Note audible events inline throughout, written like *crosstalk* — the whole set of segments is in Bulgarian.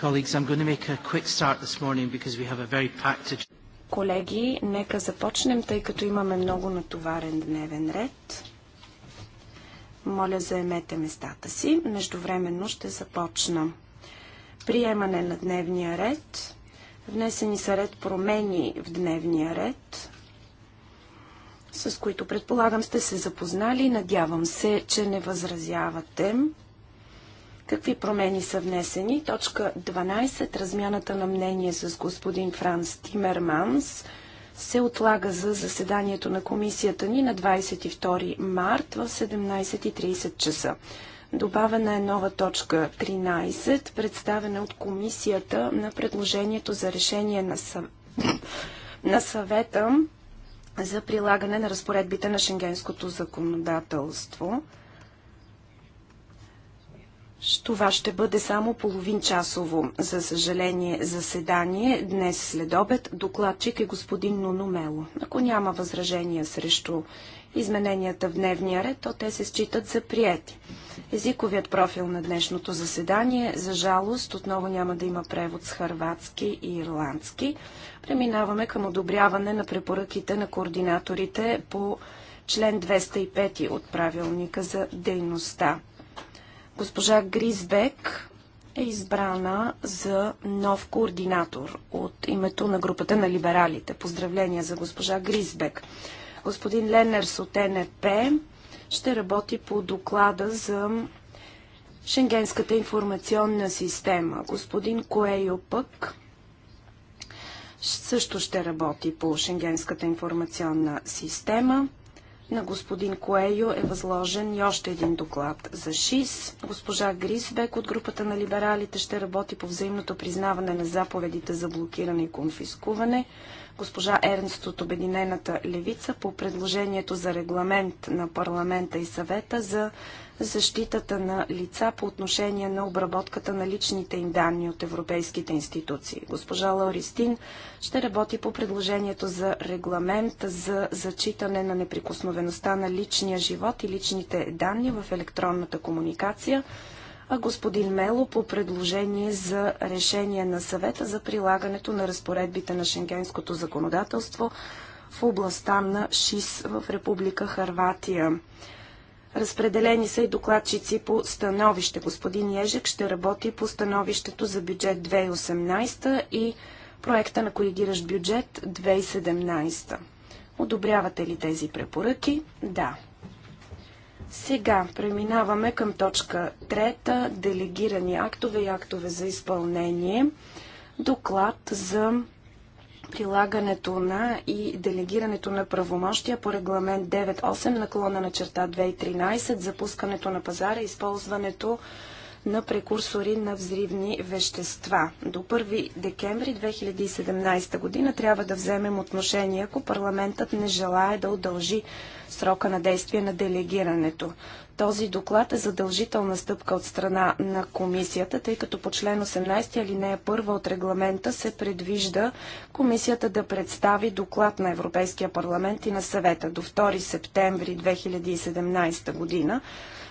Colleagues, I'm going to make a quick start this morning because we have a very packed Колеги, нека започнем, тъй като имаме много натоварен дневен ред. Моля, заемете местата си. Междувременно ще започна. Приемане на дневния ред. Внесени са ред промени в дневния ред, с които предполагам сте се запознали. Надявам се, че не възразявате. Какви промени са внесени? Точка 12. Размяната на мнение с господин Франц Тимерманс се отлага за заседанието на комисията ни на 22 март в 17.30 часа. Добавена е нова точка 13, представена от комисията на предложението за решение на, съ... на съвета за прилагане на разпоредбите на шенгенското законодателство. Това ще бъде само половин часово, за съжаление, заседание. Днес след обед докладчик е господин Нономело. Ако няма възражения срещу измененията в дневния ред, то те се считат за приети. Езиковият профил на днешното заседание, за жалост, отново няма да има превод с хърватски и ирландски. Преминаваме към одобряване на препоръките на координаторите по член 205 от правилника за дейността. Госпожа Гризбек е избрана за нов координатор от името на групата на либералите. Поздравления за госпожа Гризбек. Господин Ленерс от НП ще работи по доклада за Шенгенската информационна система. Господин Коейо пък също ще работи по Шенгенската информационна система. На господин Коейо е възложен и още един доклад за ШИС. Госпожа Грисбек от групата на либералите ще работи по взаимното признаване на заповедите за блокиране и конфискуване госпожа Ернст от Обединената левица по предложението за регламент на парламента и съвета за защитата на лица по отношение на обработката на личните им данни от европейските институции. Госпожа Лауристин ще работи по предложението за регламент за зачитане на неприкосновеността на личния живот и личните данни в електронната комуникация – а господин Мело по предложение за решение на съвета за прилагането на разпоредбите на шенгенското законодателство в областта на ШИС в Република Харватия. Разпределени са и докладчици по становище. Господин Ежек ще работи по становището за бюджет 2018 и проекта на коригиращ бюджет 2017. Одобрявате ли тези препоръки? Да. Сега преминаваме към точка трета – делегирани актове и актове за изпълнение. Доклад за прилагането на и делегирането на правомощия по регламент 98 наклона на черта 2013 за пускането на пазара и използването на прекурсори на взривни вещества. До 1 декември 2017 година трябва да вземем отношение, ако парламентът не желая да удължи срока на действие на делегирането. Този доклад е задължителна стъпка от страна на комисията, тъй като по член 18 алинея 1 от регламента се предвижда комисията да представи доклад на Европейския парламент и на съвета до 2 септември 2017 година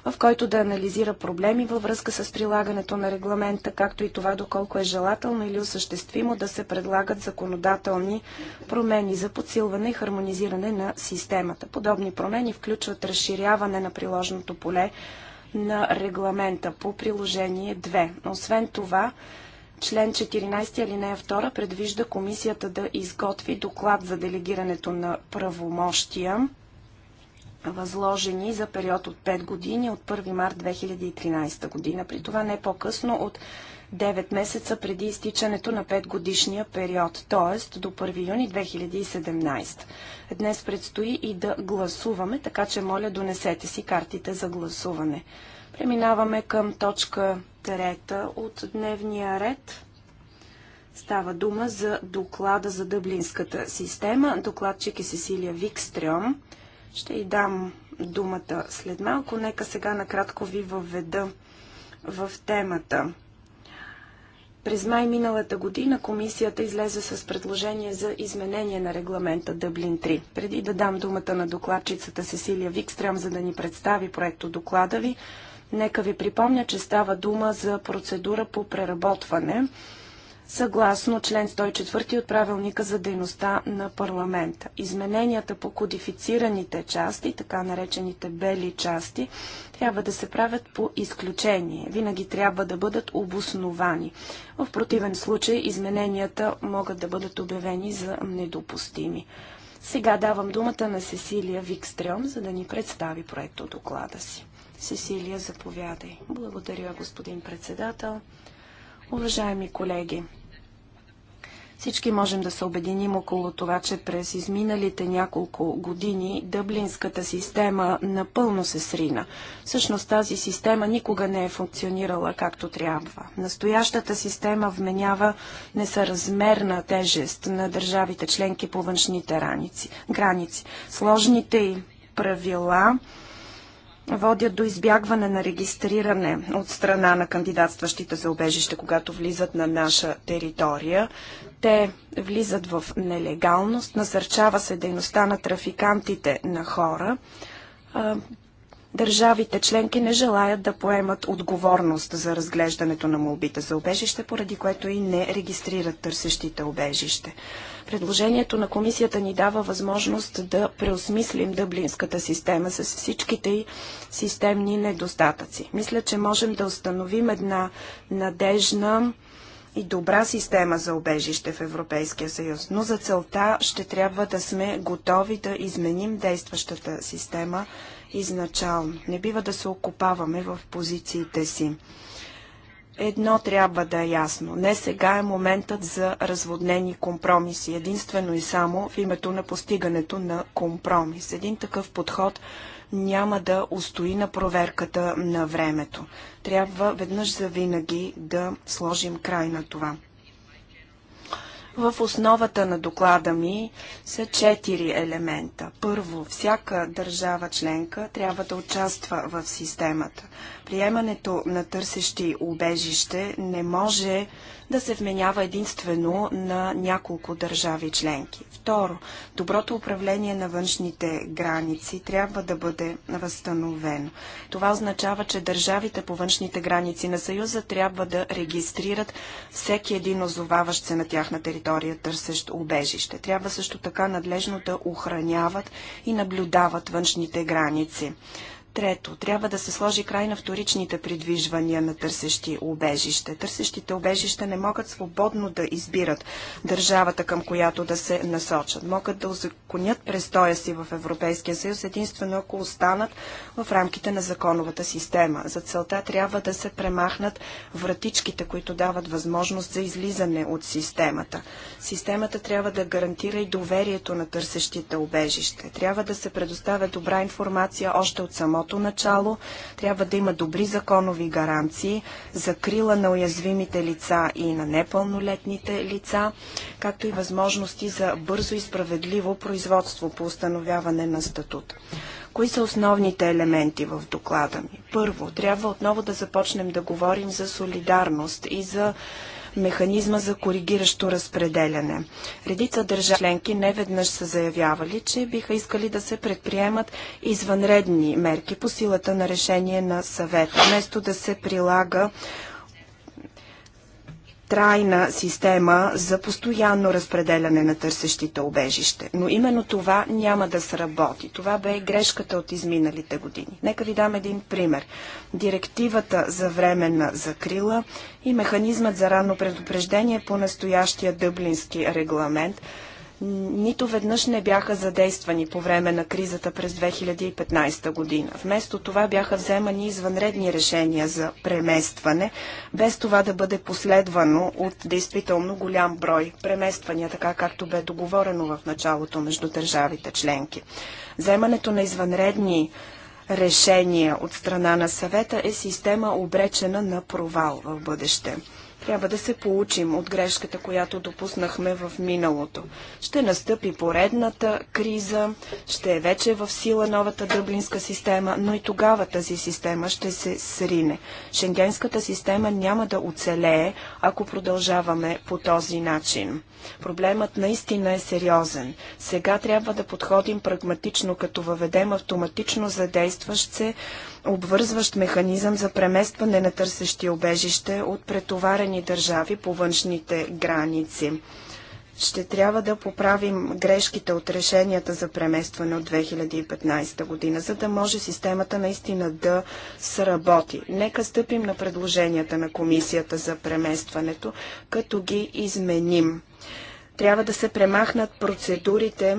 в който да анализира проблеми във връзка с прилагането на регламента, както и това доколко е желателно или осъществимо да се предлагат законодателни промени за подсилване и хармонизиране на системата. Подобни промени включват разширяване на приложното поле на регламента по приложение 2. Освен това, Член 14 алинея 2 предвижда комисията да изготви доклад за делегирането на правомощия възложени за период от 5 години от 1 март 2013 година. При това не по-късно от 9 месеца преди изтичането на 5 годишния период, т.е. до 1 юни 2017. Днес предстои и да гласуваме, така че моля донесете си картите за гласуване. Преминаваме към точка трета от дневния ред. Става дума за доклада за дъблинската система. Докладчик е Сесилия Викстрем. Ще й дам думата след малко. Нека сега накратко ви въведа в темата. През май миналата година комисията излезе с предложение за изменение на регламента Дъблин 3. Преди да дам думата на докладчицата Сесилия Викстрям, за да ни представи проекто доклада ви, нека ви припомня, че става дума за процедура по преработване съгласно член 104 от правилника за дейността на парламента. Измененията по кодифицираните части, така наречените бели части, трябва да се правят по изключение. Винаги трябва да бъдат обосновани. В противен случай измененията могат да бъдат обявени за недопустими. Сега давам думата на Сесилия Викстрем, за да ни представи проекто доклада си. Сесилия, заповядай. Благодаря, господин председател. Уважаеми колеги, всички можем да се обединим около това, че през изминалите няколко години дъблинската система напълно се срина. Всъщност тази система никога не е функционирала както трябва. Настоящата система вменява несъразмерна тежест на държавите членки по външните раници, граници. Сложните й правила водят до избягване на регистриране от страна на кандидатстващите за обежище, когато влизат на наша територия. Те влизат в нелегалност, насърчава се дейността на трафикантите на хора. Държавите членки не желаят да поемат отговорност за разглеждането на молбите за обежище, поради което и не регистрират търсещите обежище. Предложението на комисията ни дава възможност да преосмислим дъблинската система с всичките й системни недостатъци. Мисля, че можем да установим една надежна и добра система за обежище в Европейския съюз, но за целта ще трябва да сме готови да изменим действащата система изначално. Не бива да се окопаваме в позициите си. Едно трябва да е ясно. Не сега е моментът за разводнени компромиси, единствено и само в името на постигането на компромис. Един такъв подход няма да устои на проверката на времето. Трябва веднъж за винаги да сложим край на това. В основата на доклада ми са четири елемента. Първо, всяка държава членка трябва да участва в системата приемането на търсещи убежище не може да се вменява единствено на няколко държави членки. Второ, доброто управление на външните граници трябва да бъде възстановено. Това означава, че държавите по външните граници на Съюза трябва да регистрират всеки един озоваващ се на тяхна територия търсещ убежище. Трябва също така надлежно да охраняват и наблюдават външните граници. Трето, трябва да се сложи край на вторичните придвижвания на търсещи убежище. Търсещите убежище не могат свободно да избират държавата, към която да се насочат. Могат да узаконят престоя си в Европейския съюз единствено ако останат в рамките на законовата система. За целта трябва да се премахнат вратичките, които дават възможност за излизане от системата. Системата трябва да гарантира и доверието на търсещите убежище. Трябва да се предоставя добра информация още от самото самото начало. Трябва да има добри законови гаранции, за крила на уязвимите лица и на непълнолетните лица, както и възможности за бързо и справедливо производство по установяване на статут. Кои са основните елементи в доклада ми? Първо, трябва отново да започнем да говорим за солидарност и за механизма за коригиращо разпределяне. Редица държави членки не веднъж са заявявали, че биха искали да се предприемат извънредни мерки по силата на решение на съвета, вместо да се прилага трайна система за постоянно разпределяне на търсещите обежище. Но именно това няма да сработи. Това бе грешката от изминалите години. Нека ви дам един пример. Директивата за временна закрила и механизмът за ранно предупреждение по настоящия дъблински регламент – нито веднъж не бяха задействани по време на кризата през 2015 година. Вместо това бяха вземани извънредни решения за преместване, без това да бъде последвано от действително голям брой премествания, така както бе договорено в началото между държавите членки. Вземането на извънредни решения от страна на съвета е система обречена на провал в бъдеще. Трябва да се получим от грешката, която допуснахме в миналото. Ще настъпи поредната криза, ще е вече в сила новата дъблинска система, но и тогава тази система ще се срине. Шенгенската система няма да оцелее, ако продължаваме по този начин. Проблемът наистина е сериозен. Сега трябва да подходим прагматично, като въведем автоматично задействащ се обвързващ механизъм за преместване на търсещи обежище от претоварени държави по външните граници. Ще трябва да поправим грешките от решенията за преместване от 2015 година, за да може системата наистина да сработи. Нека стъпим на предложенията на комисията за преместването, като ги изменим трябва да се премахнат процедурите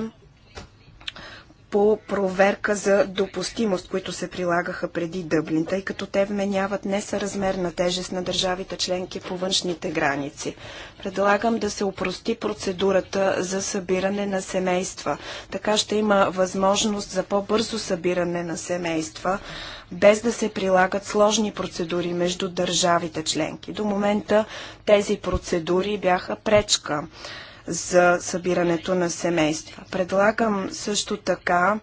по проверка за допустимост, които се прилагаха преди Дъблин, тъй като те вменяват несъразмерна тежест на държавите членки по външните граници. Предлагам да се упрости процедурата за събиране на семейства. Така ще има възможност за по-бързо събиране на семейства, без да се прилагат сложни процедури между държавите членки. До момента тези процедури бяха пречка за събирането на семейства. Предлагам също така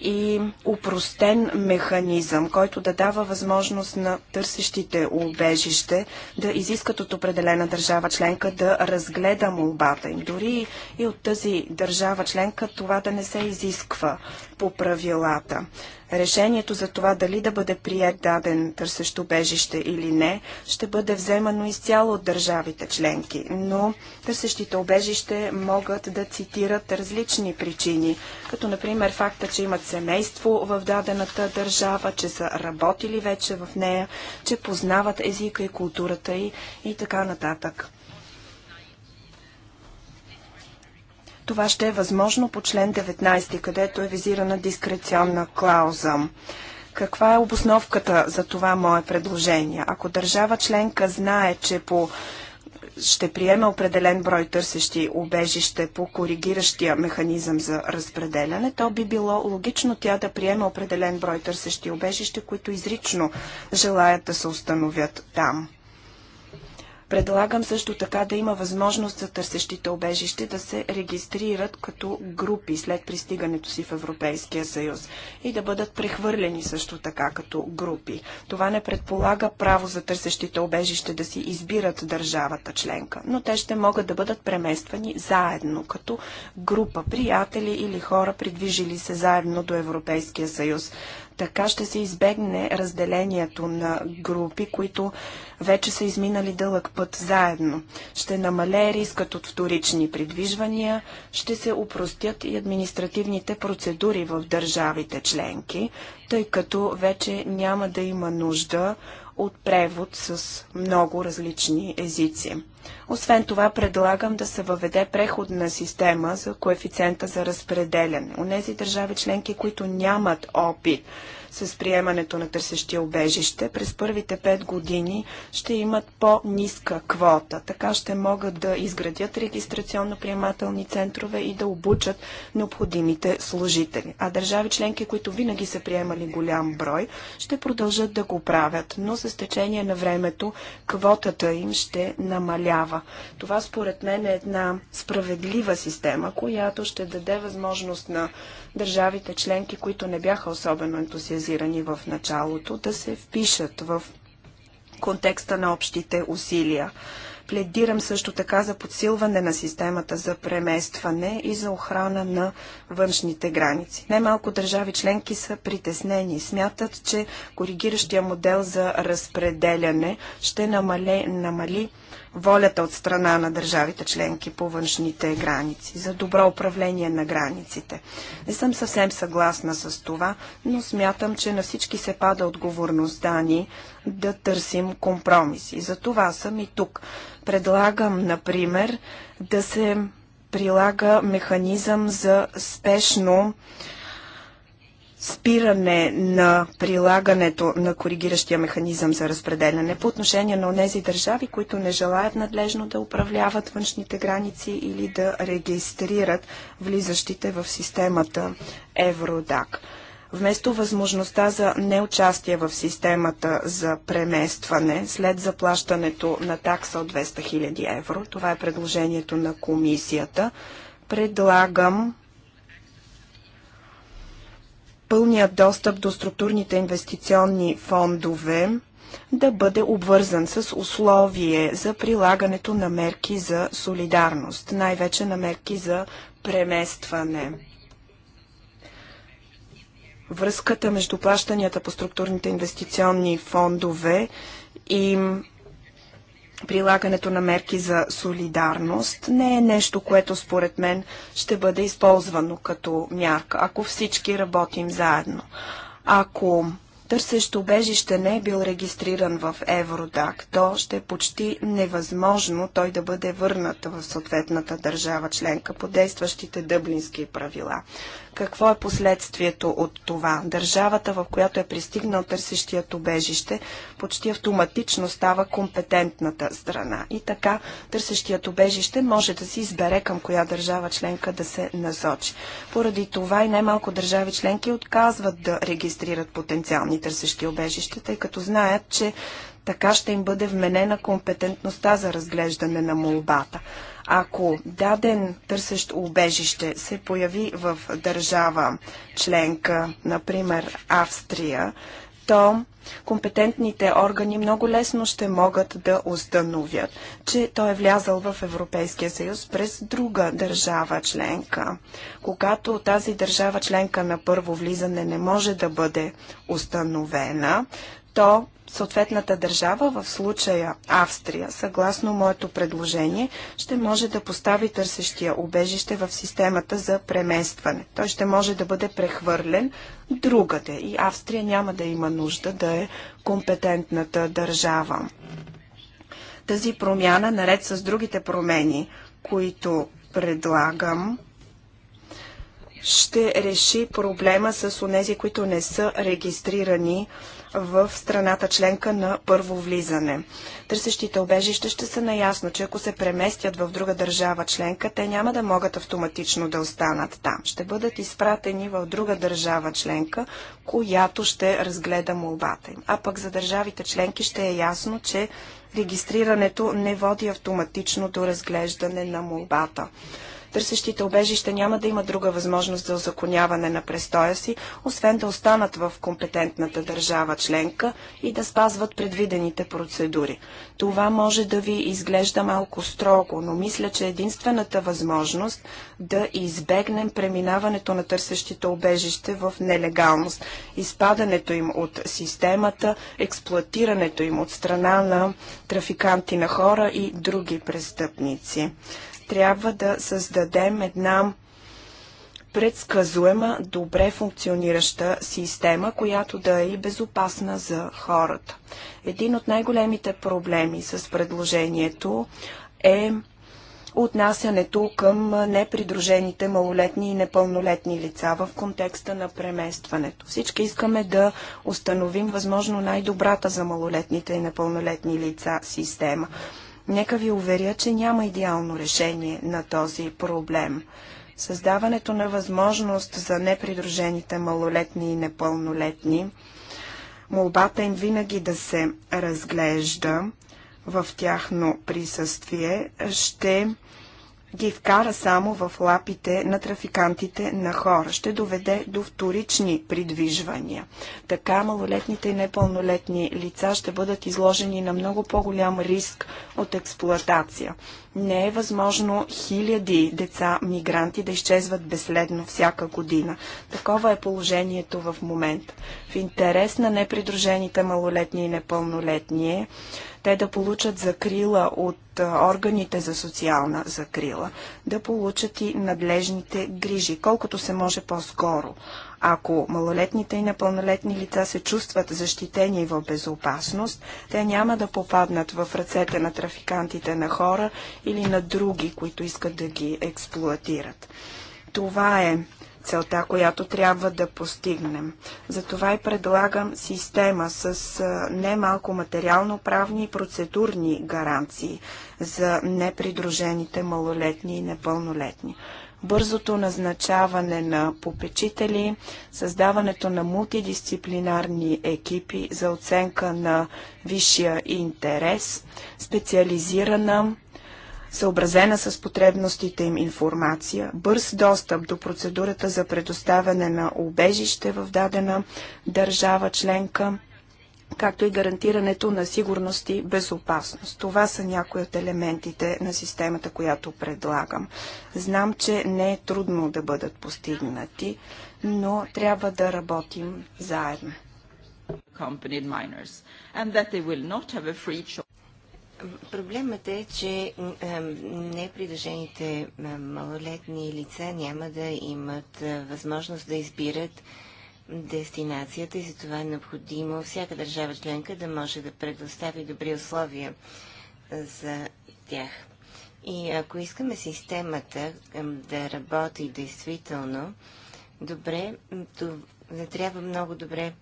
и упростен механизъм, който да дава възможност на търсещите убежище да изискат от определена държава членка да разгледа молбата им. Дори и от тази държава членка това да не се изисква по правилата. Решението за това дали да бъде прият даден търсещ убежище или не, ще бъде вземано изцяло от държавите членки, но търсещите убежище могат да цитират различни причини, като например факта, че имат семейство в дадената държава, че са работили вече в нея, че познават езика и културата й и така нататък. Това ще е възможно по член 19, където е визирана дискреционна клауза. Каква е обосновката за това мое предложение? Ако държава членка знае, че по ще приеме определен брой търсещи убежище по коригиращия механизъм за разпределяне, то би било логично тя да приеме определен брой търсещи убежище, които изрично желаят да се установят там. Предлагам също така да има възможност за търсещите обежище да се регистрират като групи след пристигането си в Европейския съюз и да бъдат прехвърлени също така като групи. Това не предполага право за търсещите обежище да си избират държавата членка, но те ще могат да бъдат премествани заедно като група приятели или хора, придвижили се заедно до Европейския съюз. Така ще се избегне разделението на групи, които вече са изминали дълъг път заедно. Ще намалее рискът от вторични придвижвания, ще се упростят и административните процедури в държавите членки, тъй като вече няма да има нужда от превод с много различни езици. Освен това, предлагам да се въведе преходна система за коефициента за разпределяне. Унези държави членки, които нямат опит с приемането на търсещия обежище. През първите пет години ще имат по-ниска квота. Така ще могат да изградят регистрационно-приемателни центрове и да обучат необходимите служители. А държави членки, които винаги са приемали голям брой, ще продължат да го правят, но с течение на времето квотата им ще намалява. Това според мен е една справедлива система, която ще даде възможност на държавите членки, които не бяха особено ентусиазирани в началото, да се впишат в контекста на общите усилия. Пледирам също така за подсилване на системата за преместване и за охрана на външните граници. Немалко държави членки са притеснени. Смятат, че коригиращия модел за разпределяне ще намали, намали волята от страна на държавите членки по външните граници, за добро управление на границите. Не съм съвсем съгласна с това, но смятам, че на всички се пада отговорността ни да търсим компромиси. За това съм и тук. Предлагам, например, да се прилага механизъм за спешно спиране на прилагането на коригиращия механизъм за разпределяне по отношение на тези държави, които не желаят надлежно да управляват външните граници или да регистрират влизащите в системата Евродак. Вместо възможността за неучастие в системата за преместване след заплащането на такса от 200 000 евро, това е предложението на комисията, предлагам пълният достъп до структурните инвестиционни фондове да бъде обвързан с условие за прилагането на мерки за солидарност, най-вече на мерки за преместване. Връзката между плащанията по структурните инвестиционни фондове и прилагането на мерки за солидарност не е нещо, което според мен ще бъде използвано като мярка, ако всички работим заедно. Ако търсещ убежище не е бил регистриран в Евродак, то ще е почти невъзможно той да бъде върнат в съответната държава членка по действащите дъблински правила. Какво е последствието от това? Държавата, в която е пристигнал търсещият убежище, почти автоматично става компетентната страна. И така търсещият убежище може да си избере към коя държава членка да се насочи. Поради това и най-малко държави членки отказват да регистрират потенциални подобни търсещи обежища, тъй като знаят, че така ще им бъде вменена компетентността за разглеждане на молбата. Ако даден търсещ убежище се появи в държава членка, например Австрия, то компетентните органи много лесно ще могат да установят, че той е влязал в Европейския съюз през друга държава членка. Когато тази държава членка на първо влизане не може да бъде установена, то съответната държава, в случая Австрия, съгласно моето предложение, ще може да постави търсещия убежище в системата за преместване. Той ще може да бъде прехвърлен другаде и Австрия няма да има нужда да е компетентната държава. Тази промяна, наред с другите промени, които предлагам, ще реши проблема с онези, които не са регистрирани в страната членка на първо влизане. Търсещите обежище ще са наясно, че ако се преместят в друга държава членка, те няма да могат автоматично да останат там. Ще бъдат изпратени в друга държава членка, която ще разгледа молбата им. А пък за държавите членки ще е ясно, че регистрирането не води автоматично до разглеждане на молбата. Търсещите обежище няма да има друга възможност за озаконяване на престоя си, освен да останат в компетентната държава членка и да спазват предвидените процедури. Това може да ви изглежда малко строго, но мисля, че единствената възможност да избегнем преминаването на търсещите обежище в нелегалност, изпадането им от системата, експлуатирането им от страна на трафиканти на хора и други престъпници трябва да създадем една предсказуема, добре функционираща система, която да е и безопасна за хората. Един от най-големите проблеми с предложението е отнасянето към непридружените малолетни и непълнолетни лица в контекста на преместването. Всички искаме да установим възможно най-добрата за малолетните и непълнолетни лица система. Нека ви уверя, че няма идеално решение на този проблем. Създаването на възможност за непридружените малолетни и непълнолетни, молбата им винаги да се разглежда в тяхно присъствие, ще ги вкара само в лапите на трафикантите на хора. Ще доведе до вторични придвижвания. Така малолетните и непълнолетни лица ще бъдат изложени на много по-голям риск от експлоатация. Не е възможно хиляди деца мигранти да изчезват безследно всяка година. Такова е положението в момента. В интерес на непридружените малолетни и непълнолетни е те да получат закрила от органите за социална закрила, да получат и надлежните грижи, колкото се може по-скоро. Ако малолетните и непълнолетни лица се чувстват защитени в безопасност, те няма да попаднат в ръцете на трафикантите на хора или на други, които искат да ги експлуатират. Това е целта, която трябва да постигнем. Затова и предлагам система с немалко материално-правни и процедурни гаранции за непридружените малолетни и непълнолетни бързото назначаване на попечители, създаването на мултидисциплинарни екипи за оценка на висшия интерес, специализирана съобразена с потребностите им информация, бърз достъп до процедурата за предоставяне на убежище в дадена държава членка – както и гарантирането на сигурност и безопасност. Това са някои от елементите на системата, която предлагам. Знам, че не е трудно да бъдат постигнати, но трябва да работим заедно. Проблемът е, че непридържените малолетни лица няма да имат възможност да избират дестинацията и затова е необходимо всяка държава членка да може да предостави добри условия за тях. И ако искаме системата да работи действително добре, то не трябва много добре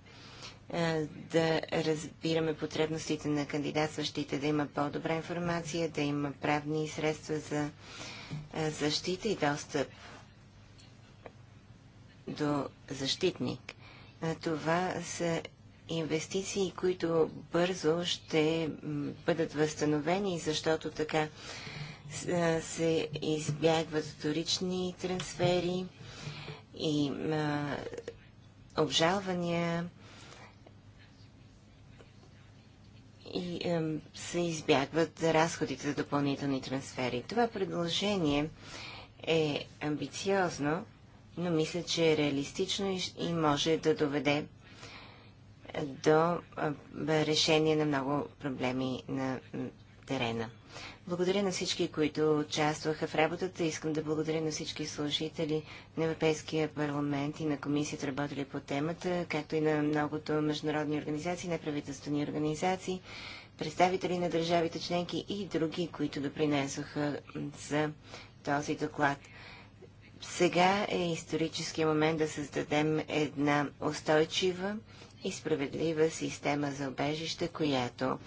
да разбираме потребностите на кандидатстващите, да има по-добра информация, да има правни средства за защита и достъп до защитник. Това са инвестиции, които бързо ще бъдат възстановени, защото така се избягват вторични трансфери и обжалвания и се избягват разходите за допълнителни трансфери. Това предложение е амбициозно но мисля, че е реалистично и може да доведе до решение на много проблеми на терена. Благодаря на всички, които участваха в работата. Искам да благодаря на всички служители на Европейския парламент и на комисията, работили по темата, както и на многото международни организации, неправителствени организации, представители на държавите членки и други, които допринесоха за този доклад. Сега е исторически момент да създадем една устойчива и справедлива система за обежище, която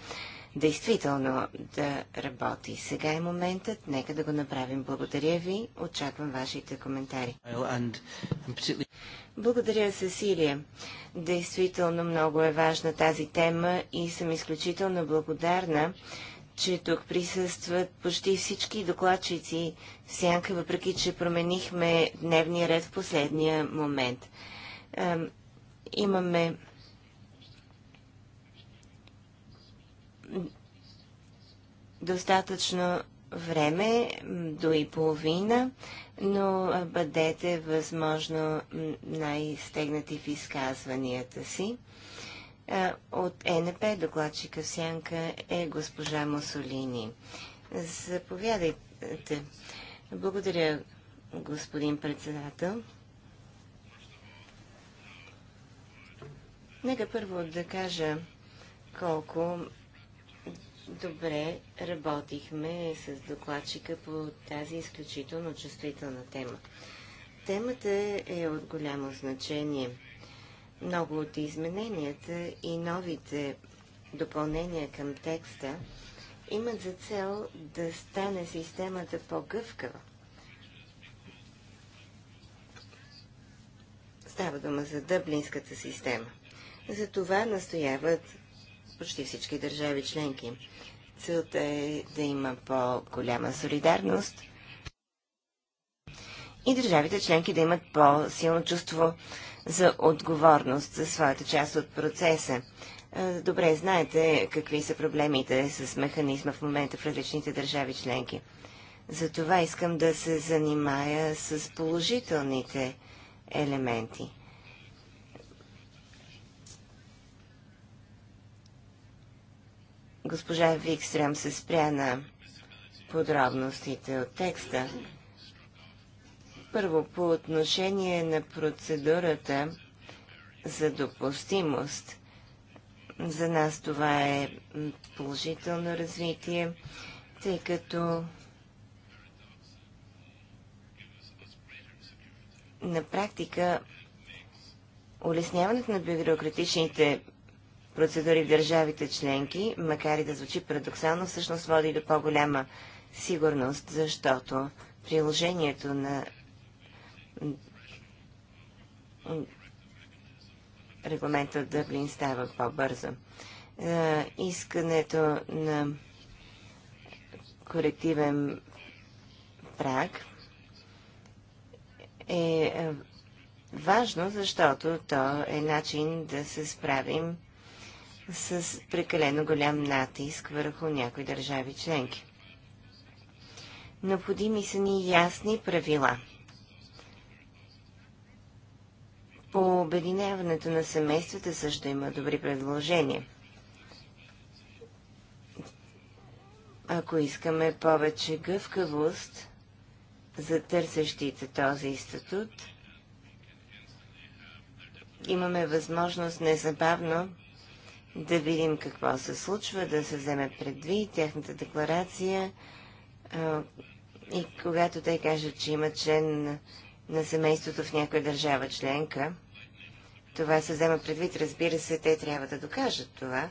действително да работи. Сега е моментът, нека да го направим. Благодаря ви, очаквам вашите коментари. Благодаря, Сесилия. Действително много е важна тази тема и съм изключително благодарна че тук присъстват почти всички докладчици в сянка, въпреки че променихме дневния ред в последния момент. имаме достатъчно време, до и половина, но бъдете възможно най-стегнати в изказванията си. От ЕНП докладчика в Сянка е госпожа Мусолини. Заповядайте. Благодаря, господин председател. Нека първо да кажа колко добре работихме с докладчика по тази изключително чувствителна тема. Темата е от голямо значение – много от измененията и новите допълнения към текста имат за цел да стане системата по-гъвкава. Става дума за дъблинската система. За това настояват почти всички държави членки. Целта е да има по-голяма солидарност – и държавите членки да имат по-силно чувство за отговорност за своята част от процеса. Добре, знаете какви са проблемите с механизма в момента в различните държави членки. Затова искам да се занимая с положителните елементи. Госпожа Викстрем се спря на подробностите от текста. Първо, по отношение на процедурата за допустимост, за нас това е положително развитие, тъй като на практика улесняването на бюрократичните процедури в държавите членки, макар и да звучи парадоксално, всъщност води до по-голяма сигурност, защото приложението на регламента от Дъблин става по-бързо. Е, искането на корективен праг е, е важно, защото то е начин да се справим с прекалено голям натиск върху някои държави членки. Необходими са ни ясни правила – По обединяването на семействата също има добри предложения. Ако искаме повече гъвкавост за търсещите този институт, имаме възможност незабавно да видим какво се случва, да се вземе предвид тяхната декларация и когато те кажат, че има член на семейството в някоя държава членка, това се взема предвид. Разбира се, те трябва да докажат това.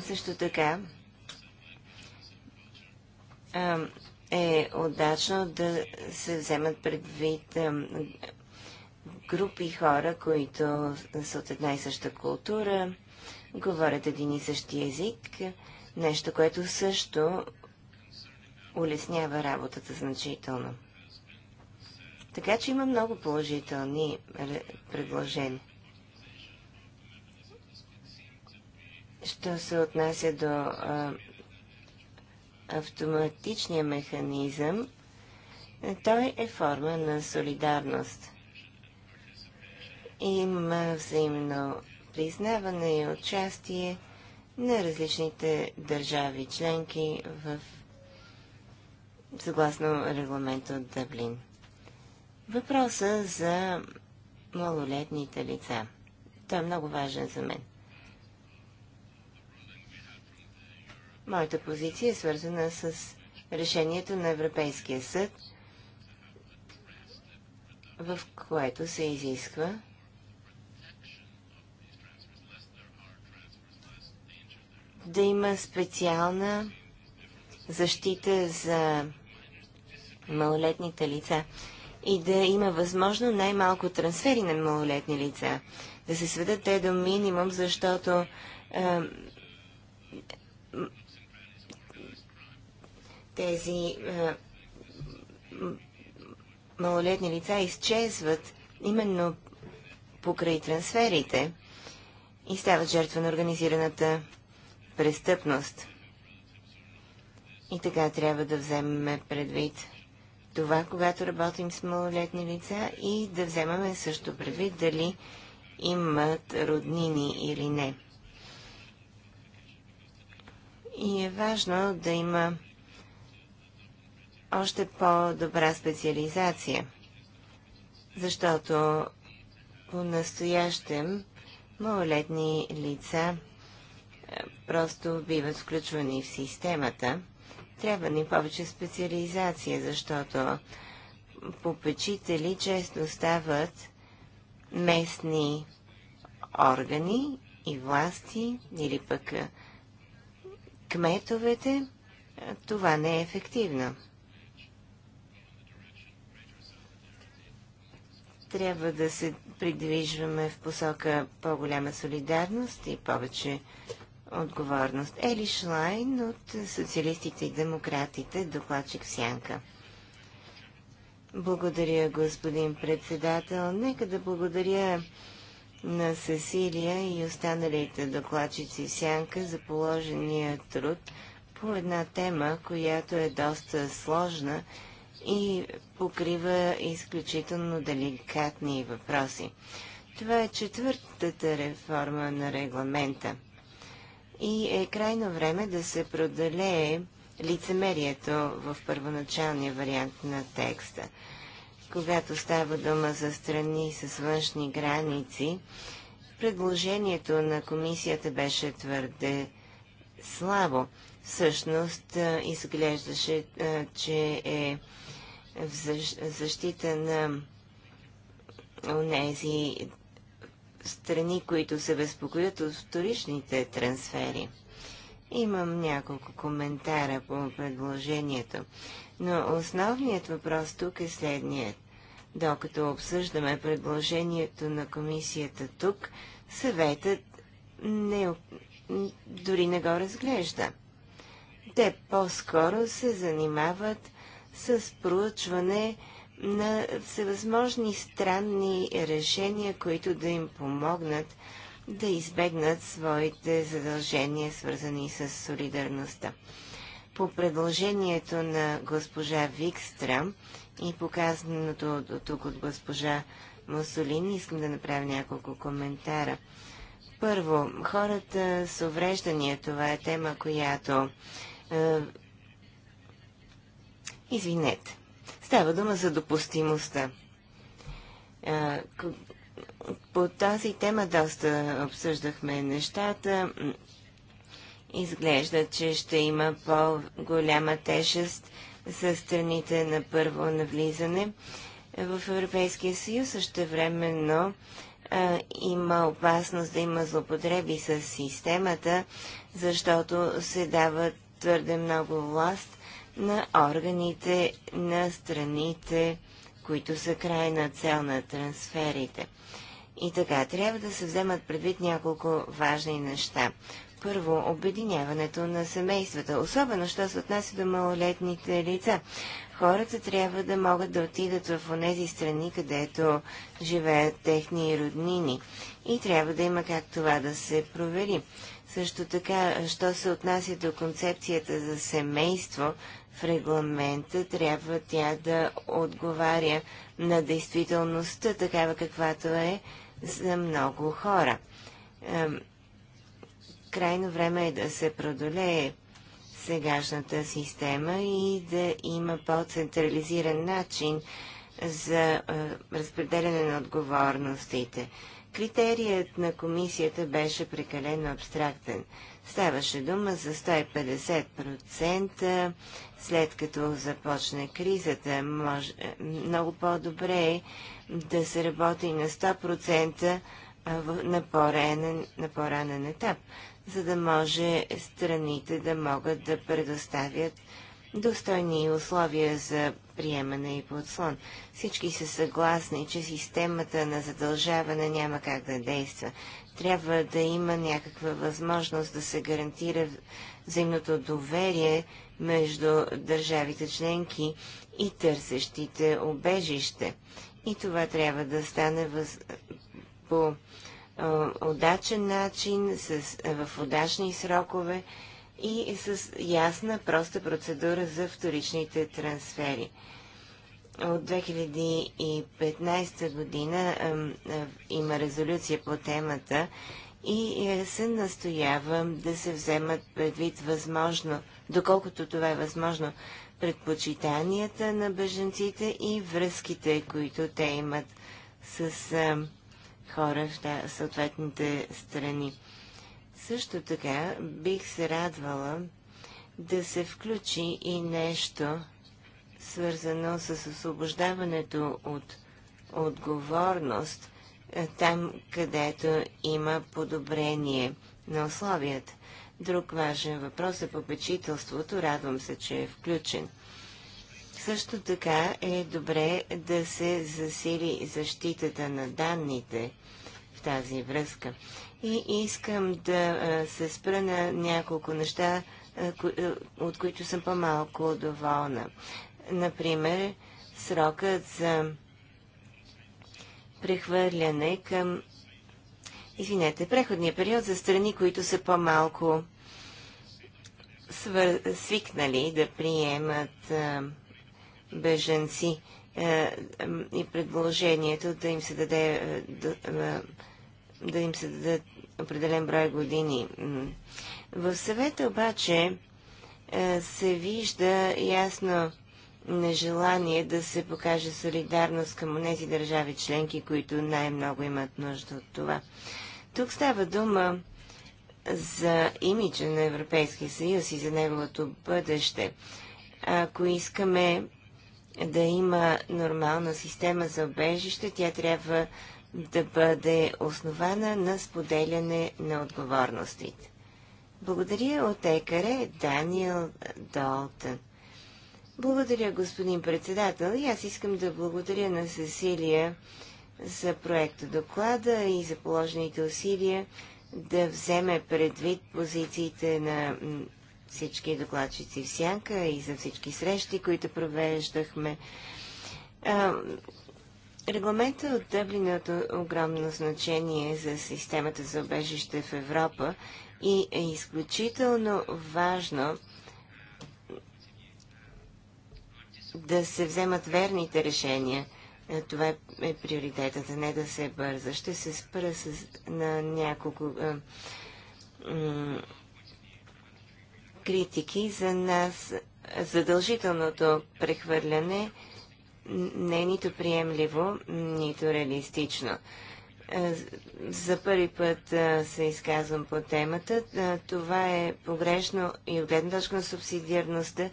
Също така е удачно да се вземат предвид групи хора, които са от една и съща култура, говорят един и същи език, нещо, което също улеснява работата значително. Така че има много положителни предложения. Що се отнася до а, автоматичния механизъм, е, той е форма на солидарност. Има взаимно признаване и участие на различните държави членки в съгласно регламента от Дъблин. Въпроса за малолетните лица. Той е много важен за мен. Моята позиция е свързана с решението на Европейския съд, в което се изисква да има специална защита за малолетните лица и да има възможно най-малко трансфери на малолетни лица. Да се сведат те до минимум, защото а, тези а, малолетни лица изчезват именно покрай трансферите и стават жертва на организираната престъпност. И така трябва да вземем предвид това, когато работим с малолетни лица и да вземаме също предвид дали имат роднини или не. И е важно да има още по-добра специализация, защото по-настоящем малолетни лица е, просто биват включвани в системата – трябва ни повече специализация, защото попечители често стават местни органи и власти, или пък кметовете, това не е ефективно. Трябва да се придвижваме в посока по-голяма солидарност и повече отговорност. Ели Шлайн от Социалистите и Демократите, докладчик Сянка. Благодаря, господин председател. Нека да благодаря на Сесилия и останалите докладчици в Сянка за положения труд по една тема, която е доста сложна и покрива изключително деликатни въпроси. Това е четвъртата реформа на регламента и е крайно време да се проделее лицемерието в първоначалния вариант на текста. Когато става дума за страни с външни граници, предложението на комисията беше твърде слабо. Всъщност изглеждаше, че е в защита на онези страни, които се безпокоят от вторичните трансфери. Имам няколко коментара по предложението, но основният въпрос тук е следният. Докато обсъждаме предложението на комисията тук, съветът не, дори не го разглежда. Те по-скоро се занимават с проучване на всевъзможни странни решения, които да им помогнат да избегнат своите задължения, свързани с солидарността. По предложението на госпожа Викстра и показаното до тук от госпожа Мусолини, искам да направя няколко коментара. Първо, хората с увреждания, това е тема, която... Е, извинете. Става дума за допустимостта. По тази тема доста обсъждахме нещата. Изглежда, че ще има по-голяма тежест за страните на първо навлизане в Европейския съюз. Също времено има опасност да има злоупотреби с системата, защото се дава твърде много власт на органите на страните, които са крайна цел на трансферите. И така, трябва да се вземат предвид няколко важни неща. Първо, обединяването на семействата, особено що се отнася до малолетните лица. Хората трябва да могат да отидат в тези страни, където живеят техни роднини. И трябва да има как това да се провери. Също така, що се отнася до концепцията за семейство в регламента, трябва тя да отговаря на действителността, такава каквато е за много хора. Крайно време е да се продолее сегашната система и да има по-централизиран начин за е, разпределяне на отговорностите. Критерият на комисията беше прекалено абстрактен. Ставаше дума за 150% след като започне кризата. Може, много по-добре е да се работи на 100% на по-ранен, на по-ранен етап, за да може страните да могат да предоставят достойни условия за приемане и подслон. Всички са съгласни, че системата на задължаване няма как да действа. Трябва да има някаква възможност да се гарантира взаимното доверие между държавите членки и търсещите обежище. И това трябва да стане въз... по удачен начин, с... в удачни срокове и с ясна, проста процедура за вторичните трансфери. От 2015 година има резолюция по темата и е, се настоявам да се вземат предвид възможно, доколкото това е възможно, предпочитанията на беженците и връзките, които те имат с хора в да, съответните страни. Също така бих се радвала да се включи и нещо, свързано с освобождаването от отговорност, е, там където има подобрение на условията. Друг важен въпрос е попечителството. Радвам се, че е включен. Също така е добре да се засили защитата на данните в тази връзка. И искам да се спра на няколко неща, от които съм по-малко доволна. Например, срокът за прехвърляне към извинете, преходния период за страни, които са по-малко свър... свикнали да приемат беженци и предложението да им се даде да, да им се дадат определен брой години. В съвета обаче е, се вижда ясно нежелание да се покаже солидарност към тези държави членки, които най-много имат нужда от това. Тук става дума за имиджа на Европейския съюз и за неговото бъдеще. Ако искаме да има нормална система за обежище, тя трябва да бъде основана на споделяне на отговорностите. Благодаря от екаре Даниел Долтън. Благодаря, господин председател. И аз искам да благодаря на Сесилия за проекта доклада и за положените усилия да вземе предвид позициите на всички докладчици в Сянка и за всички срещи, които провеждахме. Регламентът от Дъблин е от огромно значение за системата за обежище в Европа и е изключително важно да се вземат верните решения. Е, това е, приоритетът, а не да се бърза. Ще се спра с, на няколко е, критики за нас задължителното прехвърляне не е нито приемливо, нито реалистично. Е, за първи път е, се изказвам по темата. Е, това е погрешно и от гледна точка на субсидиарността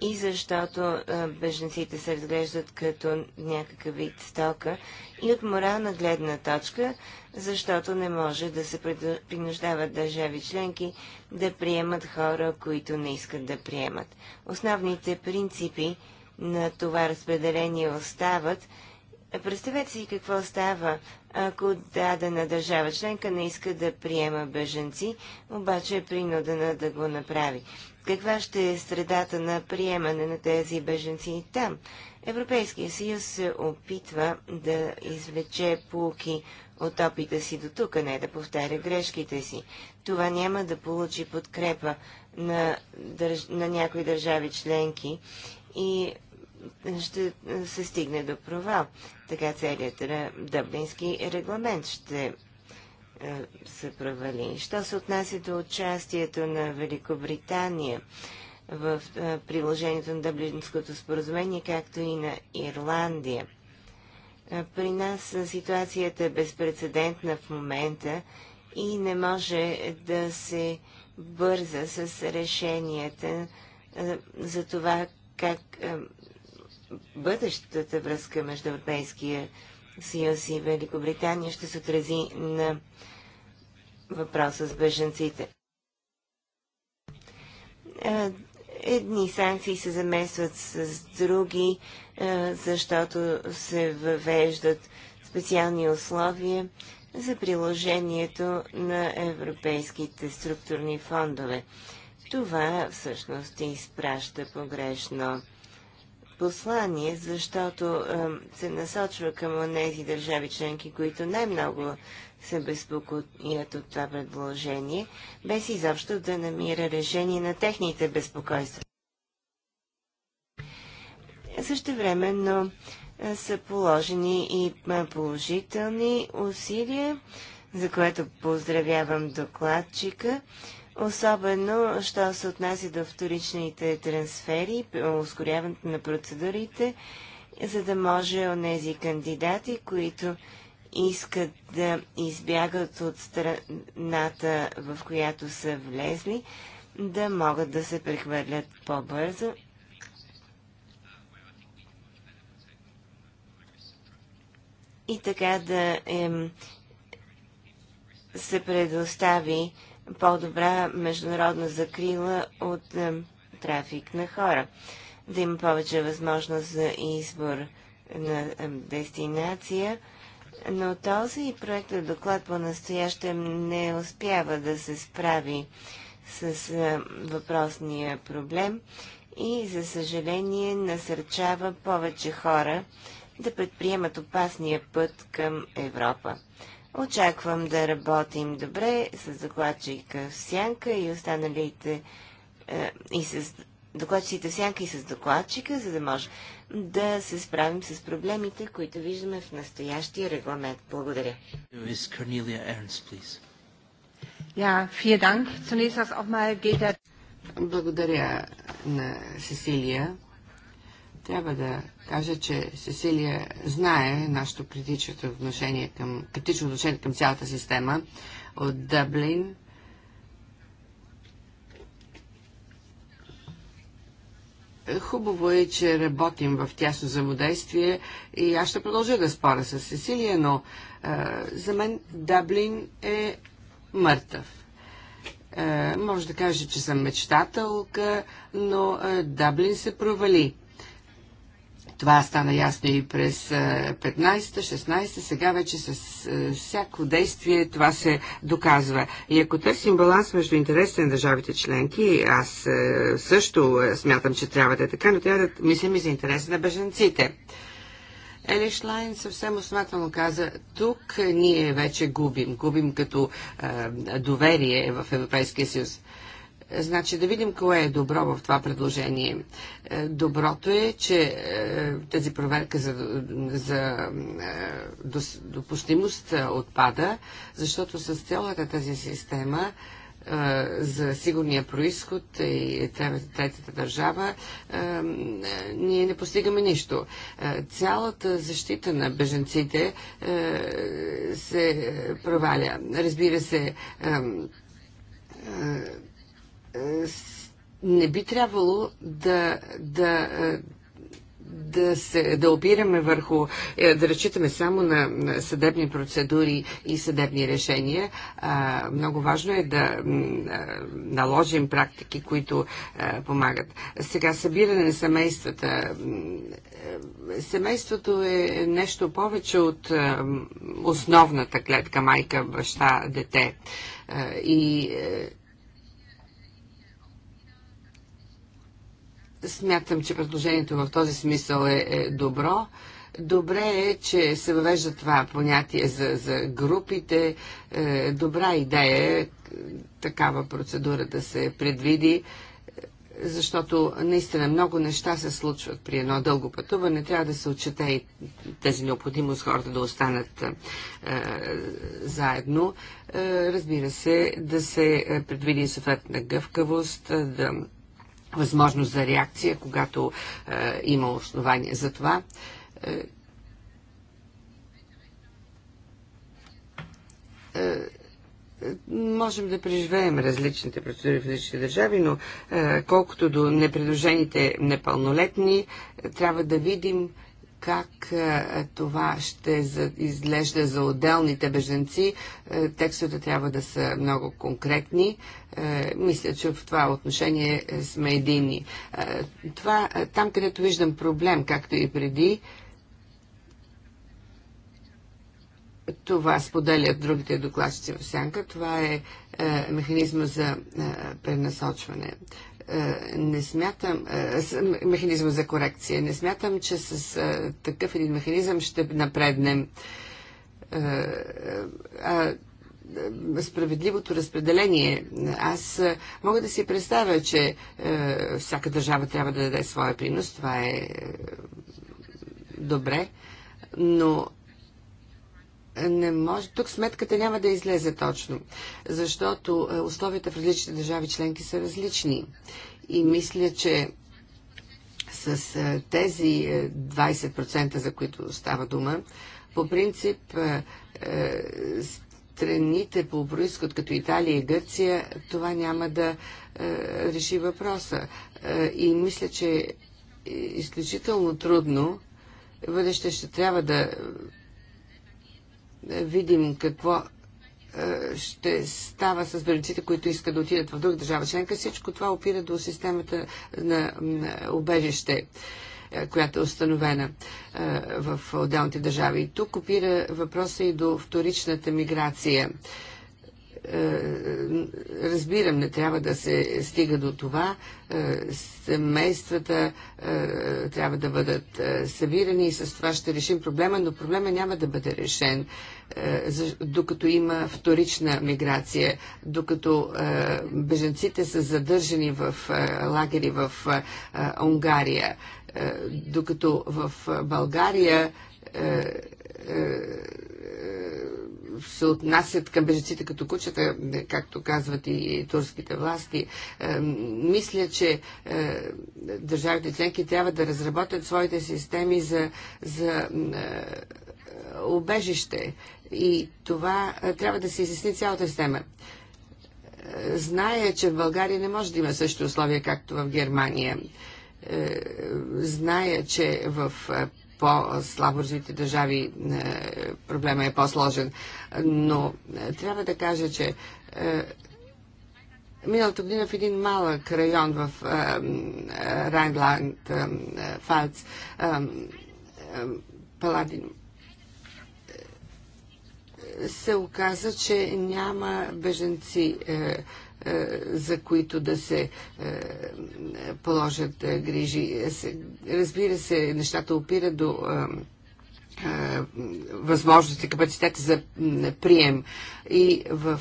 и защото беженците се разглеждат като някакъв вид стока и от морална гледна точка, защото не може да се принуждават държави членки да приемат хора, които не искат да приемат. Основните принципи на това разпределение остават. Представете си какво става, ако дадена държава членка не иска да приема беженци, обаче е принудена да го направи. Каква ще е средата на приемане на тези беженци там? Европейския съюз се опитва да извлече полки от опита си до тук, а не да повтаря грешките си. Това няма да получи подкрепа на, държ... на някои държави членки и ще е, се стигне до провал. Така целият дъблински регламент ще е, се провали. Що се отнася до участието на Великобритания в е, приложението на Дъблинското споразумение, както и на Ирландия? При нас ситуацията е безпредседентна в момента и не може да се бърза с решенията за това как бъдещата връзка между Европейския съюз и Великобритания ще се отрази на въпроса с беженците. Едни санкции се замесват с други, защото се въвеждат специални условия за приложението на европейските структурни фондове. Това всъщност изпраща погрешно послание, защото се насочва към тези държави членки, които най-много се безпокоят от това предложение, без изобщо да намира решение на техните безпокойства. Също време, но са положени и положителни усилия, за което поздравявам докладчика особено, що се отнася до вторичните трансфери, ускоряването на процедурите, за да може онези кандидати, които искат да избягат от страната, в която са влезли, да могат да се прехвърлят по-бързо и така да е, се предостави по-добра международна закрила от е, трафик на хора, да има повече възможност за избор на е, дестинация, но този проект на е доклад по настоящем не успява да се справи с въпросния проблем и, за съжаление, насърчава повече хора да предприемат опасния път към Европа. Очаквам да работим добре с докладчика в Сянка и останалите е, и с докладчиците в Сянка и с докладчика, за да може да се справим с проблемите, които виждаме в настоящия регламент. Благодаря. Благодаря на Сесилия. Трябва да кажа, че Сесилия знае нашето критичното отношение към, критично отношение към цялата система от Дъблин. Хубаво е, че работим в тясно взаимодействие и аз ще продължа да споря с Сесилия, но е, за мен Даблин е мъртъв. Е, може да кажа, че съм мечтателка, но е, Даблин се провали това стана ясно и през 15-16, сега вече с всяко действие това се доказва. И ако търсим баланс между интересите на държавите членки, аз също смятам, че трябва да е така, но трябва да мислим и за интереса на беженците. Елишлайн съвсем основателно каза, тук ние вече губим, губим като е, доверие в Европейския съюз. Е, значи да видим кое е добро в това предложение. Е, доброто е, че е, тази проверка за, за допустимост отпада, защото с цялата тази система за сигурния происход и третата държава, ние не постигаме нищо. Цялата защита на беженците се проваля. Разбира се, е, не би трябвало да, да е, да, се, да опираме върху, е, да разчитаме само на съдебни процедури и съдебни решения. много важно е да наложим практики, които помагат. Сега събиране на семействата. Семейството е нещо повече от основната клетка майка, баща, дете. и Смятам, че предложението в този смисъл е, е добро. Добре е, че се въвежда това понятие за, за групите. Е, добра идея е такава процедура да се предвиди, е, защото наистина много неща се случват при едно дълго пътуване. Трябва да се отчете и тази необходимост хората да останат е, заедно. Е, разбира се, да се предвиди съответна гъвкавост, е, да възможност за реакция, когато е, има основание за това. Е, е, можем да преживеем различните процедури в различните държави, но е, колкото до непредложените непълнолетни, трябва да видим как е, е, това ще изглежда за отделните беженци. Е, текстовете трябва да са много конкретни. Мисля, че в това отношение сме едини. Това, там, където виждам проблем, както и преди, това споделят другите докладчици в сянка, това е, механизма за пренасочване. Е, не смятам, е, механизма за корекция, не смятам, че с е, такъв един механизъм ще напреднем. А справедливото разпределение. Аз мога да си представя, че всяка държава трябва да даде своя принос. Това е добре. Но не може, тук сметката няма да излезе точно, защото е, условията в различните държави членки са различни. И мисля, че с е, тези 20%, е, за които става дума, по принцип страните по происход, като Италия и Гърция, това няма да реши въпроса. И мисля, че е изключително трудно бъдеще ще трябва да е, видим какво е, ще става с бежанците, които искат да отидат в друга държава членка. Всичко това опира до системата на обежище е, която е установена в отделните държави. И тук опира въпроса и до вторичната миграция. Е, разбирам, не трябва да се стига до това. Е, семействата е, трябва да бъдат събирани и с това ще решим проблема, но проблема няма да бъде решен, докато има вторична миграция, докато беженците са задържани в лагери в Унгария, докато в България се отнасят към бежеците като кучета, както казват и турските власти. Е, мисля, че е, държавите членки трябва да разработят своите системи за, за е, убежище. И това трябва да се изясни цялата система. Зная, че в България не може да има същите условия, както в Германия зная, че в по-слабо държави е, проблема е по-сложен. Но е, трябва да кажа, че е, миналата година в един малък район в Райнланд, Фалц, Паладин, се оказа, че няма беженци. Е, е, за които да се е, положат е, грижи. Разбира се, нещата опират до възможности, капацитета за прием и в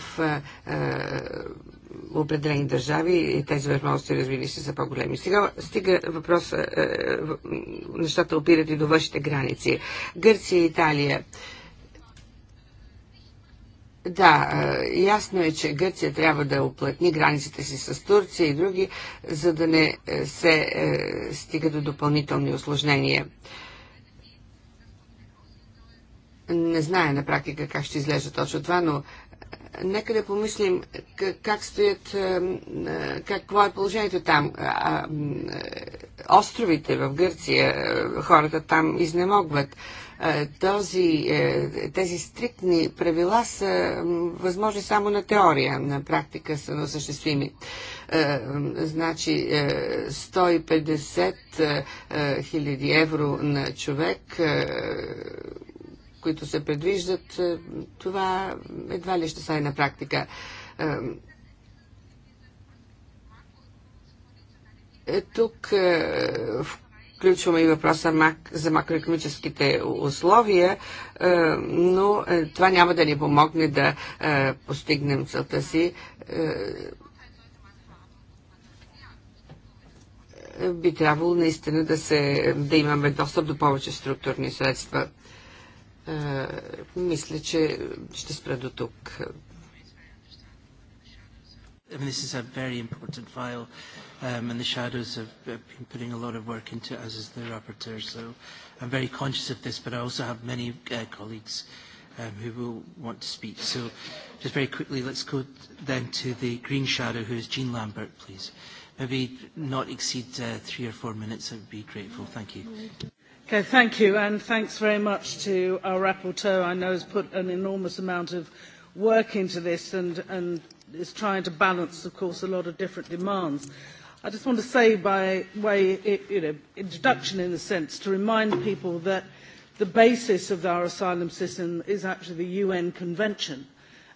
определени държави и тези възможности, разбира се, са по-големи. Сега стига въпроса нещата опират и до вашите граници. Гърция и Италия. Да, е, ясно е, че Гърция трябва да оплътни границите си с Турция и други, за да не е, се е, стига до допълнителни осложнения. Не зная на практика как ще излежа точно това, но нека да помислим как стоят, какво е положението там. Островите в Гърция, хората там изнемогват. Е, този, е, тези стриктни правила са възможни само на теория, на практика са осъществими. Е, значи 150 хиляди евро на човек които се предвиждат, това едва ли ще и на практика. Тук в включваме и въпроса за макроекономическите условия, е, но е, това няма да ни помогне да е, постигнем целта си. Би трябвало наистина да, се, да имаме достъп до повече структурни средства. Мисля, че ще спра до тук. I mean, this is a very important file um, and the shadows have been putting a lot of work into it, as is the rapporteur. So I'm very conscious of this, but I also have many uh, colleagues um, who will want to speak. So just very quickly, let's go then to the green shadow, who is Jean Lambert, please. Maybe not exceed uh, three or four minutes. I would be grateful. Thank you. Okay, thank you, and thanks very much to our rapporteur. I know has put an enormous amount of work into this and, and is trying to balance, of course, a lot of different demands I just want to say by way you know, introduction in a sense to remind people that the basis of our asylum system is actually the UN Convention.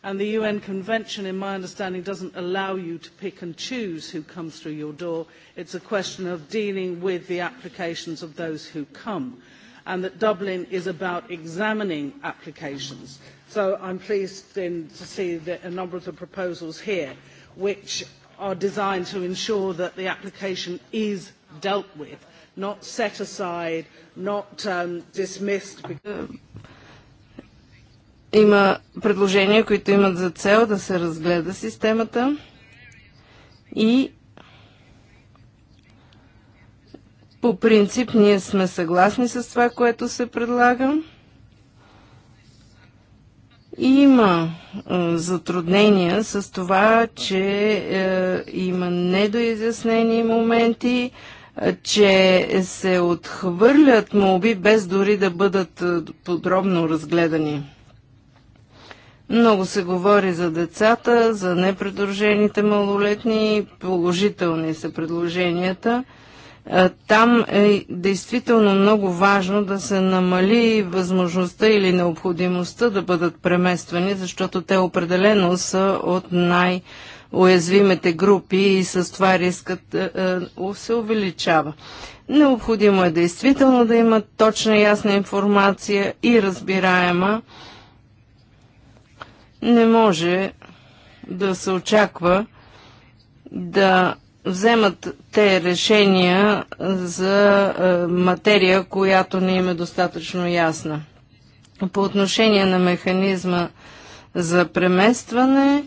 And the UN Convention, in my understanding, doesn't allow you to pick and choose who comes through your door. It's a question of dealing with the applications of those who come. And that Dublin is about examining applications. So I'm pleased to see that a number of the proposals here, which are designed to ensure that the application is dealt with, not set aside, not um, dismissed. Е, има предложения, които имат за цел да се разгледа системата и по принцип ние сме съгласни с това, което се предлага. Има затруднения с това, че е, има недоизяснени моменти, че се отхвърлят молби без дори да бъдат подробно разгледани. Много се говори за децата, за непредружените малолетни, положителни са предложенията – е, там е действително много важно да се намали възможността или необходимостта да бъдат премествани, защото те определено са от най- уязвимите групи и с това рискът е, е, се увеличава. Необходимо е действително да има точна ясна информация и разбираема. Не може да се очаква да вземат те решения за е, материя, която не им е достатъчно ясна. По отношение на механизма за преместване,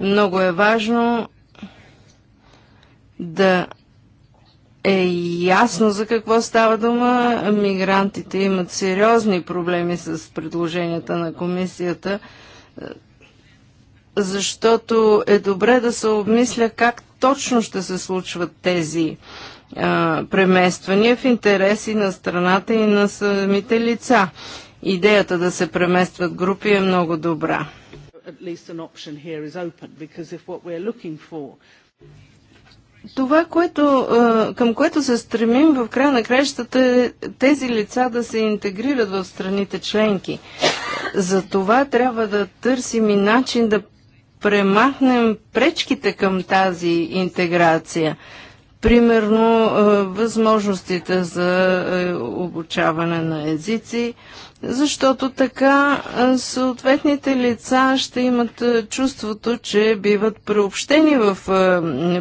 много е важно да е ясно за какво става дума. Мигрантите имат сериозни проблеми с предложенията на комисията, е, защото е добре да се обмисля как точно ще се случват тези а, премествания в интереси на страната и на самите лица. Идеята да се преместват групи е много добра. Това, което, към което се стремим в края на краищата е тези лица да се интегрират в страните членки. За това трябва да търсим и начин да премахнем пречките към тази интеграция. Примерно е, възможностите за е, обучаване на езици, защото така е, съответните лица ще имат чувството, че биват преобщени в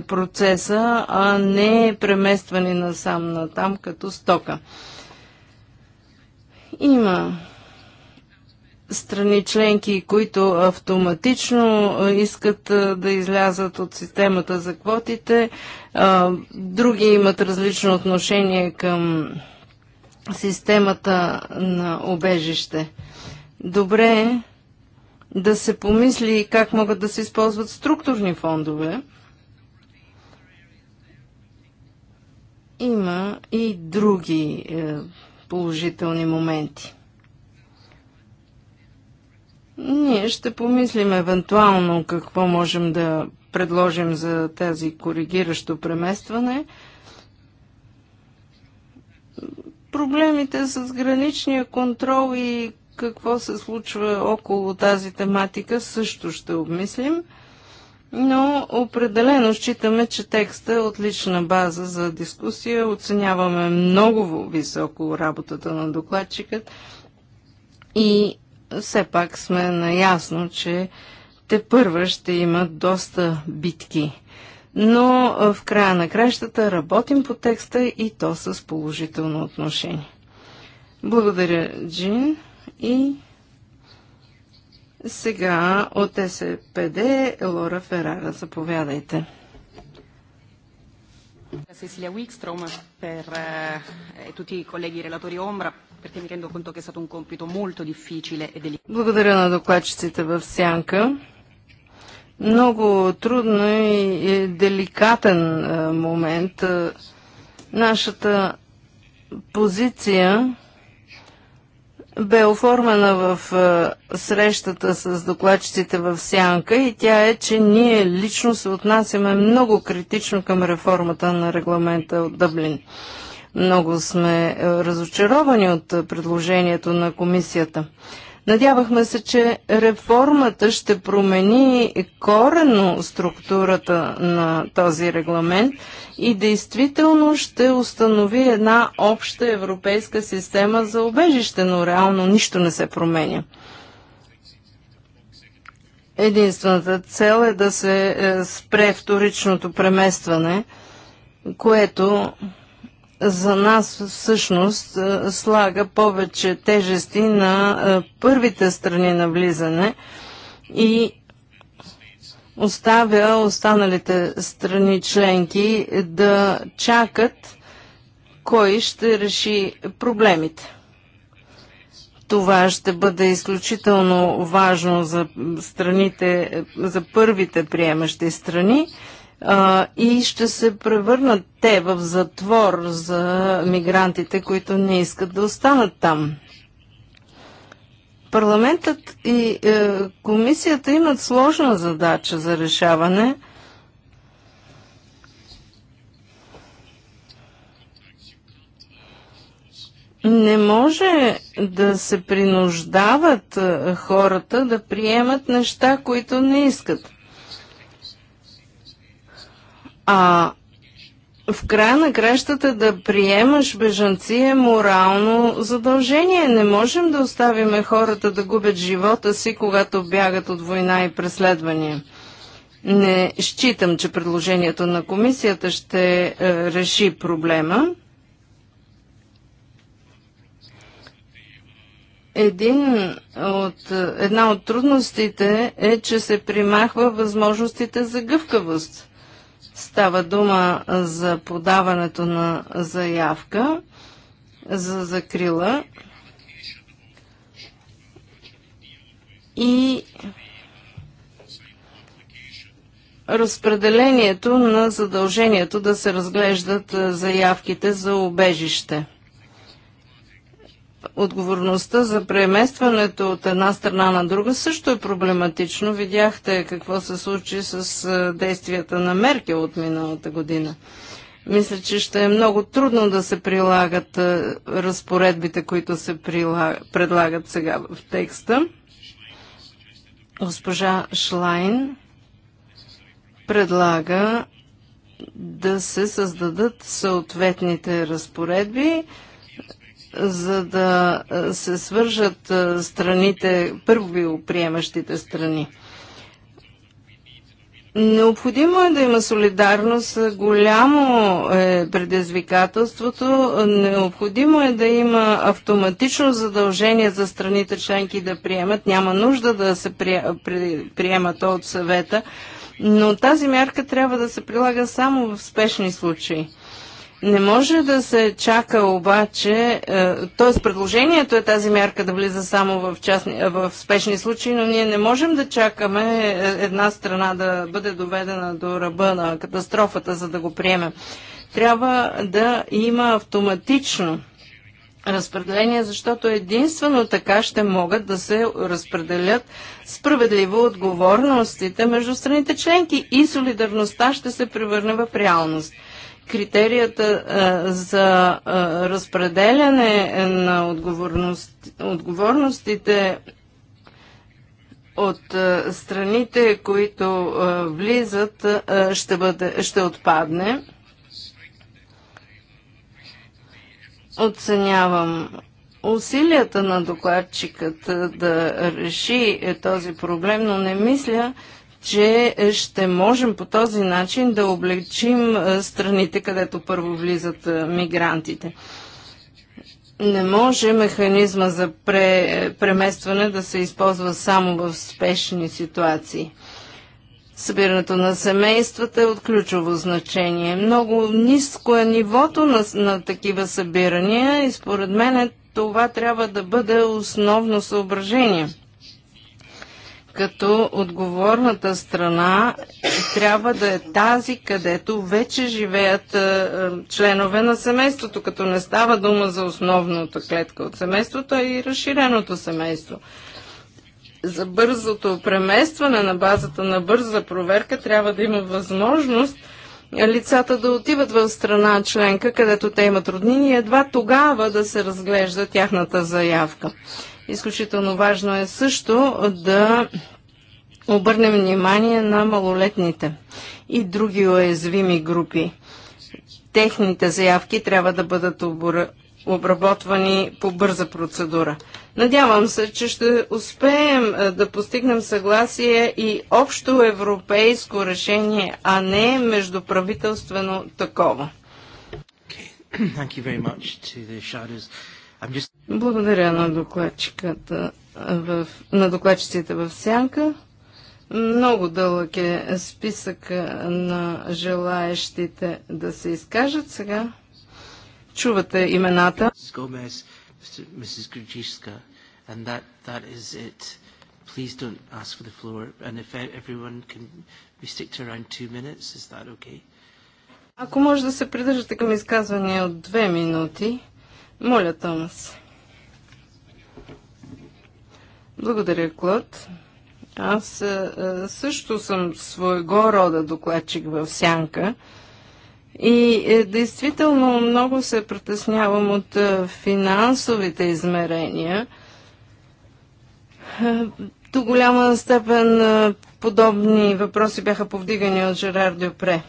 процеса, а не премествани насам натам като стока. Има страни членки, които автоматично искат да излязат от системата за квотите. Други имат различно отношение към системата на обежище. Добре е да се помисли как могат да се използват структурни фондове. Има и други е, положителни моменти. Ние ще помислим евентуално какво можем да предложим за тази коригиращо преместване. Проблемите с граничния контрол и какво се случва около тази тематика също ще обмислим, но определено считаме, че текста е отлична база за дискусия. Оценяваме много високо работата на докладчикът и все пак сме наясно, че те първа ще имат доста битки. Но в края на кращата работим по текста и то с положително отношение. Благодаря, Джин. И сега от СПД Лора Ферара. Заповядайте. Cecilia Wickstrom per eh, e tutti i colleghi relatori ombra E Благодаря на докладчиците в Сянка. Много трудно и деликатен е, момент. Е, нашата позиция бе оформена в е, срещата с докладчиците в Сянка и тя е, че ние лично се отнасяме много критично към реформата на регламента от Дъблин. Много сме е, разочаровани от е, предложението на комисията. Надявахме се, че реформата ще промени корено структурата на този регламент и действително ще установи една обща европейска система за обежище, но реално нищо не се променя. Единствената цел е да се е, спре вторичното преместване, което за нас всъщност е, слага повече тежести на е, първите страни на влизане и оставя останалите страни членки да чакат кой ще реши проблемите. Това ще бъде изключително важно за страните, за първите приемащи страни и ще се превърнат те в затвор за мигрантите, които не искат да останат там. Парламентът и е, комисията имат сложна задача за решаване. Не може да се принуждават е, хората да приемат неща, които не искат. А в края на кращата да приемаш бежанци е морално задължение. Не можем да оставим хората да губят живота си, когато бягат от война и преследвания. Не считам, че предложението на комисията ще е, реши проблема. Един от, една от трудностите е, че се примахва възможностите за гъвкавост Става дума за подаването на заявка за закрила и разпределението на задължението да се разглеждат заявките за убежище отговорността за преместването от една страна на друга също е проблематично. Видяхте какво се случи с действията на Меркел от миналата година. Мисля, че ще е много трудно да се прилагат разпоредбите, които се прилага, предлагат сега в текста. Госпожа Шлайн предлага да се създадат съответните разпоредби, за да е, се свържат е, страните, първо приемащите страни. Необходимо е да има солидарност. Голямо е предизвикателството. Необходимо е да има автоматично задължение за страните членки да приемат. Няма нужда да се приемат от съвета, но тази мярка трябва да се прилага само в спешни случаи. Не може да се чака обаче, т.е. предложението е тази мярка да влиза само в, частни, е, в спешни случаи, но ние не можем да чакаме е, една страна да бъде доведена до ръба на катастрофата, за да го приемем. Трябва да има автоматично разпределение, защото единствено така ще могат да се разпределят справедливо отговорностите между страните членки и солидарността ще се превърне в реалност – критерията за разпределяне на отговорност, отговорностите от страните, които влизат, ще, бъде, ще отпадне. Оценявам усилията на докладчикът да реши е, този проблем, но не мисля, че е, ще можем по този начин да облегчим е, страните, където първо влизат е, мигрантите. Не може механизма за преместване да се използва само в спешни ситуации. Събирането на семействата е от ключово значение. Много ниско е нивото на, на такива събирания и според мен това трябва да бъде основно съображение – като отговорната страна трябва да е тази, където вече живеят е, е, членове на семейството, като не става дума за основната клетка от семейството, а и разширеното семейство. За бързото преместване на базата на бърза проверка трябва да има възможност е, лицата да отиват в страна членка, където те имат роднини и едва тогава да се разглежда тяхната заявка. Изключително важно е също да обърнем внимание на малолетните и други уязвими групи. Техните заявки трябва да бъдат обработвани по бърза процедура. Надявам се, че ще успеем е, да постигнем съгласие и общо европейско решение, а не междуправителствено такова. Okay. *clears throat* Благодаря на докладчиката в, на докладчиците в Сянка. Много дълъг е списък на желаещите да се изкажат сега. Чувате имената. and that, that is it. Please don't ask for the floor. And if e-, everyone can, we stick to around two minutes, is that okay? Ако може да се придържате към изказвания от две минути. Моля, Томас. Благодаря, Клод. Аз също съм своего рода докладчик в Сянка. И е, действително много се притеснявам от а, финансовите измерения. до голяма степен подобни въпроси бяха повдигани от Жерар Дюпре.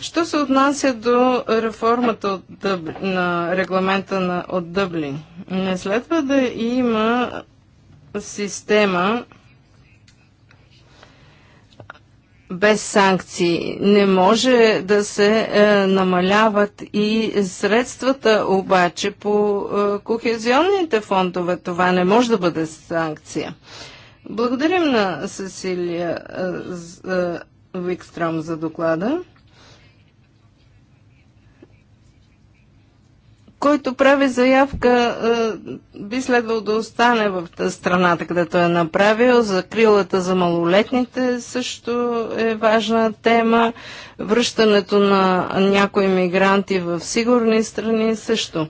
Що се отнася до реформата от Дъб... на регламента на... от Дъблин? Не следва да има система без санкции. Не може да се е, намаляват и средствата обаче по е, кохезионните фондове. Това не може да бъде санкция. Благодарим на Сесилия е, е, Викстром за доклада. който прави заявка, е, би следвал да остане в страната, където е направил. Закрилата за малолетните също е важна тема. Връщането на някои мигранти в сигурни страни също.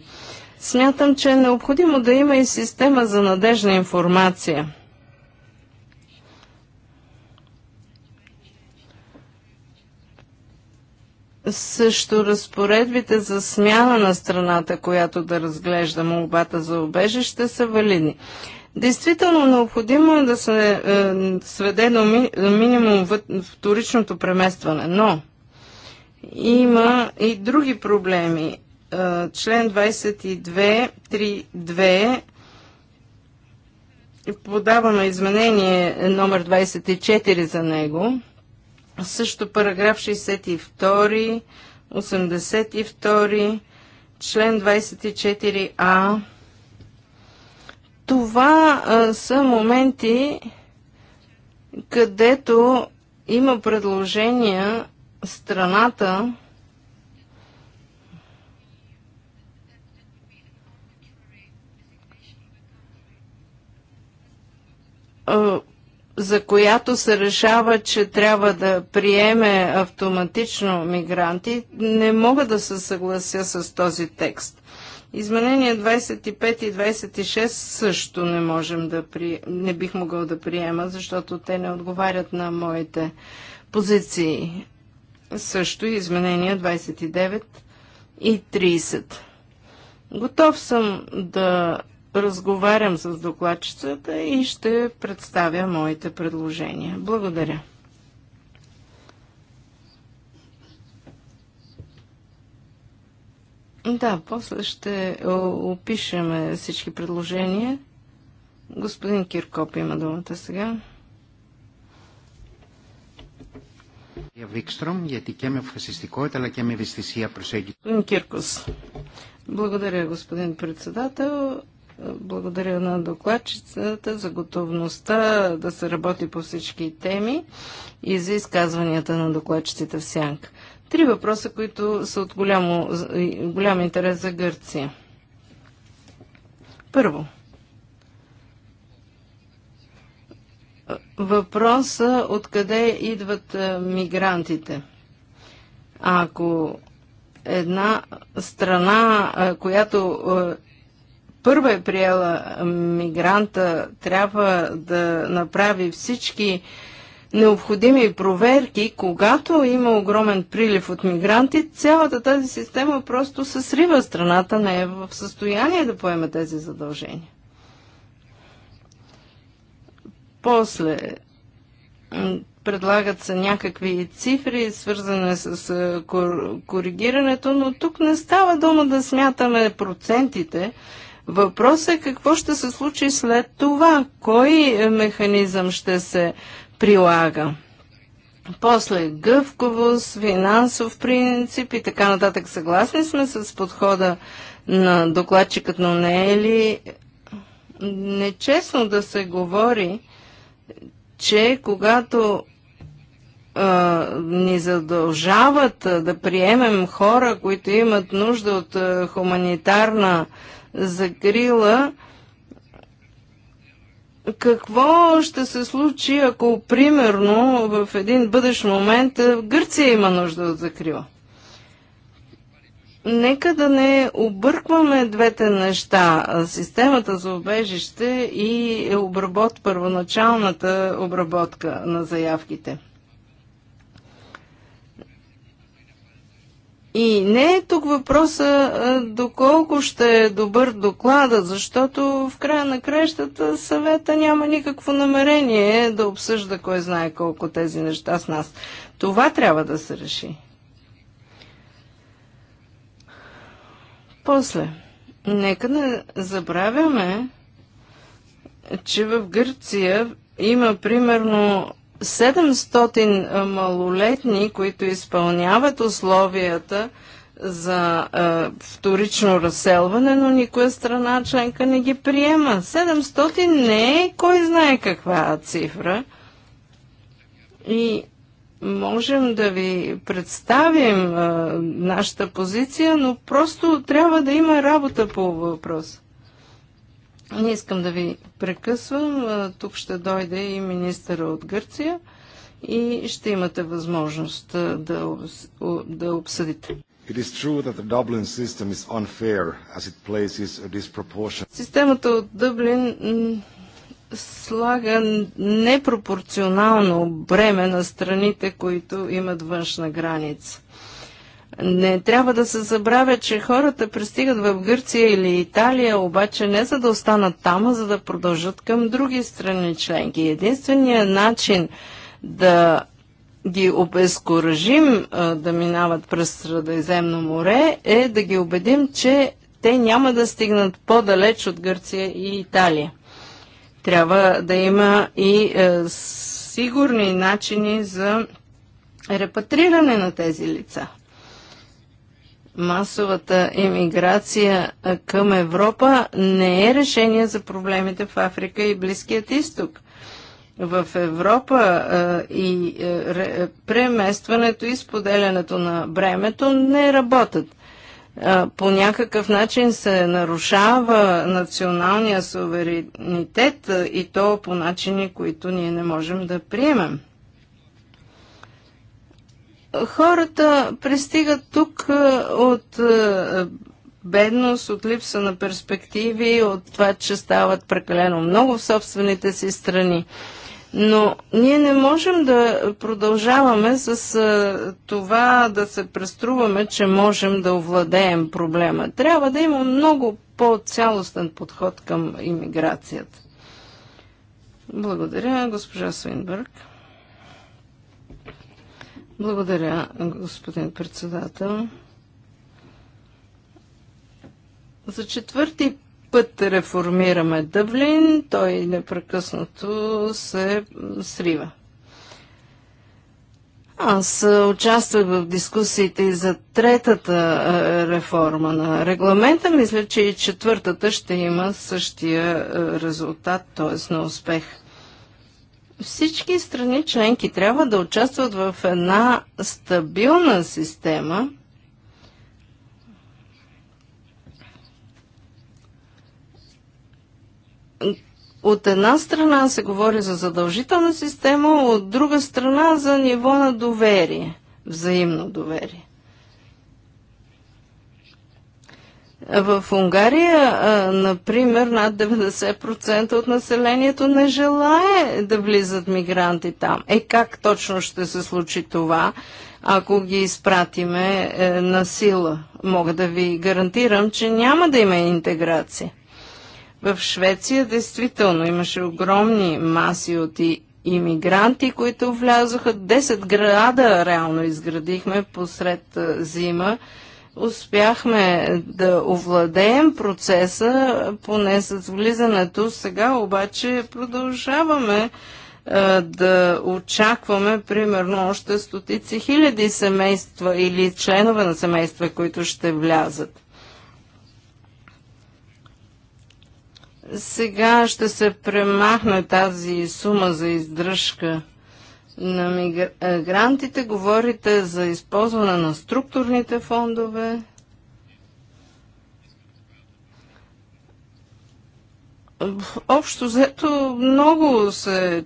Смятам, че е необходимо да има и система за надежна информация. също разпоредбите за смяна на страната, която да разглежда молбата за обежище, са валидни. Действително необходимо е да се е, сведе до ми, минимум вторичното преместване, но има и други проблеми. Е, член 22.3.2 подаваме изменение номер 24 за него. Също параграф 62, 82, член 24а. Това а, са моменти, където има предложения страната за която се решава, че трябва да приеме автоматично мигранти, не мога да се съглася с този текст. Изменения 25 и 26 също не, можем да при... не бих могъл да приема, защото те не отговарят на моите позиции. Също и изменения 29 и 30. Готов съм да разговарям с докладчицата и ще представя моите предложения. Благодаря. Да, после ще опишем всички предложения. Господин Киркоп има думата сега. Викстром, γιατί και με αλλά και με προσέγγιση. Господин Киркос, благодаря господин председател. Благодаря на докладчицата за готовността да се работи по всички теми и за изказванията на докладчиците в сянка. Три въпроса, които са от голямо, голям интерес за Гърция. Първо, въпроса откъде идват мигрантите. Ако една страна, която първа е приела мигранта, трябва да направи всички необходими проверки, когато има огромен прилив от мигранти, цялата тази система просто се срива. Страната не е в състояние да поеме тези задължения. После предлагат се някакви цифри, свързани с коригирането, но тук не става дума да смятаме процентите. Въпросът е какво ще се случи след това, кой механизъм ще се прилага. После гъвковост, финансов принцип и така нататък. Съгласни сме с подхода на докладчикът, но не е ли нечестно да се говори, че когато а, ни задължават да приемем хора, които имат нужда от а, хуманитарна а, закрила. Какво ще се случи, ако примерно в един бъдещ момент е, Гърция има нужда от закрила? Нека да не объркваме двете неща. Системата за обежище и обработ, първоначалната обработка на заявките. И не е тук въпроса доколко ще е добър доклада, защото в края на краищата съвета няма никакво намерение да обсъжда кой знае колко тези неща с нас. Това трябва да се реши. После, нека не забравяме, че в Гърция има примерно 700 малолетни, които изпълняват условията за а, вторично разселване, но никоя страна членка не ги приема. 700 не е кой знае каква цифра. И можем да ви представим а, нашата позиция, но просто трябва да има работа по въпроса. Не искам да ви прекъсвам. Тук ще дойде и министъра от Гърция и ще имате възможност да, да обсъдите. Unfair, Системата от Дъблин слага непропорционално бреме на страните, които имат външна граница. Не трябва да се забравя, че хората пристигат в Гърция или Италия, обаче не за да останат там, а за да продължат към други страни членки. Единственият начин да ги обезкуражим да минават през Средиземно море е да ги убедим, че те няма да стигнат по-далеч от Гърция и Италия. Трябва да има и е, сигурни начини за репатриране на тези лица масовата емиграция към Европа не е решение за проблемите в Африка и Близкият изток. В Европа и преместването и споделянето на бремето не работят. по някакъв начин се нарушава националния суверенитет и то по начини, които ние не можем да приемем. Хората пристигат тук е, от е, бедност, от липса на перспективи, от това, че стават прекалено много в собствените си страни. Но ние не можем да продължаваме с е, това да се преструваме, че можем да овладеем проблема. Трябва да има много по-цялостен подход към иммиграцията. Благодаря, госпожа Свинбърг. Благодаря, господин председател. За четвърти път реформираме Дъблин, той непрекъснато се срива. Аз участвах в дискусиите за третата е, реформа на регламента. Мисля, че и четвъртата ще има същия е, резултат, т.е. на успех. Всички страни членки трябва да участват в една стабилна система, От една страна се говори за задължителна система, от друга страна за ниво на доверие, взаимно доверие. В Унгария, например, над 90% от населението не желае да влизат мигранти там. Е как точно ще се случи това, ако ги изпратиме е, на сила? Мога да ви гарантирам, че няма да има интеграция. В Швеция действително имаше огромни маси от иммигранти, които влязоха. 10 града реално изградихме посред е, зима успяхме да овладеем процеса, поне с влизането. Сега обаче продължаваме е, да очакваме примерно още стотици хиляди семейства или членове на семейства, които ще влязат. Сега ще се премахне тази сума за издръжка на мигрантите, е, говорите за използване на структурните фондове. Общо взето много се,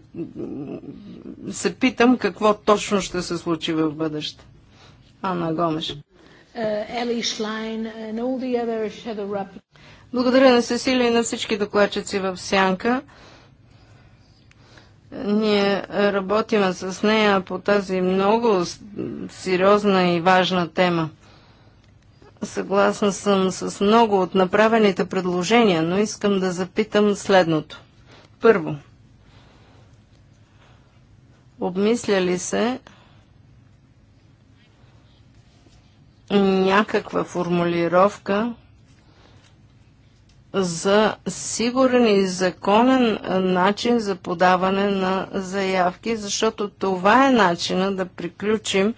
се питам какво точно ще се случи в бъдеще. Анна Гомеш. Е, Ели Шлайн е, Благодаря на Сесилия и на всички докладчици в Сянка. Ние работим с нея по тази много сериозна и важна тема. Съгласна съм с много от направените предложения, но искам да запитам следното. Първо, обмисля ли се някаква формулировка, за сигурен и законен начин за подаване на заявки, защото това е начина да приключим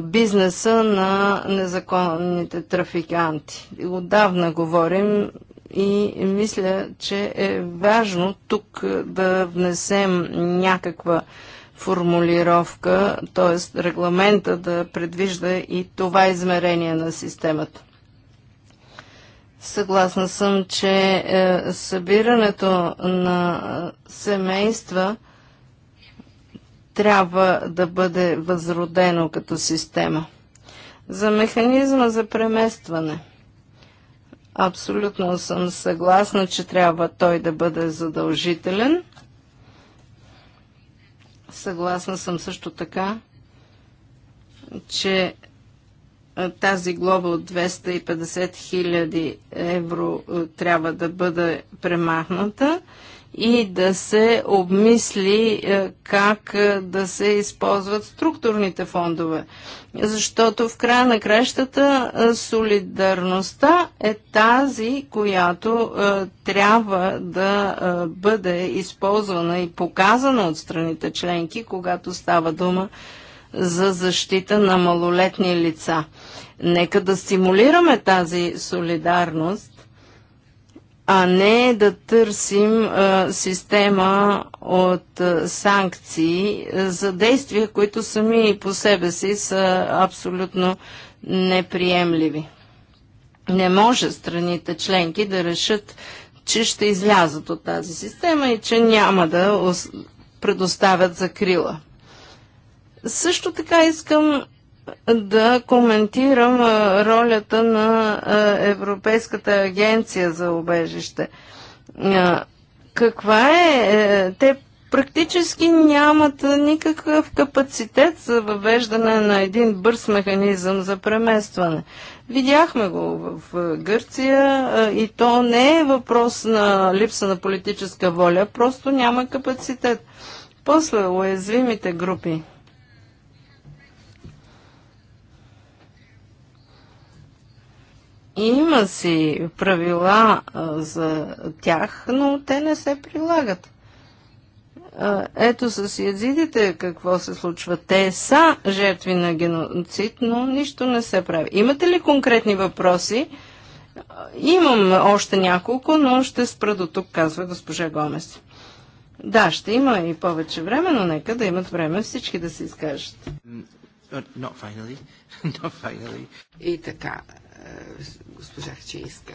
бизнеса на незаконните трафиканти. Отдавна говорим и мисля, че е важно тук да внесем някаква формулировка, т.е. регламента да предвижда и това измерение на системата. Съгласна съм, че е, събирането на семейства трябва да бъде възродено като система. За механизма за преместване. Абсолютно съм съгласна, че трябва той да бъде задължителен. Съгласна съм също така, че тази глоба от 250 хиляди евро е, трябва да бъде премахната и да се обмисли е, как е, да се използват структурните фондове. Защото в края на кращата солидарността е тази, която трябва да бъде използвана и показана от страните членки, когато става дума за защита на малолетни лица. Нека да стимулираме тази солидарност, а не да търсим а, система от а, санкции за действия, които сами по себе си са абсолютно неприемливи. Не може страните членки да решат, че ще излязат от тази система и че няма да предоставят закрила. Също така искам да коментирам ролята на Европейската агенция за обежище. Каква е, е? Те практически нямат никакъв капацитет за въвеждане на един бърз механизъм за преместване. Видяхме го в Гърция и то не е въпрос на липса на политическа воля, просто няма капацитет. После уязвимите групи. Има си правила за тях, но те не се прилагат. Ето с язидите какво се случва. Те са жертви на геноцид, но нищо не се прави. Имате ли конкретни въпроси? Имам още няколко, но ще спра до тук, казва госпожа Гомес. Да, ще има и повече време, но нека да имат време всички да се изкажат. Uh, *laughs* и така, госпожа Хчеиска.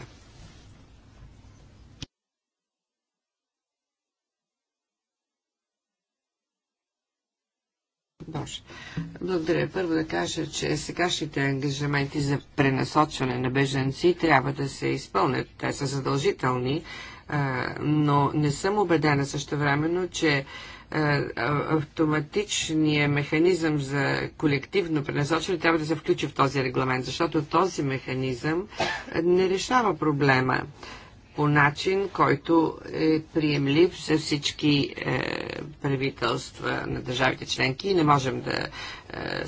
Боже. Благодаря. Първо да кажа, че сегашните ангажименти за пренасочване на беженци трябва да се изпълнят. Те са задължителни, но не съм убедена също времено, че е, Автоматичният механизъм за колективно пренасочване трябва да се включи в този регламент, защото този механизъм не решава проблема по начин, който е приемлив за всички е, правителства на държавите членки и не можем да е,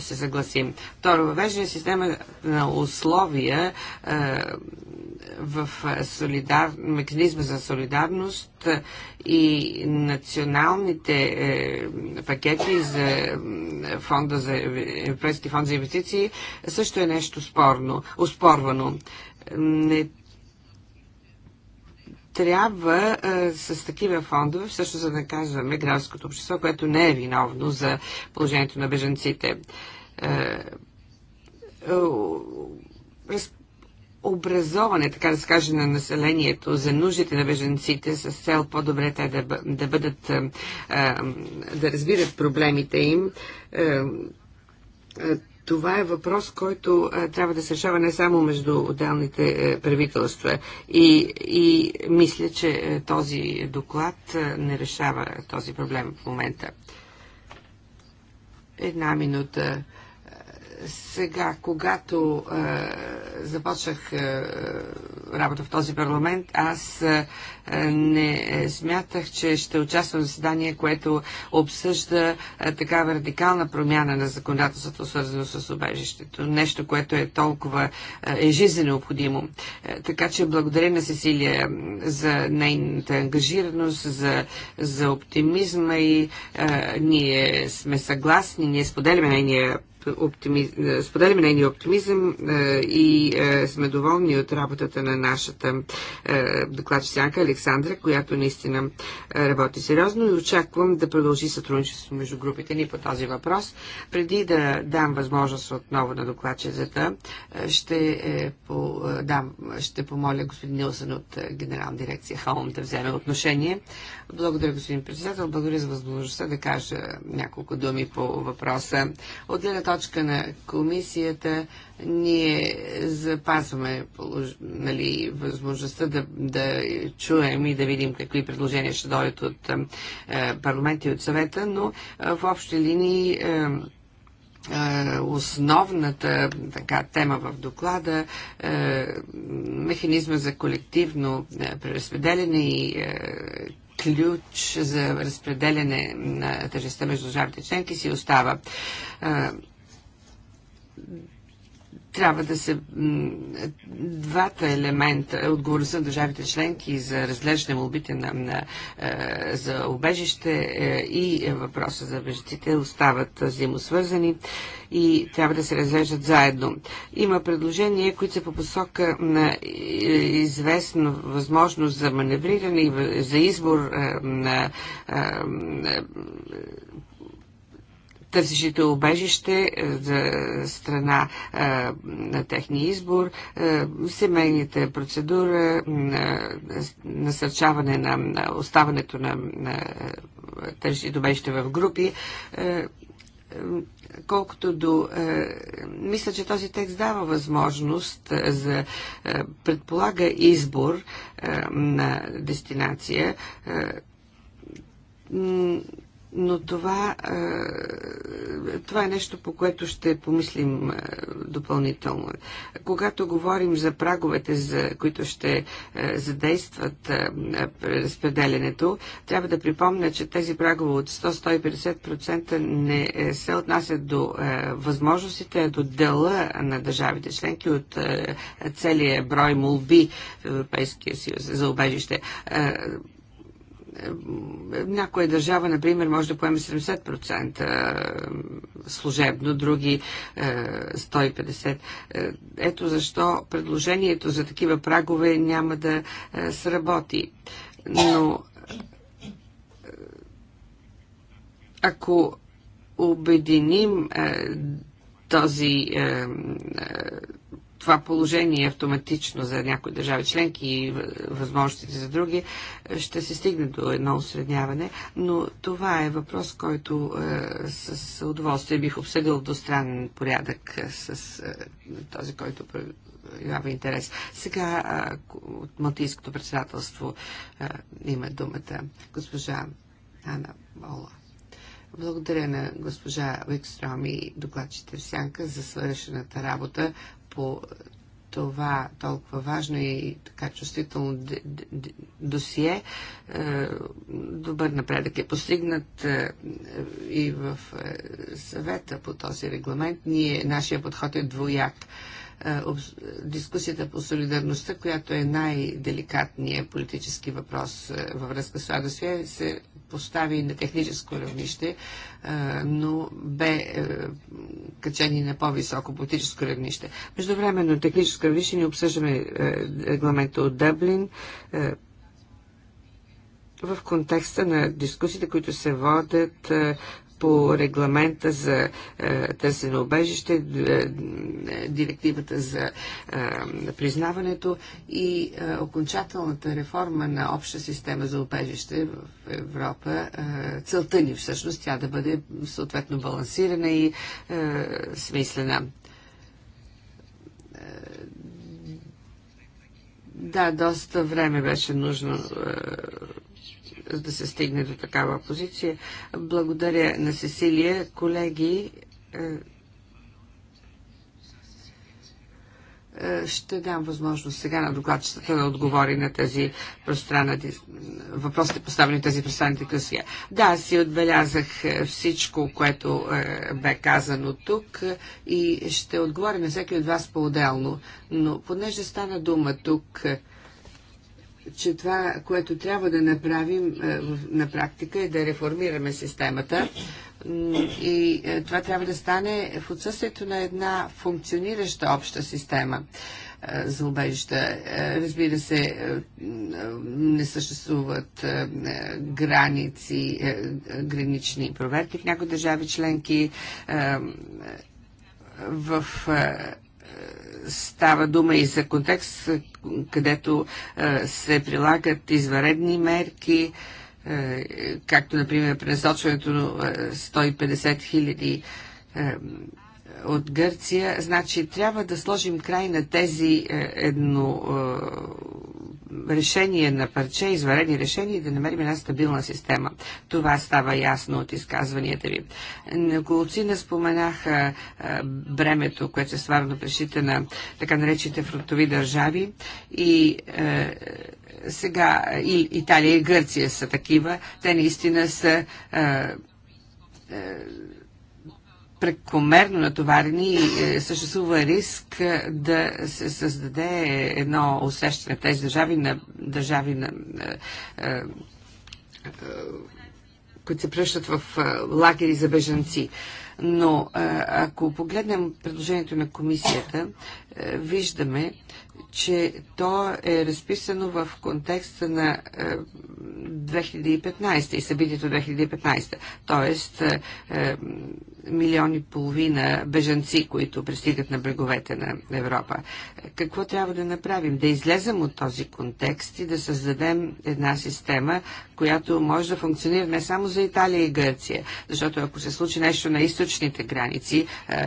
се съгласим. Второ, въвеждане система на условия е, в е, солидар... механизма за солидарност е, и националните е, пакети за е, фонда за Европейски фонд за инвестиции също е нещо спорно, успорвано. Не трябва а, с такива фондове всъщност да наказваме гражданското общество, което не е виновно за положението на беженците. А, а, образоване, така да се каже, на населението за нуждите на беженците с цел по-добре те да, да бъдат, а, да разбират проблемите им. А, това е въпрос, който а, трябва да се решава не само между отделните а, е, правителства. И, и мисля, че а, е, този доклад а, е, не решава този проблем в момента. Една минута. Сега, когато а, започнах а, работа в този парламент, аз а, е, не е, смятах, че ще участвам в заседание, което обсъжда е, такава радикална промяна на законодателството, свързано с убежището. Нещо, което е толкова е жизненно необходимо. Така че благодаря на Сесилия за нейната ангажираност, за, за оптимизма и е, ние сме съгласни, ние споделяме нейния оптимизъм, споделяме нейния оптимизъм е, и е, сме доволни от работата на нашата е, докладчицянка Александра, която наистина е, работи сериозно и очаквам да продължи сътрудничество между групите ни по този въпрос. Преди да дам възможност отново на докладчицата, е, ще, е, по, дам, ще помоля господин Нилсън от Генерална дирекция Холм да вземе отношение. Благодаря, господин председател. Благодаря за възможността да кажа няколко думи по въпроса. От гледна точка на комисията, ние запазваме нали, възможността да, да чуем и да видим какви предложения ще дойдат от е, парламента и от съвета, но е, в общи линии е, е, основната така, тема в доклада е, механизма за колективно е, преразпределение и е, ключ за разпределяне на тежестта между държавите членки си остава. Е, трябва да се... Двата елемента, отговорността на държавите членки за разглеждане молбите на, на, е, за обежище е, и въпроса за бежиците остават взаимосвързани и трябва да се разглеждат заедно. Има предложения, които са по посока на е, известна възможност за маневриране и за избор на търсещите обежище е, за страна е, на техния избор, е, семейните процедура, насърчаване на оставането на търсещите обежище в групи колкото до... Е, мисля, че този текст дава възможност за... Е, предполага избор е, на дестинация. Е, но това, е, това е нещо, по което ще помислим е, допълнително. Когато говорим за праговете, за които ще е, задействат разпределенето, трябва да припомня, че тези прагове от 100-150% не се отнасят до възможностите, а до дела на държавите членки от целия брой молби в Европейския съюз за убежище. Е, някоя държава, например, може да поеме 70% е, служебно, други 150%. Е, ето защо предложението за такива прагове няма да сработи. Но ако обединим този това положение автоматично за някои държави членки и възможностите за други, е, ще се стигне до едно осредняване, но това е въпрос, който е, с удоволствие бих обсъдил до странен порядък е, с е, този, който проявява интерес. Сега е, от Малтийското председателство е, има думата госпожа Ана Бола. Благодаря на госпожа Викстром и докладчите в Сянка за свършената работа по това толкова важно и така чувствително досие, е, добър напредък е постигнат е, е, и в съвета по този регламент. Ние, нашия подход е двояк. Дискусията по солидарността, която е най-деликатният политически въпрос във връзка с това досие, се постави на техническо равнище, но бе е, качени на по-високо политическо равнище. Междувременно техническо равнище ни обсъждаме е, регламента от Дъблин, е, в контекста на дискусиите, които се водят по регламента за е, търсено обежище, е, директивата за е, признаването и окончателната реформа на обща система за обежище в Европа. Целта ни всъщност тя да бъде съответно балансирана и смислена. Да, доста време беше нужно да се стигне до такава позиция. Благодаря на Сесилия. Колеги, е, е, ще дам възможност сега на докладчицата да отговори на тези пространна, въпросите поставени тези пространни дискусия. Да, си отбелязах е, всичко, което бе казано тук и ще отговоря на всеки от вас по-отделно, но понеже стана дума тук че това, което трябва да направим е, на практика е да реформираме системата. И е, това трябва да стане в отсъствието на една функционираща обща система е, за убежища. Разбира се, не съществуват граници, гранични проверки в някои държави членки. В става дума и за контекст, където се прилагат изваредни мерки, както, например, пренасочването на 150 хиляди от Гърция. Значи, трябва да сложим край на тези едно решение на парче, изварени решения и да намерим една стабилна система. Това става ясно от изказванията ви. Неколцина споменаха бремето, което се сварва на на така наречените фронтови държави и е, сега и Италия и Гърция са такива. Те наистина са е, е, прекомерно натоварени и е, съществува риск е, да се създаде едно усещане в тези държави на държави на е, които се пръщат в лагери за бежанци. Но ако погледнем предложението на комисията, виждаме, че то е разписано в контекста на 2015 и събитието 2015. Тоест, милиони и половина бежанци, които пристигат на бреговете на Европа. Какво трябва да направим? Да излезем от този контекст и да създадем една система, която може да функционира не само за Италия и Гърция. Защото ако се случи нещо на източните граници, е,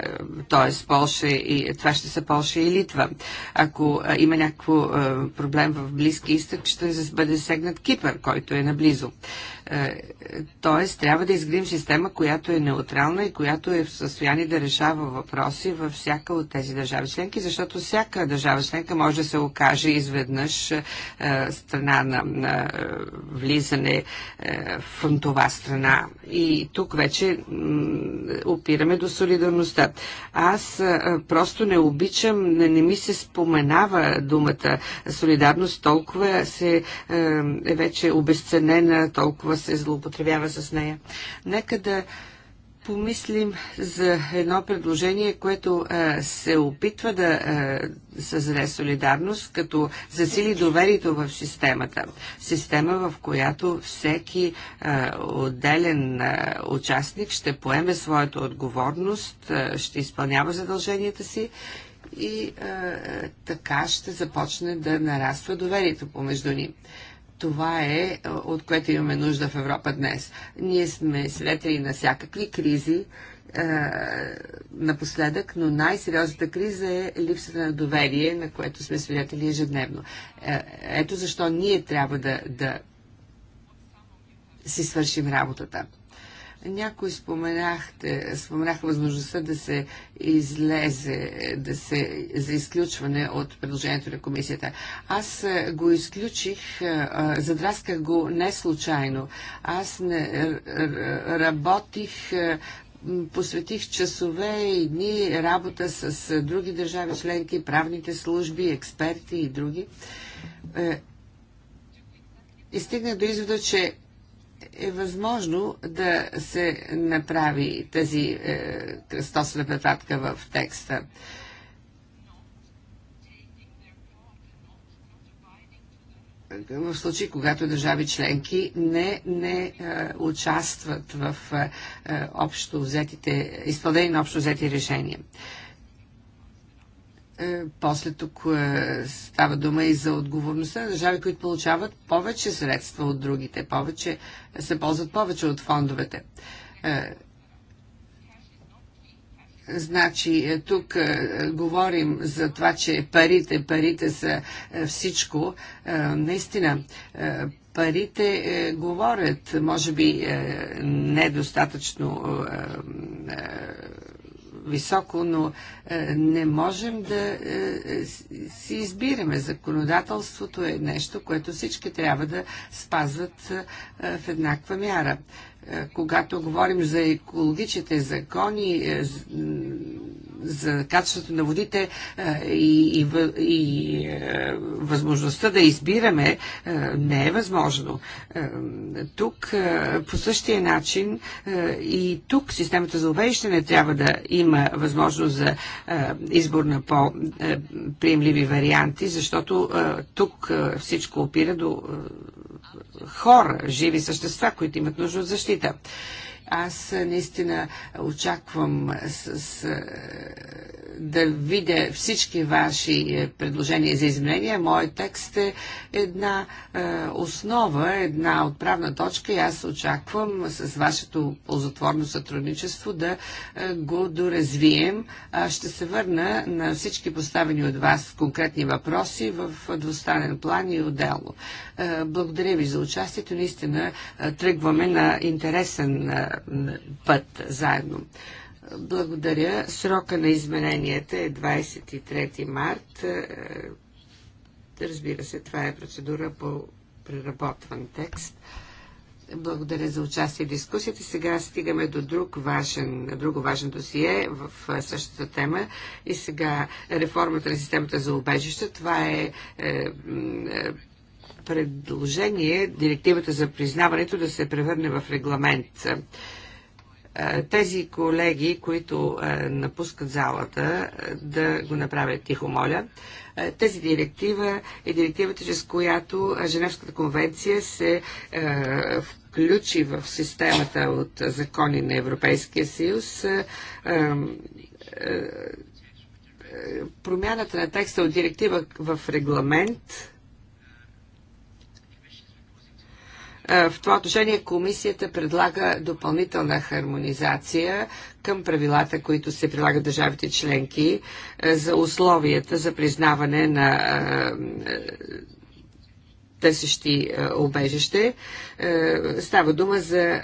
т.е. Полша и това ще са Полша и Литва. Ако е, има някакво е, проблем в Близки изток, ще бъде сегнат Кипър, който е наблизо. Тоест, трябва да изградим система, която е неутрална и която е в състояние да решава въпроси във всяка от тези държави членки, защото всяка държава членка може да се окаже изведнъж страна на, на влизане разделяне фронтова е, страна. И тук вече опираме до солидарността. Аз е, просто не обичам, не, не ми се споменава думата солидарност, толкова се е, е вече обесценена, толкова се злоупотребява с нея. Нека да помислим за едно предложение, което а, се опитва да а, създаде солидарност, като засили доверието в системата. Система, в която всеки а, отделен а, участник ще поеме своята отговорност, а, ще изпълнява задълженията си и а, така ще започне да нараства доверието помежду ни. А, това е от което имаме нужда в Европа днес. Ние сме свидетели на всякакви кризи е, напоследък, но най-сериозната криза е липсата на доверие, на което сме свидетели ежедневно. Е, ето защо ние трябва да, да си свършим работата. Някои споменахте, споменаха възможността да се излезе, да се, за изключване от предложението на комисията. Аз го изключих, задрасках го не случайно. Аз не, работих посветих часове и дни работа с други държави членки, правните служби, експерти и други. Е, и стигна до извода, че е възможно да се направи тази е, кръстосна препратка в текста. в случай, когато държави членки не, не е, участват в е, е общо взетите, изпълнение на общо взети решения. Е, после тук е, става дума и за отговорността на държави, които получават повече средства от другите, повече, се ползват повече от фондовете. Е, значи, тук е, говорим за това, че парите, парите са е, всичко. Е, наистина, парите говорят, може би недостатъчно високо, но е, не можем да е, е, си избираме. Законодателството е нещо, което всички трябва да спазват в еднаква мяра. Е, когато говорим за екологичните закони, е, за качеството на водите е, и, и, и възможността да избираме не е възможно. Тук по същия начин и тук системата за убежище не трябва да има възможност за избор на по-приемливи варианти, защото тук всичко опира до хора, живи същества, които имат нужда от защита. Аз наистина очаквам с, с, да видя всички ваши е, предложения за изменения. Моят текст е една е, основа, една отправна точка и аз очаквам с вашето ползотворно сътрудничество да е, го доразвием. А ще се върна на всички поставени от вас конкретни въпроси в двустранен план и отделно. Е, благодаря ви за участието. Наистина тръгваме на интересен път заедно. Благодаря. Срока на измененията е 23 март. Е, разбира се, това е процедура по преработван текст. Благодаря за участие в дискусията. Сега стигаме до друг важен, друго важен досие в е, същата тема. И сега реформата на системата за убежище. Това е, е, е предложение директивата за признаването да се превърне в регламент. Е, тези колеги, които е, напускат залата, е, да го направят тихо, моля. Тази директива е директивата, чрез която Женевската конвенция се включи в системата от закони на Европейския съюз промяната на текста от директива в регламент Е, в това отношение комисията предлага допълнителна хармонизация към правилата, които се прилагат държавите членки е, за условията за признаване на е, търсещи обежище. Става дума за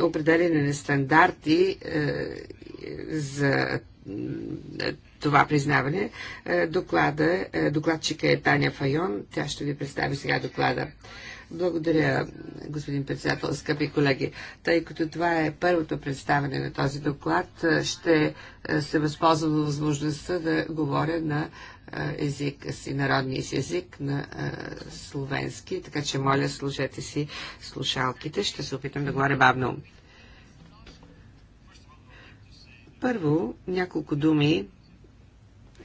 определене на стандарти за това признаване. Доклада, докладчика е Таня Файон. Тя ще ви представи сега доклада. Благодаря, господин председател, скъпи колеги. Тъй като това е първото представяне на този доклад, е, ще е, се възползвам от възможността да говоря на е, език си, народния си език на словенски, така че моля, служете си слушалките. Ще се опитам да говоря бавно. Първо, няколко думи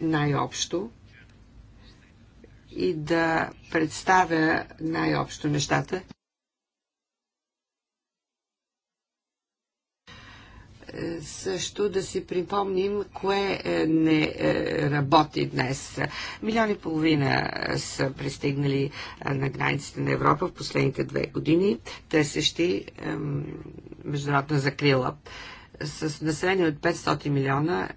най-общо и да представя най-общо нещата. Е, също да си припомним кое е, не е, работи днес. Милиони и половина са пристигнали на границите на Европа в последните две години, търсещи международна закрила. С население от 500 милиона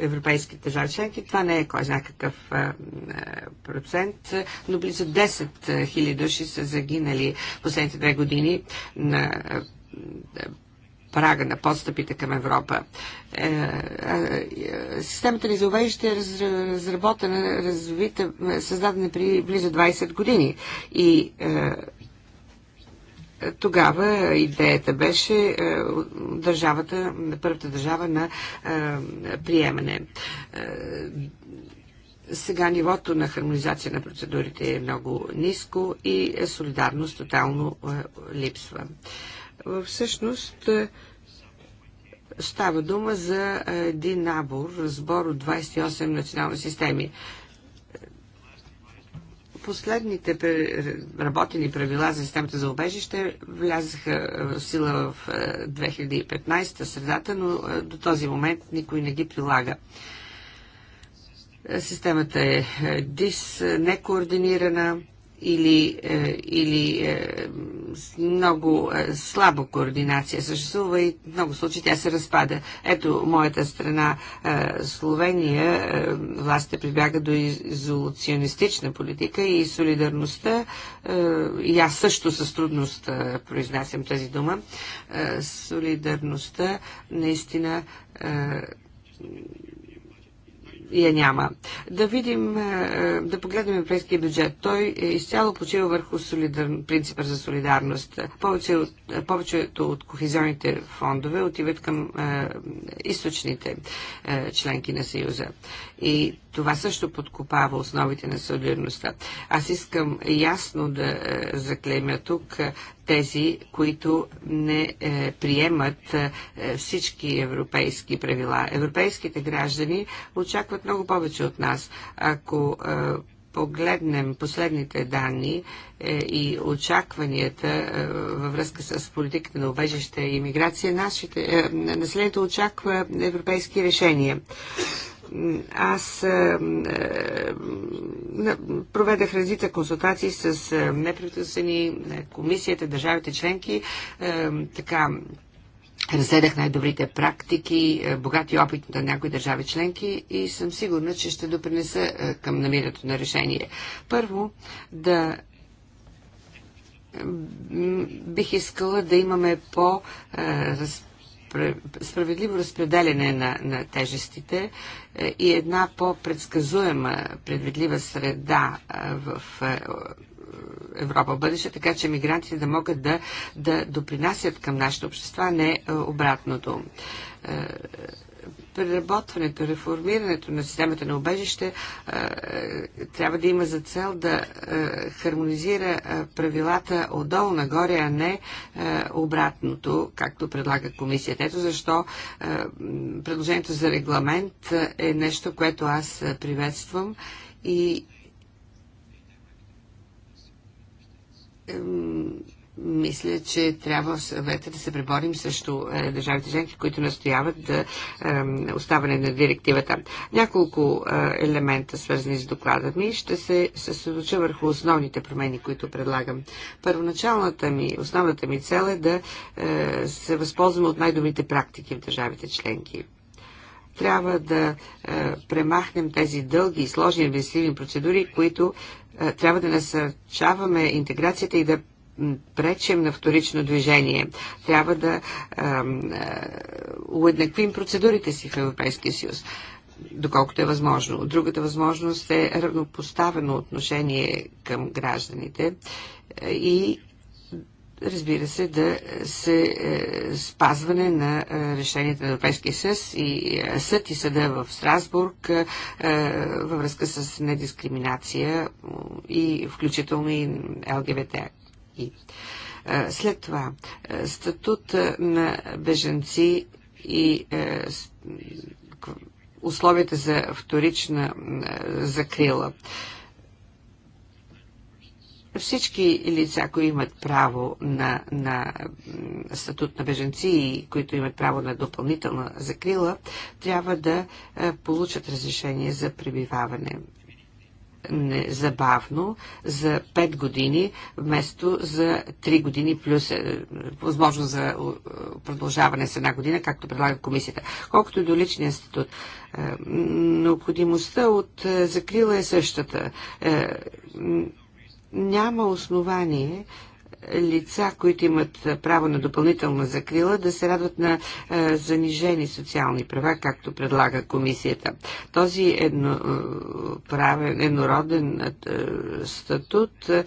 европейските държави членки. Това не е кой знае какъв процент, но близо 10 000 души са загинали последните две години на прага на подстъпите към Европа. Е, е, системата ни за увежище е разработена, развита, е, създадена при близо 20 години и е, тогава идеята беше е, държавата, първата държава на е, приемане. Е, сега нивото на хармонизация на процедурите е много ниско и солидарност тотално липсва. Всъщност става дума за един набор, разбор от 28 национални системи последните работени правила за системата за обежище влязаха е, в сила в 2015 е, средата, но е, до този момент никой не ги прилага. Системата е дис, некоординирана, или, е, или е, много е, слабо координация съществува и в много случаи тя се разпада. Ето, моята страна Словения, властите прибяга до изолационистична политика и солидарността, и аз също с трудност произнасям тази дума, солидарността наистина я няма. Да видим, е, е, да погледнем европейския бюджет. Той е изцяло почива върху солидар... принципа за солидарност. Повече от, повечето от кохезионните фондове отиват към е, източните е, членки на Съюза. И това също подкопава основите на солидарността. Аз искам ясно да е, заклемя тук е, тези, които не е, приемат е, всички европейски правила. Европейските граждани очакват много повече от нас. Ако е, погледнем последните данни е, и очакванията е, във връзка с политиката на убежище и иммиграция, нашите, е, населението очаква европейски решения. Аз е, е, проведах редица консултации с е, неправителствени комисията, държавите членки, така разседах най-добрите практики, богати опит на някои държави членки и съм сигурна, че ще допринеса към намирането на решение. Първо, да бих искала да имаме по справедливо разпределение на, на тежестите е, и една по-предсказуема, предвидлива среда в е, Европа бъдеще, така че мигрантите да могат да, да допринасят към нашите общества, не обратното е, преработването, реформирането на системата на обежище е, трябва да има за цел да хармонизира правилата отдолу нагоре, а не обратното, както предлага комисията. Ето защо предложението за регламент е нещо, което аз приветствам и мисля, че трябва в съвета да се преборим срещу е, държавите членки, които настояват да е, оставане на директивата. Няколко е, елемента, свързани с доклада ми, ще се съсредоча върху основните промени, които предлагам. Първоначалната ми, основната ми цел е да е, се възползваме от най-добрите практики в държавите членки трябва да е, премахнем тези дълги и сложни инвестивни процедури, които е, трябва да насърчаваме интеграцията и да пречим на вторично движение. Трябва да уеднаквим процедурите си в Европейския съюз доколкото е възможно. Другата възможност е равнопоставено отношение към гражданите и разбира се, да се е, спазване на е, решението на Европейския съд и е, съд и съда в Страсбург е, е във връзка с недискриминация и включително и ЛГБТ и. След това, статут на беженци и условията за вторична закрила. Всички лица, които имат право на, на статут на беженци и които имат право на допълнителна закрила, трябва да получат разрешение за пребиваване незабавно за 5 години, вместо за 3 години плюс е, възможно за е, продължаване с една година, както предлага комисията. Колкото и до личния институт, е, необходимостта от е, закрила е същата. Е, няма основание лица, които имат право на допълнителна закрила, да се радват на е, занижени социални права, както предлага комисията. Този едно, е, правен, еднороден е, статут е,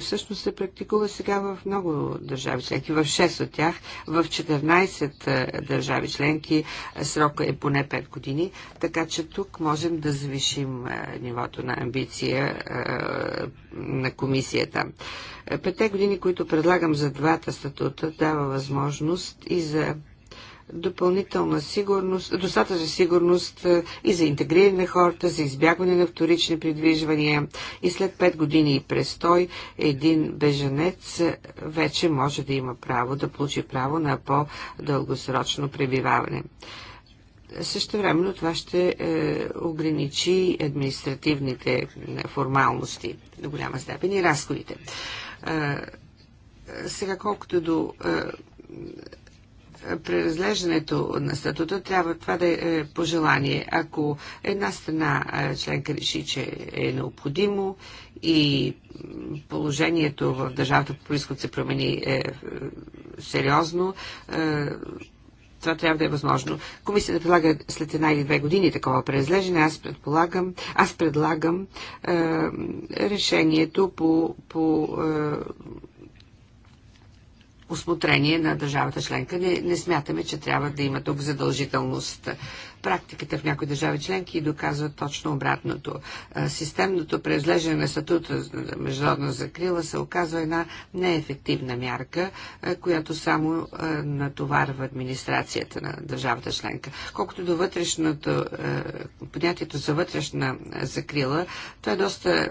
всъщност се практикува сега в много държави членки, в 6 от тях, в 14 е, държави членки срока е поне 5 години, така че тук можем да завишим е, нивото на амбиция на комисията. Петте години, които предлагам за двата статута, дава възможност и за допълнителна сигурност, достатъчна сигурност е, и за интегриране на хората, за избягване на вторични придвижвания. И след 5 години и престой, един беженец е, вече може да има право, да получи право на по-дългосрочно пребиваване. Също времено това ще е, ограничи административните е, формалности до голяма степен и разходите. Сега колкото до преразглеждането на статута трябва това да е, е пожелание. Ако една страна членка реши, че е необходимо и положението в държавата по происход се промени е, е сериозно, е, това трябва да е възможно. Комисията предлага след една или две години такова преразглеждане. Аз предполагам, аз предлагам е, решението по, по е, осмотрение на държавата членка. Не, не смятаме, че трябва да има тук задължителност практиката в някои държави членки и доказва точно обратното. Системното преизлежане на статута на международна закрила се оказва една неефективна мярка, която само натоварва администрацията на държавата членка. Колкото до вътрешното, понятието за вътрешна закрила, то е доста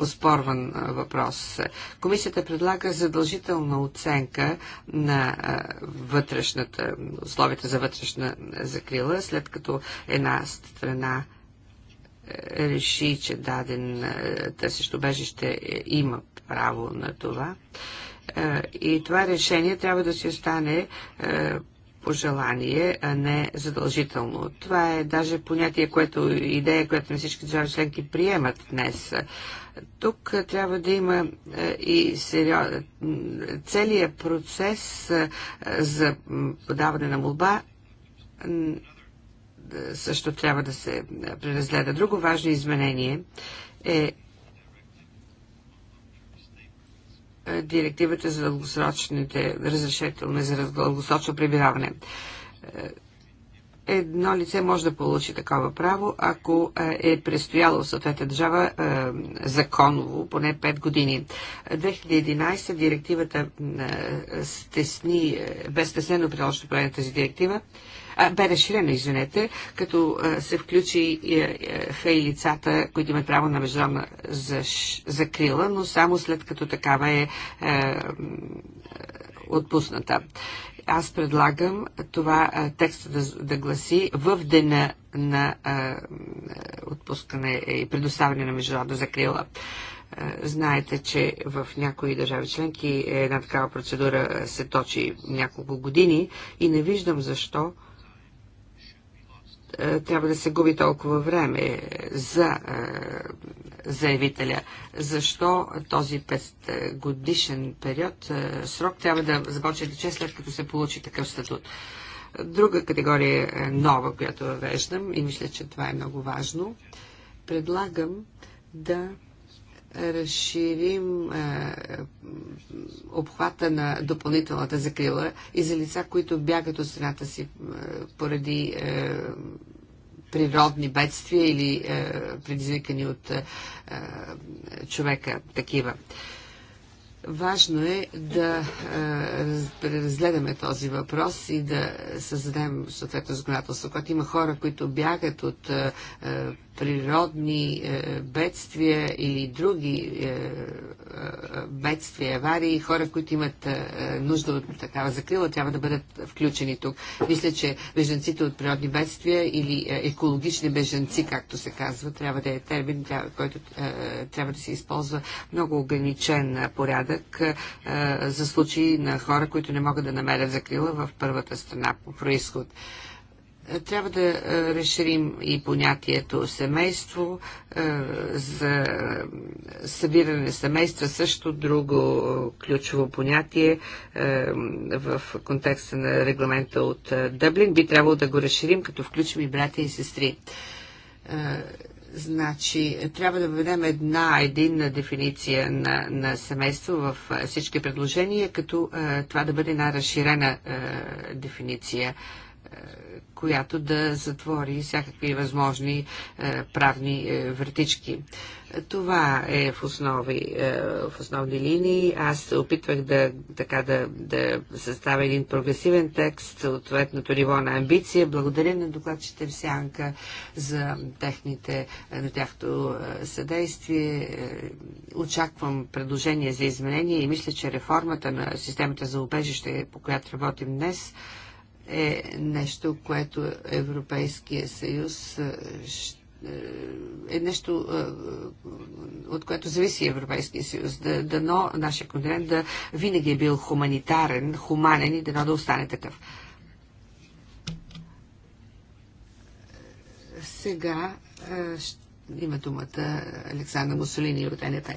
оспорван въпрос. Комисията предлага задължителна оценка на вътрешната, условията за вътрешна закрила след след като една страна е, реши, че даден е, търсещо бежище е, има право на това. И това решение трябва да си остане пожелание, а не задължително. Това е даже понятие, което идея, която на всички държави членки приемат днес. Тук трябва да има и сериоз... целият процес за подаване на молба също трябва да се преразгледа. Друго важно изменение е директивата за дългосрочните разрешителни за дългосрочно пребиваване. Едно лице може да получи такова право, ако е престояло в съответната държава е, законово поне 5 години. 2011 директивата е, стесни, е, без стеснено приложено на тази директива Бере Шрена, извинете, като а, се включи а, и лицата, които имат право на международна закрила, но само след като такава е отпусната. Аз предлагам това текст текста да, да гласи в дена на а, отпускане и предоставяне на международна закрила. Знаете, че в някои държави членки една такава процедура се точи няколко години и не виждам защо е, трябва да се губи толкова време за е, заявителя. Защо този 5 годишен период, е, срок трябва да започне да че след като се получи такъв статут? Друга категория е нова, която въвеждам и мисля, че това е много важно. Предлагам да разширим а, обхвата на допълнителната закрила и за лица, които бягат от страната си а, поради а, природни бедствия или предизвикани от човека такива. Важно е да разгледаме този въпрос и да създадем съответно законодателство. Когато има хора, които бягат от природни е, бедствия или други е, е, бедствия, аварии, хора, които имат нужда от такава закрила, трябва да бъдат включени тук. Мисля, че беженците от природни бедствия или екологични беженци, както се казва, трябва да е термин, който трябва да се използва много ограничен порядък за случаи на хора, които не могат да намерят закрила в първата страна по происход. Трябва да разширим и понятието семейство, за събиране на семейства също друго ключово понятие в контекста на регламента от Дъблин. Би трябвало да го разширим, като включим и братя и сестри. Значи, трябва да въведем една единна дефиниция на, на семейство в всички предложения, като това да бъде една разширена дефиниция която да затвори всякакви възможни е, правни е, вратички. Това е в, основи, е, в основни линии. Аз опитвах да, така да, да съставя един прогресивен текст, съответното ниво на амбиция. Благодаря на докладчите в Сянка за техните, на тяхто съдействие. Очаквам предложения за изменения и мисля, че реформата на системата за убежище, по която работим днес, е нещо, което Европейския съюз е, е, е нещо, е, от което зависи Европейския съюз. Да, нашия континент да винаги е бил хуманитарен, хуманен и дано да остане такъв. Сега има думата Александра Мусолини от НП.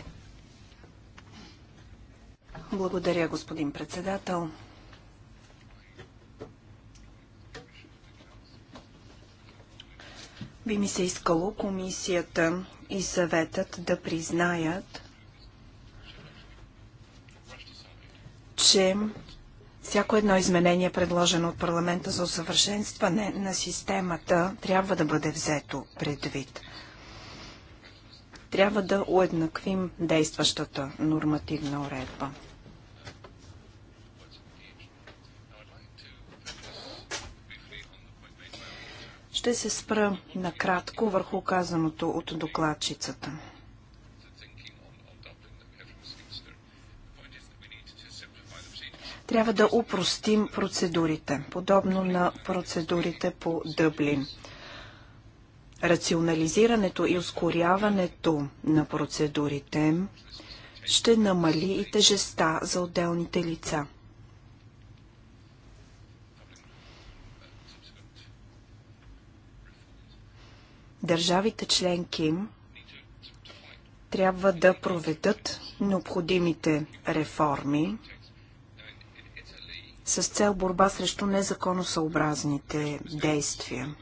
Благодаря, господин председател. Би ми се искало комисията и съветът да признаят, че всяко едно изменение, предложено от парламента за усъвършенстване на системата, трябва да бъде взето предвид. Трябва да уеднаквим действащата нормативна уредба. Ще се спра накратко върху казаното от докладчицата. Трябва да упростим процедурите, подобно на процедурите по Дъблин. Рационализирането и ускоряването на процедурите ще намали и тежеста за отделните лица. Държавите членки трябва да проведат необходимите реформи с цел борба срещу незаконосъобразните действия.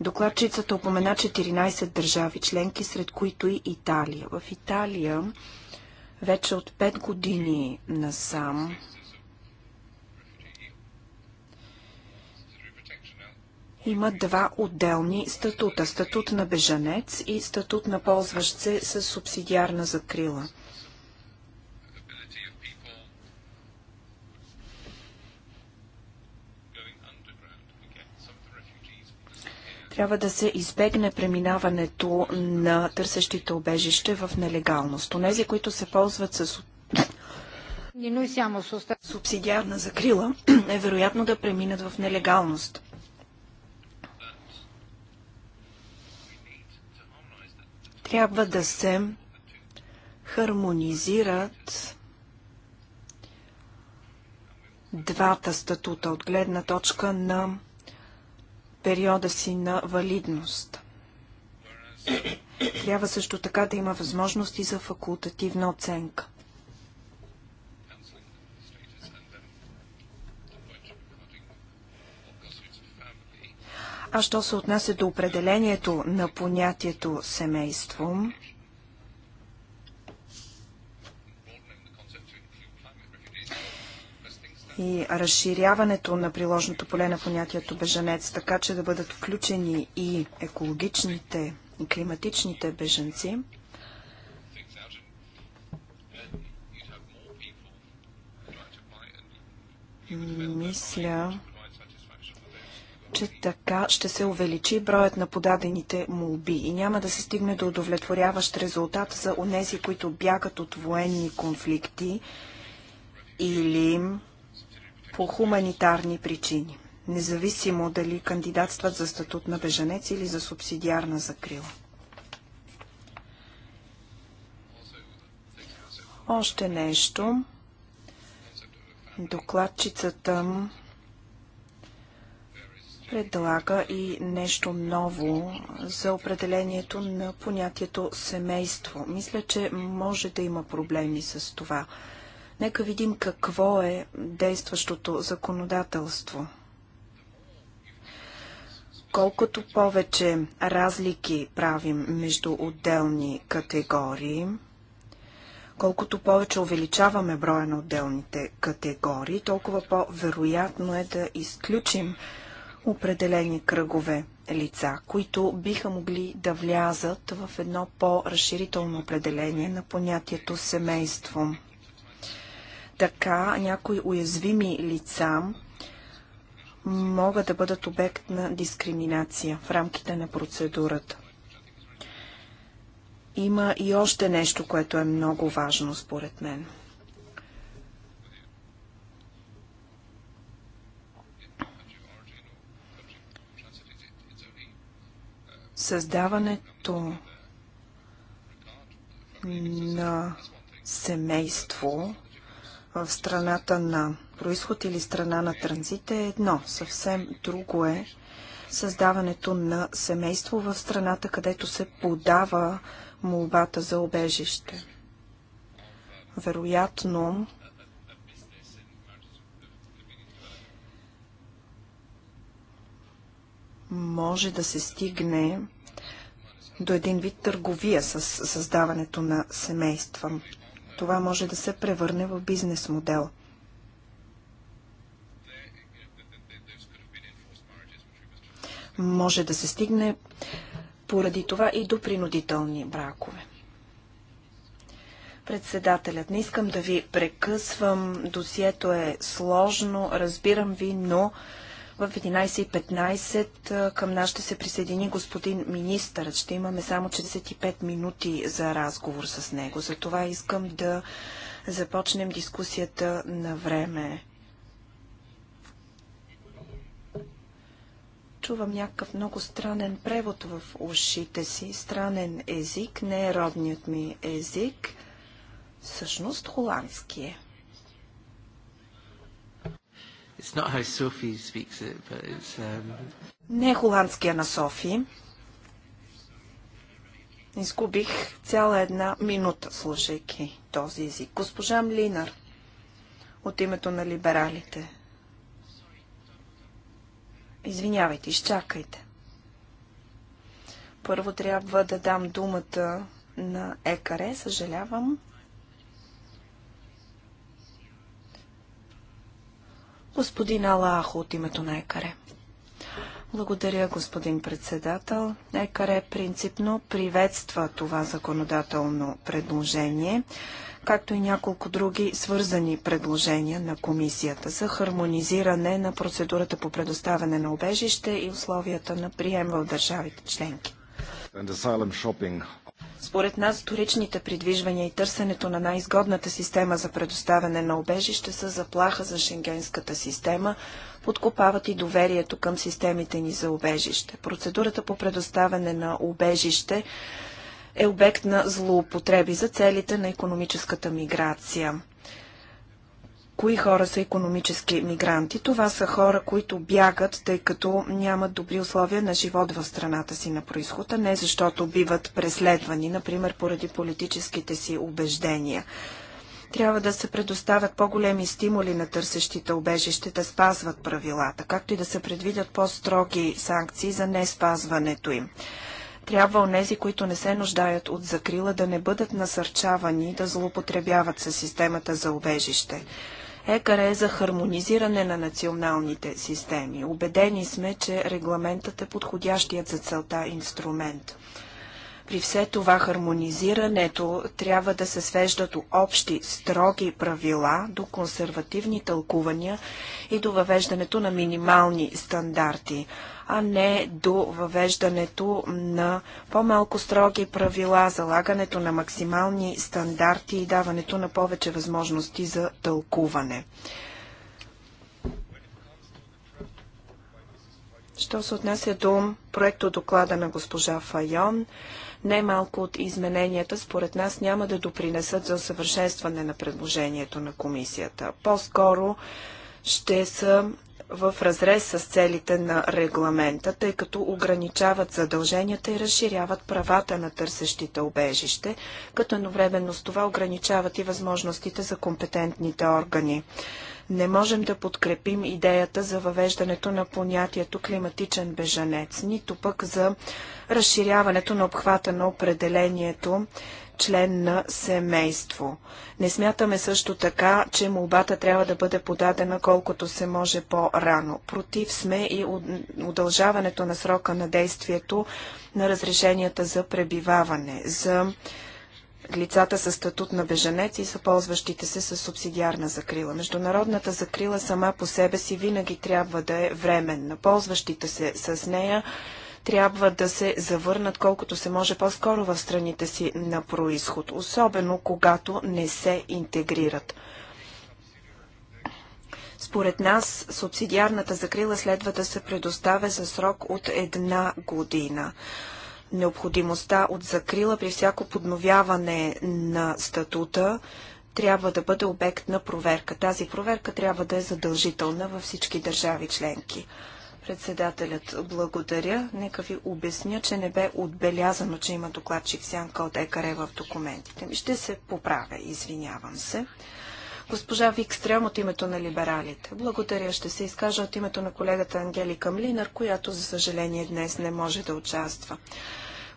Докладчицата опомена 14 държави членки, сред които и Италия. В Италия вече от 5 години насам има два отделни статута. Статут на бежанец и статут на ползващ се с субсидиарна закрила. трябва да се избегне преминаването на търсещите обежище в нелегалност. Онези, които се ползват с субсидиарна закрила, *clears throat* е вероятно да преминат в нелегалност. Трябва да се хармонизират двата статута от гледна точка на периода си на валидност. Трябва също така да има възможности за факултативна оценка. А що се отнася до определението на понятието семейство, и разширяването на приложното поле на понятието беженец, така че да бъдат включени и екологичните и климатичните беженци, мисля, че така ще се увеличи броят на подадените молби и няма да се стигне до удовлетворяващ резултат за онези, които бягат от военни конфликти или по хуманитарни причини, независимо дали кандидатстват за статут на беженец или за субсидиарна закрила. Още нещо. Докладчицата предлага и нещо ново за определението на понятието семейство. Мисля, че може да има проблеми с това. Нека видим какво е действащото законодателство. Колкото повече разлики правим между отделни категории, колкото повече увеличаваме броя на отделните категории, толкова по-вероятно е да изключим определени кръгове лица, които биха могли да влязат в едно по-разширително определение на понятието семейство. Така някои уязвими лица могат да бъдат обект на дискриминация в рамките на процедурата. Има и още нещо, което е много важно според мен – Създаването на семейство в страната на происход или страна на транзит е едно. Съвсем друго е създаването на семейство в страната, където се подава молбата за обежище. Вероятно, може да се стигне до един вид търговия с създаването на семейства. Това може да се превърне в бизнес модел. Може да се стигне поради това и до принудителни бракове. Председателят, не искам да ви прекъсвам, досието е сложно, разбирам ви, но в 11.15 към нас ще се присъедини господин министърът. Ще имаме само 45 минути за разговор с него. Затова искам да започнем дискусията на време. чувам някакъв много странен превод в ушите си, странен език, не е родният ми език, всъщност холандски е. It's not how Sophie speaks it, but it's... Um... Не е холандския на Софи. Изгубих цяла една минута, слушайки този език. Госпожа Млинар, от името на либералите. Извинявайте, изчакайте. Първо трябва да дам думата на Екаре, съжалявам. Господин Алахо от името на Екаре. Благодаря, господин председател. Екаре принципно приветства това законодателно предложение, както и няколко други свързани предложения на комисията за хармонизиране на процедурата по предоставяне на обежище и условията на прием в държавите членки. Според нас, вторичните придвижвания и търсенето на най-изгодната система за предоставяне на обежище са заплаха за шенгенската система, подкопават и доверието към системите ни за обежище. Процедурата по предоставяне на обежище е обект на злоупотреби за целите на економическата миграция. Кои хора са економически мигранти? Това са хора, които бягат, тъй като нямат добри условия на живот в страната си на происхода, не защото биват преследвани, например, поради политическите си убеждения трябва да се предоставят по-големи стимули на търсещите обежище да спазват правилата, както и да се предвидят по-строги санкции за не спазването им. Трябва онези, които не се нуждаят от закрила, да не бъдат насърчавани да злоупотребяват със системата за обежище. ЕКАРЕ е за хармонизиране на националните системи. Обедени сме, че регламентът е подходящият за целта инструмент. При все това хармонизирането трябва да се свежда до общи, строги правила, до консервативни тълкувания и до въвеждането на минимални стандарти а не до въвеждането на по-малко строги правила, залагането на максимални стандарти и даването на повече възможности за тълкуване. Що се отнася до проекто доклада на госпожа Файон, най-малко от измененията според нас няма да допринесат за усъвършенстване на предложението на комисията. По-скоро ще са в разрез с целите на регламента, тъй като ограничават задълженията и разширяват правата на търсещите обежище, като едновременно с това ограничават и възможностите за компетентните органи. Не можем да подкрепим идеята за въвеждането на понятието климатичен бежанец, нито пък за разширяването на обхвата на определението член на семейство. Не смятаме също така, че молбата трябва да бъде подадена колкото се може по-рано. Против сме и удължаването на срока на действието на разрешенията за пребиваване, за лицата с статут на беженец и съползващите се с субсидиарна закрила. Международната закрила сама по себе си винаги трябва да е временна. Ползващите се с нея трябва да се завърнат колкото се може по-скоро в страните си на происход, особено когато не се интегрират. Според нас субсидиарната закрила следва да се предоставя за срок от една година. Необходимостта от закрила при всяко подновяване на статута трябва да бъде обект на проверка. Тази проверка трябва да е задължителна във всички държави членки. Председателят, благодаря. Нека ви обясня, че не бе отбелязано, че има докладчик сянка от ЕКР в документите ми. Ще се поправя, извинявам се. Госпожа Викстрем от името на либералите. Благодаря. Ще се изкажа от името на колегата Ангелика Млинар, която за съжаление днес не може да участва.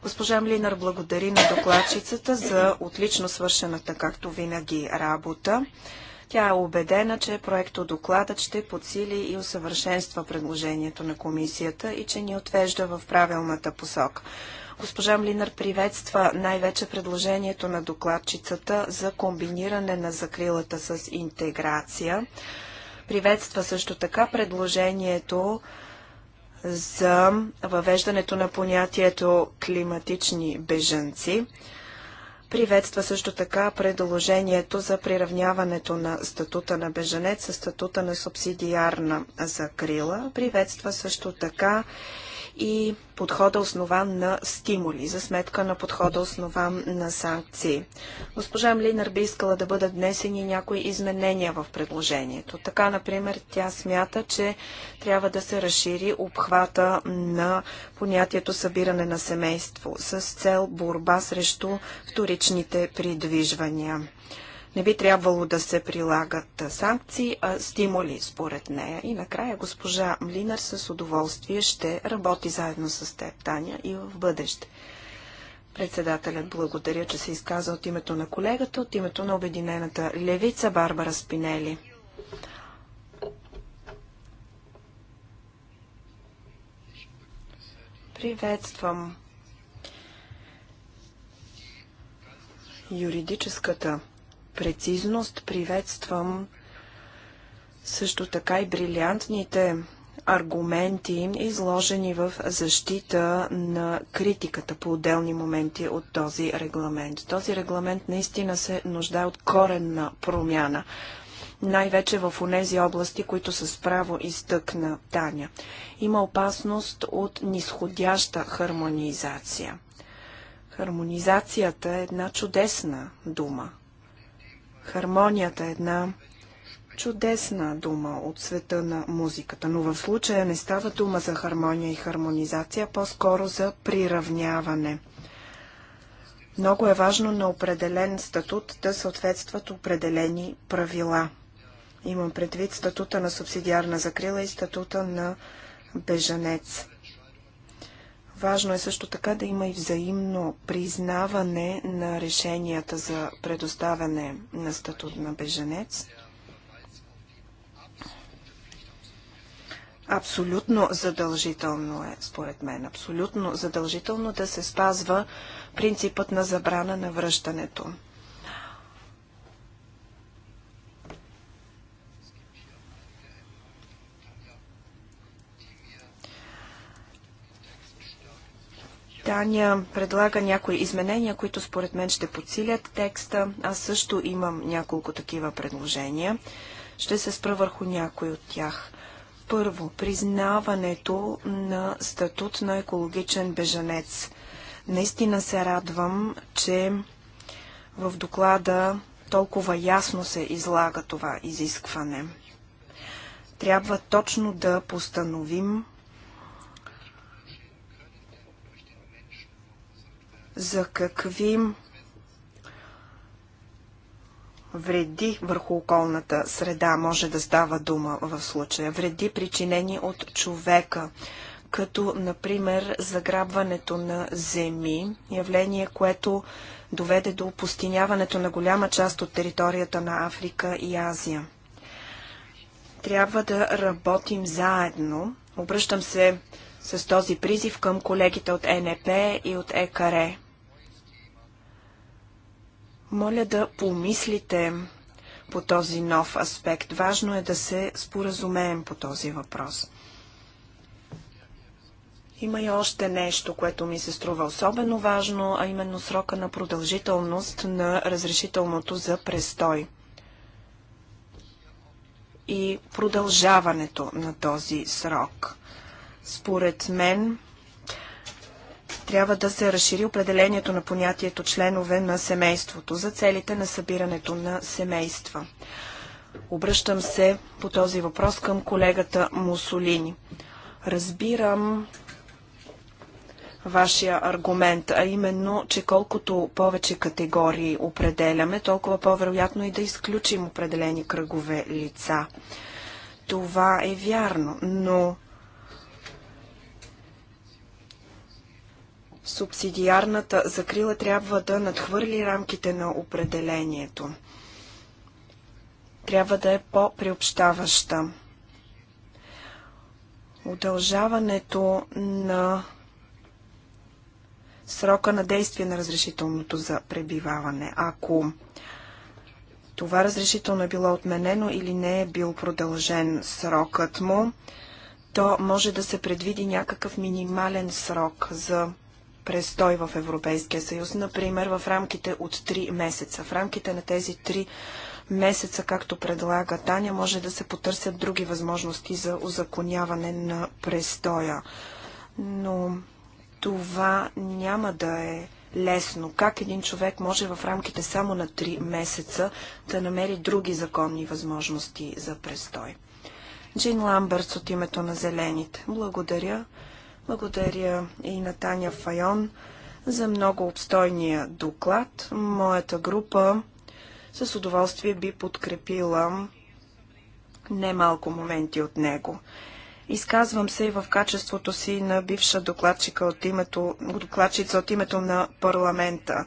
Госпожа Млинар благодари на докладчицата за отлично свършената, както винаги, работа. Тя е убедена, че проекто докладът ще подсили и усъвършенства предложението на комисията и че ни отвежда в правилната посока. Госпожа Млинар приветства най-вече предложението на докладчицата за комбиниране на закрилата с интеграция. Приветства също така предложението за въвеждането на понятието климатични бежанци. Приветства също така предложението за приравняването на статута на беженец с статута на субсидиарна закрила. Приветства също така и подхода основан на стимули, за сметка на подхода основан на санкции. Госпожа Млинар би искала да бъдат внесени някои изменения в предложението. Така, например, тя смята, че трябва да се разшири обхвата на понятието събиране на семейство с цел борба срещу вторичните придвижвания. Не би трябвало да се прилагат санкции, а стимули според нея. И накрая госпожа Млинар с удоволствие ще работи заедно с теб, Таня, и в бъдеще. Председателят благодаря, че се изказа от името на колегата, от името на Обединената левица Барбара Спинели. Приветствам юридическата прецизност. Приветствам също така и брилянтните аргументи, изложени в защита на критиката по отделни моменти от този регламент. Този регламент наистина се нуждае от коренна промяна, най-вече в онези области, които с право изтъкна Таня. Има опасност от нисходяща хармонизация. Хармонизацията е една чудесна дума, Хармонията е една чудесна дума от света на музиката, но в случая не става дума за хармония и хармонизация, по-скоро за приравняване. Много е важно на определен статут да съответстват определени правила. Имам предвид статута на субсидиарна закрила и статута на бежанец. Важно е също така да има и взаимно признаване на решенията за предоставяне на статут на беженец. Абсолютно задължително е, според мен, абсолютно задължително да се спазва принципът на забрана на връщането. Таня предлага някои изменения, които според мен ще подсилят текста. Аз също имам няколко такива предложения. Ще се спра върху някои от тях. Първо, признаването на статут на екологичен бежанец. Наистина се радвам, че в доклада толкова ясно се излага това изискване. Трябва точно да постановим за какви вреди върху околната среда може да става дума в случая. Вреди причинени от човека, като например заграбването на земи, явление, което доведе до опустиняването на голяма част от територията на Африка и Азия. Трябва да работим заедно. Обръщам се с този призив към колегите от НП и от ЕКАРЕ. Моля да помислите по този нов аспект. Важно е да се споразумеем по този въпрос. Има и още нещо, което ми се струва особено важно, а именно срока на продължителност на разрешителното за престой и продължаването на този срок. Според мен, трябва да се разшири определението на понятието членове на семейството за целите на събирането на семейства. Обръщам се по този въпрос към колегата Мусолини. Разбирам вашия аргумент, а именно, че колкото повече категории определяме, толкова по-вероятно и е да изключим определени кръгове лица. Това е вярно, но субсидиарната закрила трябва да надхвърли рамките на определението. Трябва да е по-приобщаваща. Удължаването на срока на действие на разрешителното за пребиваване. Ако това разрешително е било отменено или не е бил продължен срокът му, то може да се предвиди някакъв минимален срок за престой в Европейския съюз, например в рамките от 3 месеца. В рамките на тези 3 месеца, както предлага Таня, може да се потърсят други възможности за озаконяване на престоя. Но това няма да е лесно. Как един човек може в рамките само на 3 месеца да намери други законни възможности за престой? Джин Ламбърс от името на Зелените. Благодаря. Благодаря и на Таня Файон за много обстойния доклад. Моята група с удоволствие би подкрепила немалко моменти от него. Изказвам се и в качеството си на бивша докладчика от името, докладчица от името на парламента,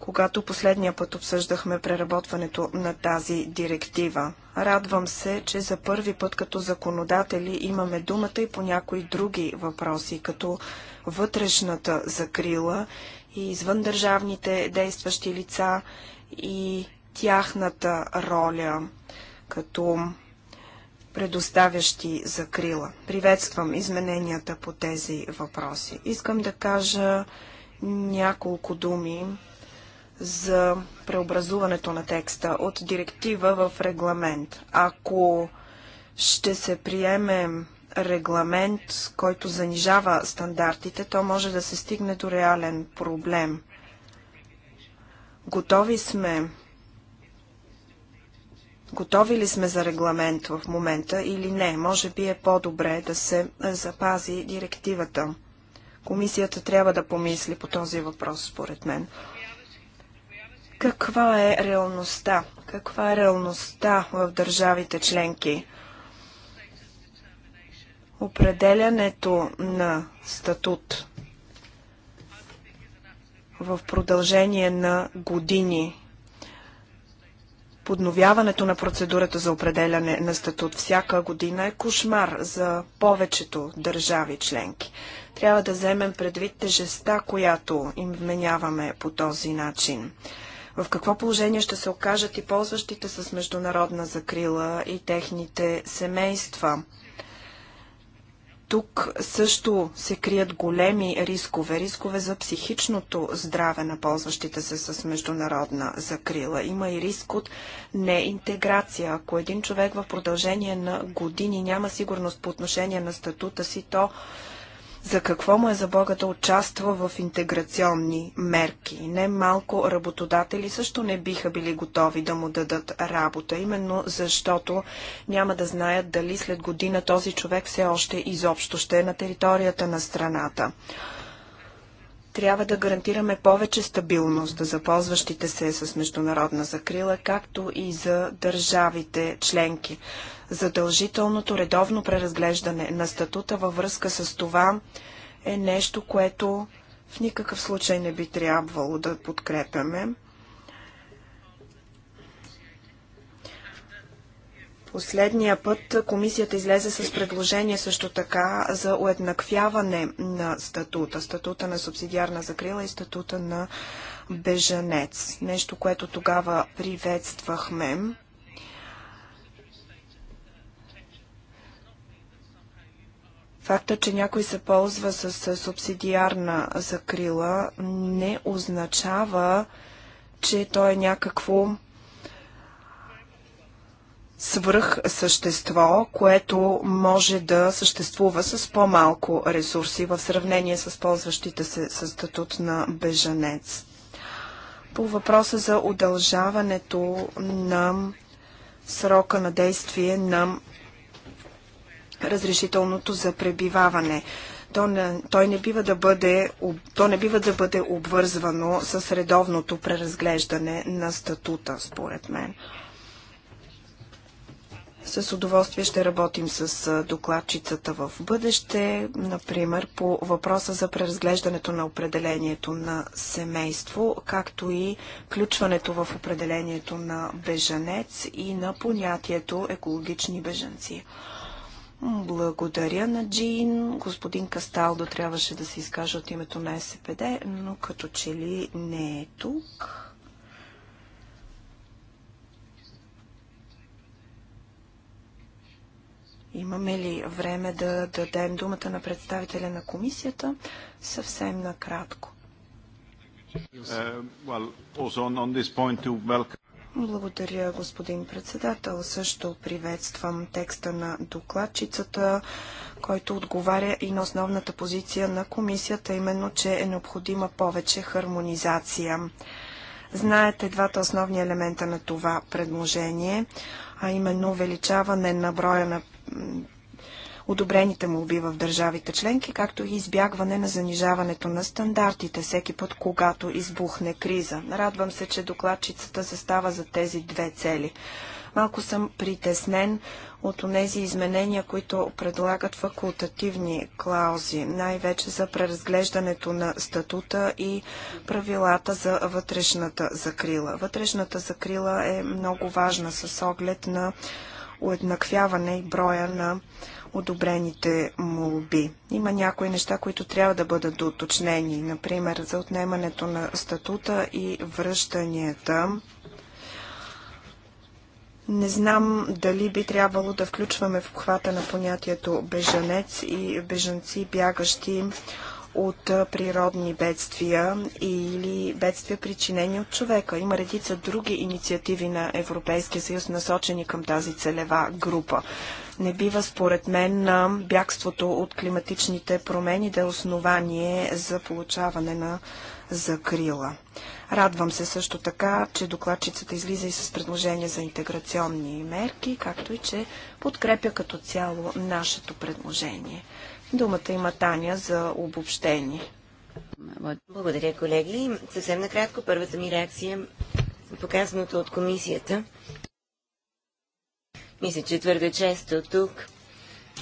когато последния път обсъждахме преработването на тази директива. Радвам се, че за първи път като законодатели имаме думата и по някои други въпроси, като вътрешната закрила и извъндържавните действащи лица и тяхната роля като предоставящи закрила. Приветствам измененията по тези въпроси. Искам да кажа няколко думи за преобразуването на текста от директива в регламент. Ако ще се приеме регламент, който занижава стандартите, то може да се стигне до реален проблем. Готови сме Готови ли сме за регламент в момента или не? Може би е по-добре да се запази директивата. Комисията трябва да помисли по този въпрос, според мен. Каква е реалността? Каква е реалността в държавите членки? Определянето на статут в продължение на години подновяването на процедурата за определяне на статут всяка година е кошмар за повечето държави членки. Трябва да вземем предвид тежеста, която им вменяваме по този начин в какво положение ще се окажат и ползващите с международна закрила и техните семейства. Тук също се крият големи рискове, рискове за психичното здраве на ползващите се с международна закрила. Има и риск от неинтеграция. Ако един човек в продължение на години няма сигурност по отношение на статута си, то за какво му е за Бога да участва в интеграционни мерки? Не малко работодатели също не биха били готови да му дадат работа, именно защото няма да знаят дали след година този човек все още изобщо ще е на територията на страната трябва да гарантираме повече стабилност за ползващите се с международна закрила, както и за държавите членки задължителното редовно преразглеждане на статута във връзка с това е нещо, което в никакъв случай не би трябвало да подкрепяме. Последния път комисията излезе с предложение също така за уеднаквяване на статута, статута на субсидиарна закрила и статута на бежанец. Нещо, което тогава приветствахме. Факта, че някой се ползва с субсидиарна закрила, не означава, че той е някакво свръхсъщество, което може да съществува с по-малко ресурси в сравнение с ползващите се с статут на бежанец. По въпроса за удължаването на срока на действие на разрешителното за пребиваване. То не, той не бива да бъде, то не бива да бъде обвързвано с редовното преразглеждане на статута, според мен. С удоволствие ще работим с докладчицата в бъдеще, например по въпроса за преразглеждането на определението на семейство, както и включването в определението на бежанец и на понятието екологични бежанци. Благодаря на Джин. Господин Касталдо трябваше да се изкаже от името на СПД, но като че ли не е тук. Имаме ли време да дадем думата на представителя на комисията? Съвсем накратко. Uh, well, благодаря, господин председател. Също приветствам текста на докладчицата, който отговаря и на основната позиция на комисията, именно, че е необходима повече хармонизация. Знаете двата основни елемента на това предложение, а именно увеличаване на броя на одобрените молби в държавите членки, както и избягване на занижаването на стандартите всеки път, когато избухне криза. Радвам се, че докладчицата застава за тези две цели. Малко съм притеснен от тези изменения, които предлагат факултативни клаузи, най-вече за преразглеждането на статута и правилата за вътрешната закрила. Вътрешната закрила е много важна с оглед на уеднаквяване и броя на одобрените молби. Има някои неща, които трябва да бъдат доточнени, например за отнемането на статута и връщанията. Не знам дали би трябвало да включваме в обхвата на понятието бежанец и бежанци бягащи от природни бедствия или бедствия причинени от човека. Има редица други инициативи на Европейския съюз, насочени към тази целева група. Не бива, според мен, на бягството от климатичните промени да е основание за получаване на закрила. Радвам се също така, че докладчицата излиза и с предложения за интеграционни мерки, както и че подкрепя като цяло нашето предложение. Думата има Таня за обобщение. Благодаря, колеги. Съвсем накратко първата ми реакция показаното от комисията мисля, че твърде често тук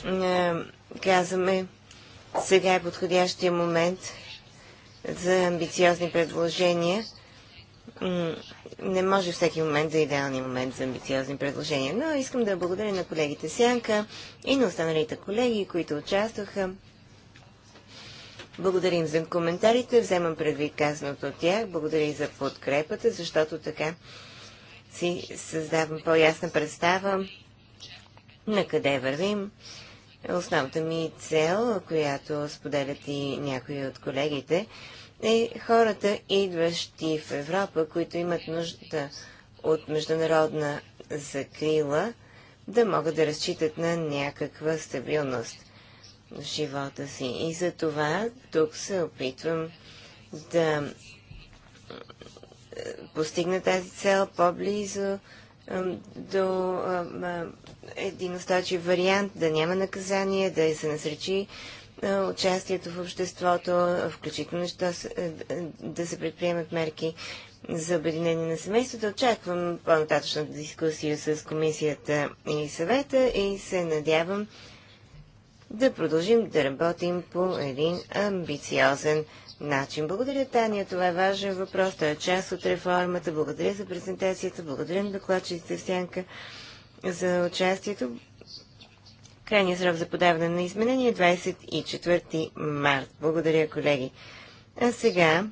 е, казваме, сега е подходящия момент за амбициозни предложения. Не може всеки момент да е момент за амбициозни предложения, но искам да благодаря на колегите Сянка и на останалите колеги, които участваха. Благодарим за коментарите, вземам предвид казаното от тях, благодаря и за подкрепата, защото така си създавам по-ясна представа на къде вървим. Основната ми цел, която споделят и някои от колегите, е хората, идващи в Европа, които имат нужда от международна закрила, да могат да разчитат на някаква стабилност в живота си. И за това тук се опитвам да постигна тази цел по-близо до един устойчив вариант, да няма наказание, да се насречи участието в обществото, включително е, е, да се предприемат мерки за обединение на семейството. Очаквам по-нататъчната дискусия с комисията и съвета и се надявам да продължим да работим по един амбициозен начин. Благодаря, Таня. Това е важен въпрос. Той е част от реформата. Благодаря за презентацията. Благодаря на докладчиците Сянка за участието. Крайният срок за подаване на изменение е 24 март. Благодаря, колеги. А сега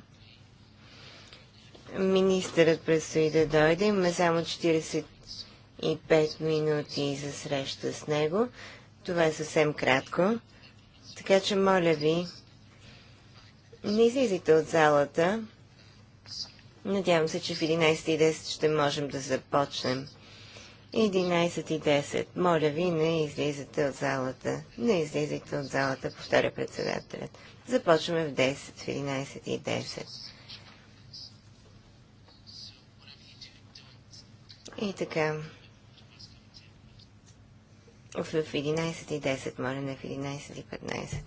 министърът предстои да дойде. Имаме само 45 минути за среща с него. Това е съвсем кратко. Така че, моля ви, не излизайте от залата. Надявам се, че в 11.10 ще можем да започнем. 11.10. Моля ви, не излизате от залата. Не излизайте от залата, повторя председателят. Започваме в 10, в 11.10. И така. В 11.10, моля, не в 11.15.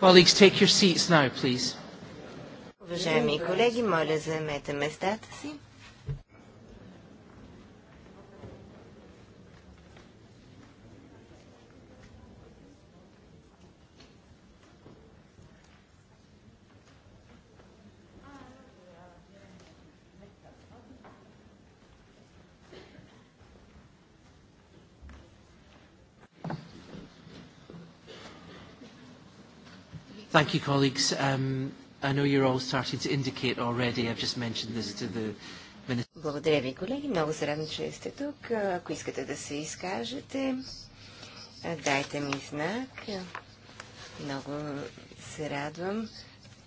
Colleagues, take your seats now, please. Уважаеми колеги, моля заемете местата си. Thank you, colleagues. Um, I know you're all starting to indicate already. I've just mentioned this to the Minister. Благодаря ви, колеги. Много се радвам, че сте тук. Ако искате да се изкажете, дайте ми знак. Много се радвам,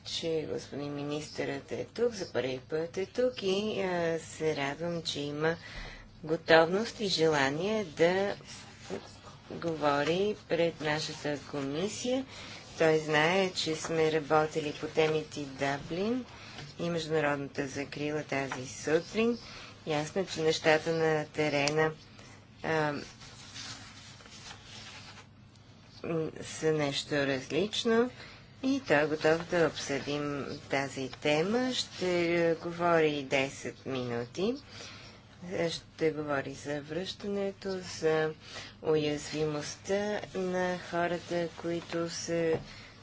че господин министърът е тук, за първи път е тук и а, се радвам, че има готовност и желание да говори пред нашата комисия той знае, че сме работили по темите Даблин и международната закрила тази сутрин. Ясно, че нещата на терена а, са нещо различно и той е готов да обсъдим тази тема. Ще говори 10 минути. Е, ще говори за връщането, за уязвимостта на хората, които се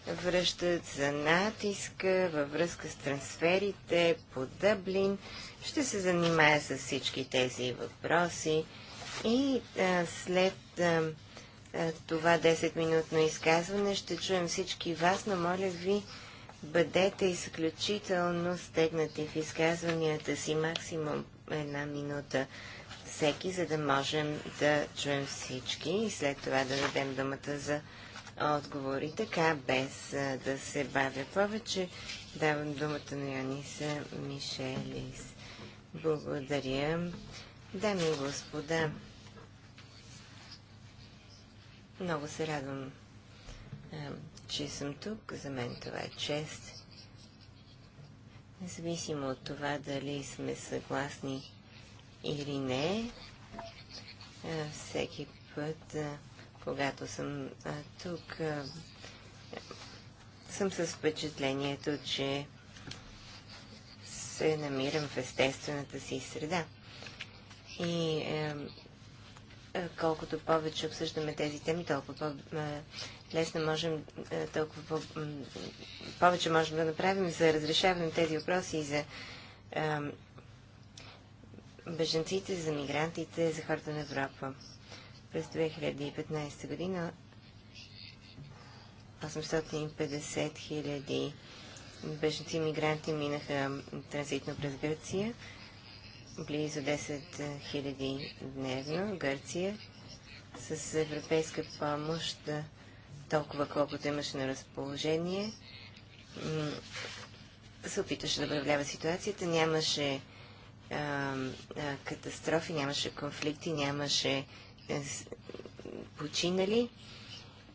връщат за натиска във връзка с трансферите по Дъблин. Ще се занимая с всички тези въпроси и а, след а, това 10-минутно изказване ще чуем всички вас, но моля ви, бъдете изключително стегнати в изказванията си максимум една минута всеки, за да можем да чуем всички и след това да дадем думата за отговори. Така, без да се бавя повече, давам думата на Яниса Мишелис. Благодаря. Дами и господа, много се радвам, че съм тук. За мен това е чест независимо от това дали сме съгласни или не, всеки път, когато съм тук, съм с впечатлението, че се намирам в естествената си среда. И колкото повече обсъждаме тези теми, толкова лесно можем, е, толкова повече можем да направим за разрешаване на тези въпроси и за беженците, за мигрантите, за хората на Европа. През 2015 година 850 хиляди беженци и мигранти минаха транзитно през Гърция, близо 10 е, хиляди дневно. Гърция с европейска помощ толкова колкото имаше на разположение. Се опитваше да управлява ситуацията. Нямаше а, а, катастрофи, нямаше конфликти, нямаше а, е, починали.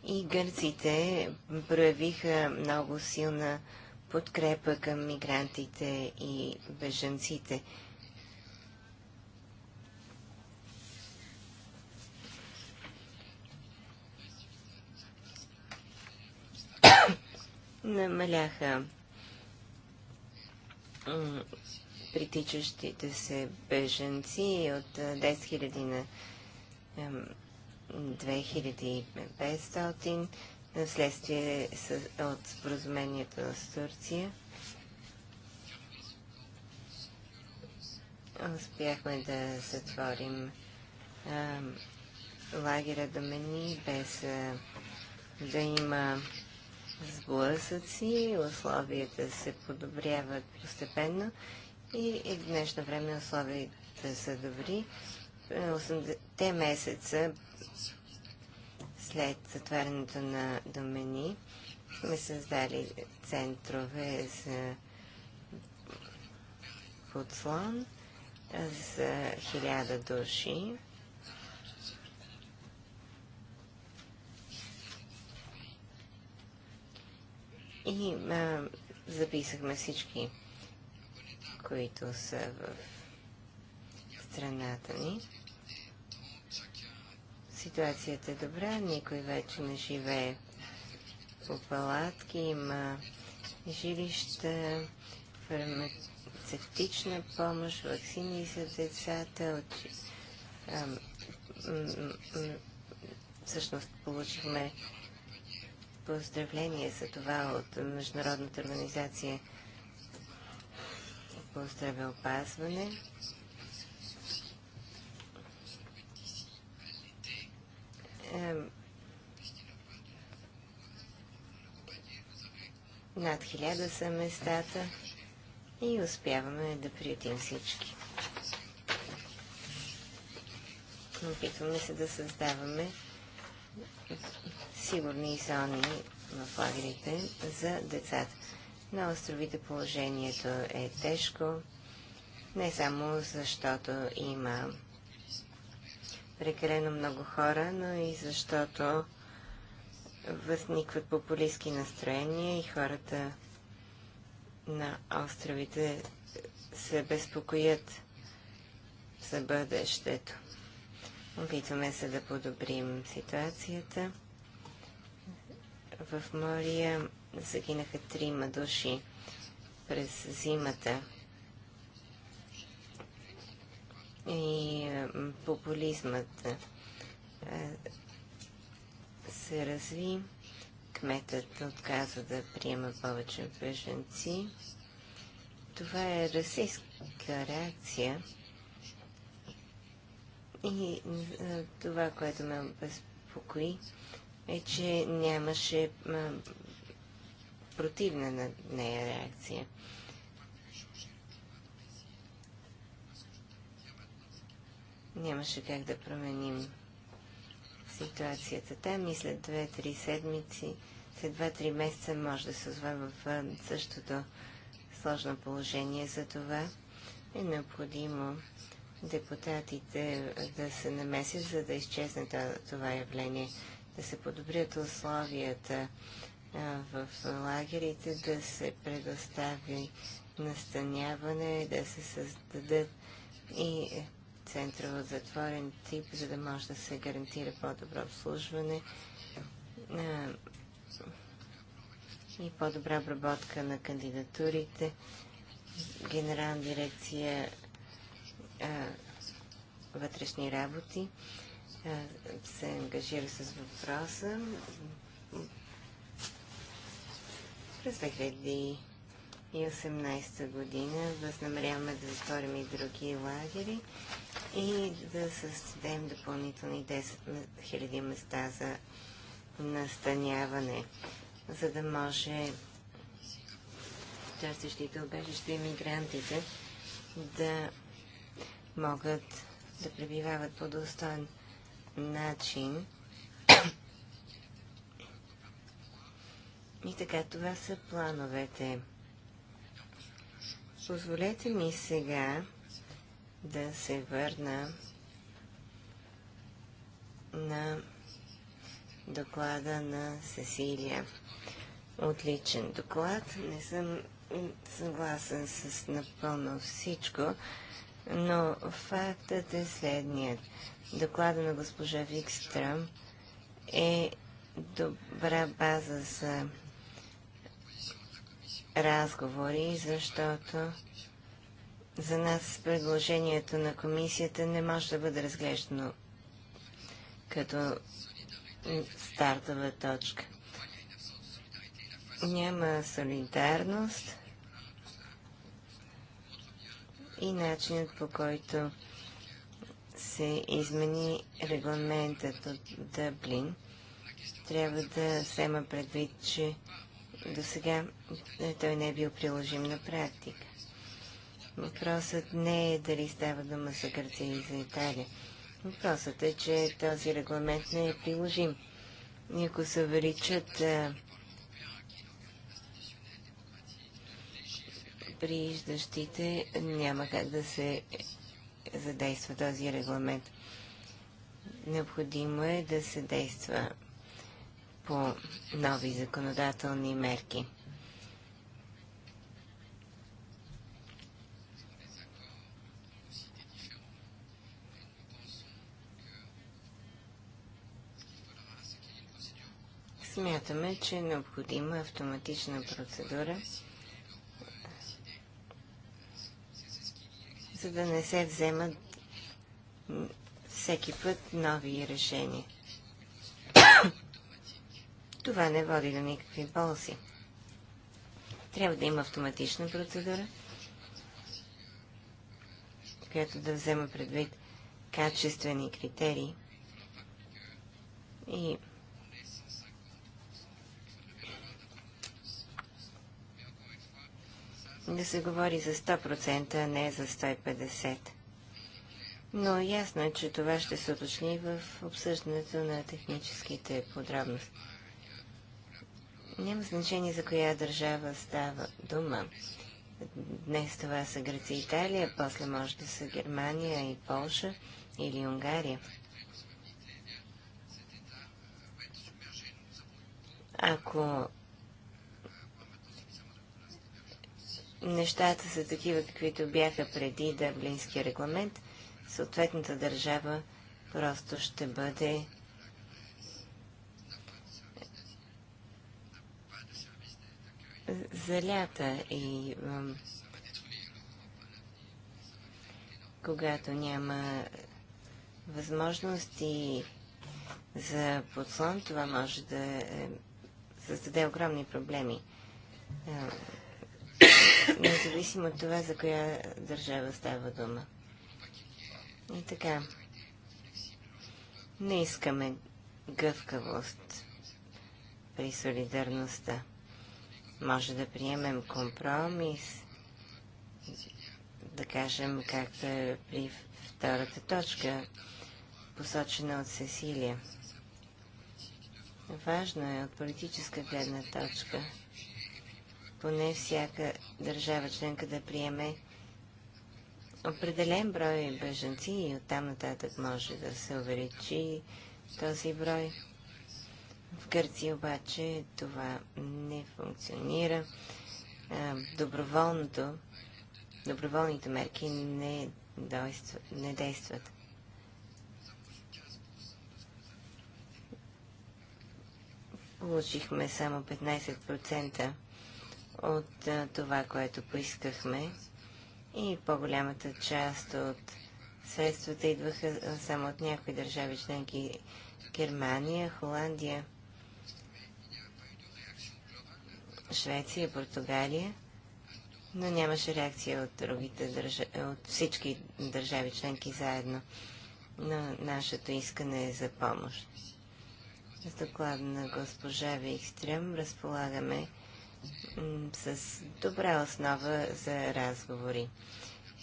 И гърците проявиха много силна подкрепа към мигрантите и бежанците. намаляха притичащите се беженци от 10 000 на 2500 наследствие от споразумението с Турция. Успяхме да затворим лагера до Домени без да има сблъсъци, условията се подобряват постепенно и в днешно време условията са добри. Е, те месеца след затварянето на домени сме създали центрове за подслон за хиляда души. и а, записахме всички, които са в страната ни. Ситуацията е добра, никой вече не живее по палатки, има жилища, фармацевтична помощ, вакцини за децата. От... А, всъщност получихме Поздравление за това от Международната организация по здравеопазване. Над хиляда са местата и успяваме да приятим всички. Опитваме се да създаваме сигурни зони в лагерите за децата. На островите положението е тежко, не само защото има прекалено много хора, но и защото възникват популистски настроения и хората на островите се безпокоят за бъдещето. Опитваме се да подобрим ситуацията. В Мория загинаха трима души през зимата. И е, популизмът е, се разви. Кметът отказа да приема повече беженци. Това е расистска реакция. И е, това, което ме безпокои, е, че нямаше противна на нея реакция. Нямаше как да променим ситуацията там и след 2-3 седмици, след 2-3 месеца може да се озва в същото сложно положение. За това е необходимо депутатите да се намесят, за да изчезне това явление да се подобрят условията в лагерите, да се предостави настаняване, да се създадат и центрове от затворен тип, за да може да се гарантира по-добро обслужване и по-добра обработка на кандидатурите. Генерална дирекция вътрешни работи е, се ангажира с въпроса. През 2018 година възнамеряваме да затворим и други лагери и да създадем допълнителни 10 000 места за настаняване, за да може търсещите обежища и мигрантите да могат да пребивават по достойно начин. И така, това са плановете. Позволете ми сега да се върна на доклада на Сесилия. Отличен доклад. Не съм съгласен с напълно всичко, но фактът е следният доклада на госпожа Викстрам е добра база за разговори, защото за нас предложението на комисията не може да бъде разглеждано като стартова точка. Няма солидарност и начинът по който се измени регламентът от Дъблин, трябва да взема предвид, че до сега той не е бил приложим на практика. Въпросът не е дали става дума за Гърция и за Италия. Въпросът е, че този регламент не е приложим. И ако се увеличат прииждащите, няма как да се задейства този регламент. Необходимо е да се действа по нови законодателни мерки. Смятаме, че е необходима автоматична процедура просто да не се вземат всеки път нови решения. Това не води до никакви ползи. Трябва да има автоматична процедура, която да взема предвид качествени критерии и да се говори за 100%, а не за 150%. Но ясно е, че това ще се уточни в обсъждането на техническите подробности. Няма значение за коя държава става дума. Днес това са Гръция и Италия, после може да са Германия и Полша или Унгария. Ако нещата са такива, каквито бяха преди Дъблинския регламент, съответната държава просто ще бъде залята и когато няма възможности за подслон, това може да е, създаде огромни проблеми независимо от това, за коя държава става дума. И така, не искаме гъвкавост при солидарността. Може да приемем компромис, да кажем както е при втората точка, посочена от Сесилия. Важно е от политическа гледна точка – поне всяка държава членка да приеме определен брой бежанци и оттам нататък може да се увеличи този брой. В Гърция обаче това не функционира. Доброволното, доброволните мерки не, дойстват, не действат. Получихме само 15% от това, което поискахме. И по-голямата част от средствата идваха само от някои държави членки Германия, Холандия, Швеция, Португалия, но нямаше реакция от, другите държави, от всички държави членки заедно на нашето искане е за помощ. С доклада на госпожа Викстрем разполагаме с добра основа за разговори.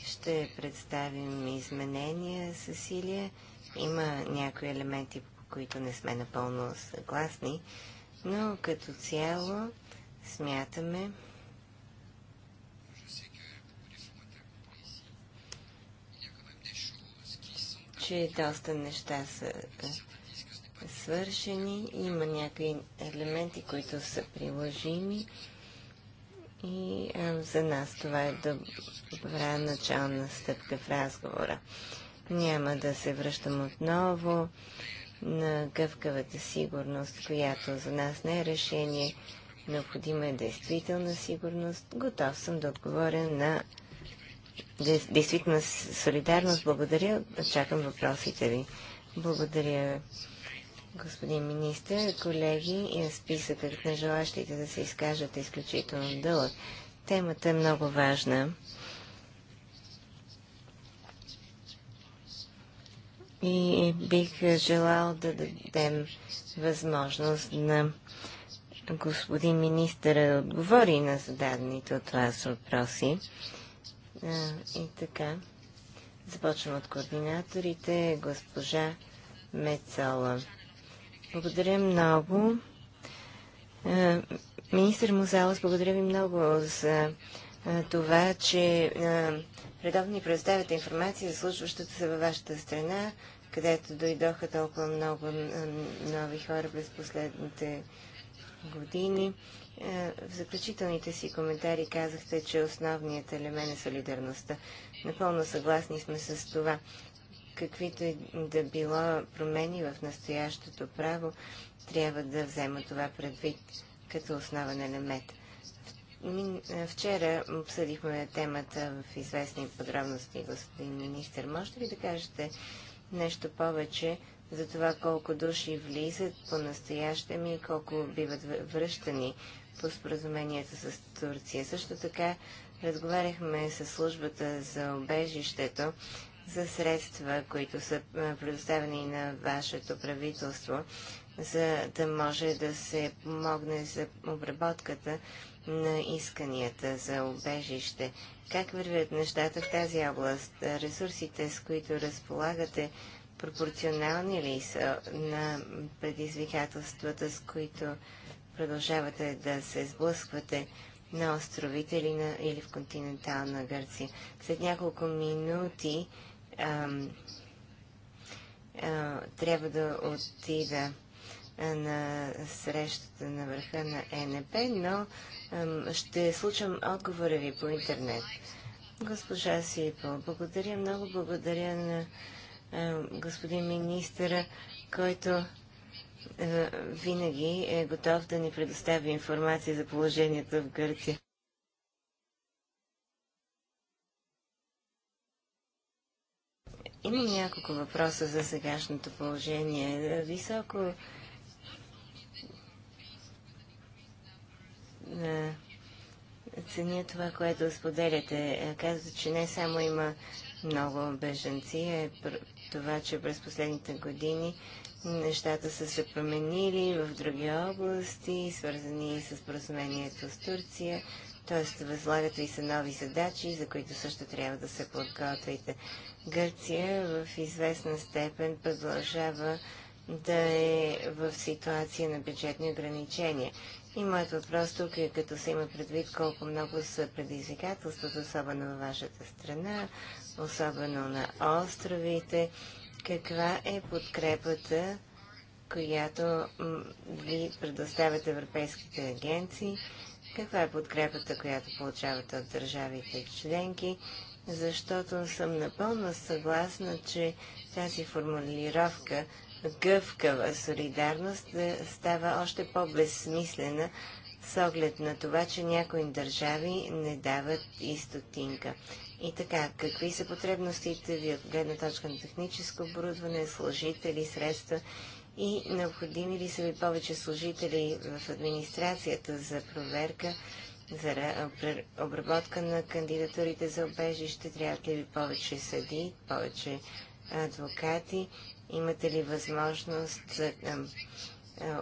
Ще представим изменения, Сесилия. Има някои елементи, по които не сме напълно съгласни, но като цяло смятаме, че доста неща са е, свършени. Има някои елементи, които са приложими и а, за нас това е добра начална стъпка в разговора. Няма да се връщам отново на гъвкавата сигурност, която за нас не е решение. Необходима е действителна сигурност. Готов съм да отговоря на действителна солидарност. Благодаря. Чакам въпросите ви. Благодаря Господин министр, колеги, списъкът на желащите да се изкажат е изключително дълъг. Темата е много важна. И бих желал да дадем възможност на господин министър отговори на зададените от вас въпроси. А, и така, започвам от координаторите. Госпожа Мецола. Благодаря много. Е, министър Музалос, благодаря ви много за е, това, че е, редовно ни предоставяте информация за случващото се във вашата страна, където дойдоха толкова много нови хора през последните години. В заключителните си коментари казахте, че основният елемент е солидарността. Напълно съгласни сме с това каквито и да било промени в настоящото право, трябва да взема това предвид като основен елемент. Вчера обсъдихме темата в известни подробности, господин министр. Можете ли да кажете нещо повече за това колко души влизат по настояща ми и колко биват връщани по споразумението с Турция? Също така разговаряхме с службата за обежището за средства, които са е, предоставени на вашето правителство, за да може да се помогне за обработката на исканията за обежище. Как вървят нещата в тази област? Ресурсите, с които разполагате, пропорционални ли са на предизвикателствата, с които продължавате да се сблъсквате на островите или, на, или в континентална Гърция? След няколко минути трябва да отида на срещата на върха на ЕНП, но ще случам отговора ви по интернет. Госпожа Сипо, благодаря много, благодаря на господин министъра, който винаги е готов да ни предостави информация за положението в Гърция. Имам няколко въпроса за сегашното положение. Високо е, ценя това, което споделяте. Казва, че не само има много беженци, е това, че през последните години нещата са се променили в други области, свързани с поразумението с Турция, т.е. възлагат ви се нови задачи, за които също трябва да се подготвите. Гърция в известна степен продължава да е в ситуация на бюджетни ограничения. И моят въпрос тук е, като се има предвид колко много са предизвикателствата, особено във вашата страна, особено на островите, каква е подкрепата, която ви предоставят европейските агенции каква е подкрепата, която получавате от държавите членки, защото съм напълно съгласна, че тази формулировка гъвкава солидарност е, става още по-безсмислена с оглед на това, че някои държави не дават и стотинка. И така, какви са потребностите ви от гледна точка на техническо оборудване, служители, средства и необходими ли са ви повече служители в администрацията за проверка, за обработка на кандидатурите за обежище, трябват ли ви повече съди, повече адвокати, имате ли възможност за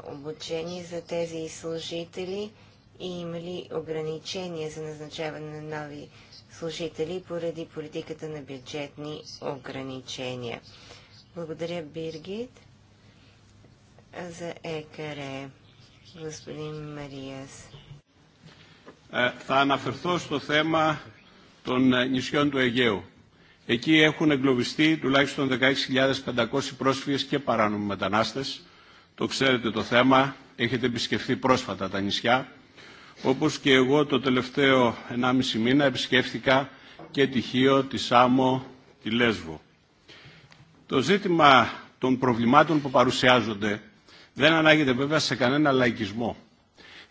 обучение за тези служители и има ли ограничения за назначаване на нови служители поради политиката на бюджетни ограничения. Благодаря, Биргит за ЕКР, господин Мариас. Θα αναφερθώ στο θέμα των νησιών του Αιγαίου. Εκεί έχουν εγκλωβιστεί τουλάχιστον 16.500 πρόσφυγες και παράνομοι μετανάστες. Το ξέρετε το θέμα, έχετε επισκεφθεί πρόσφατα τα νησιά. Όπως και εγώ το τελευταίο 1,5 μήνα επισκέφθηκα και τη Χίο, τη Σάμο, τη Λέσβο. Το ζήτημα των προβλημάτων που παρουσιάζονται δεν ανάγεται βέβαια σε κανένα λαϊκισμό.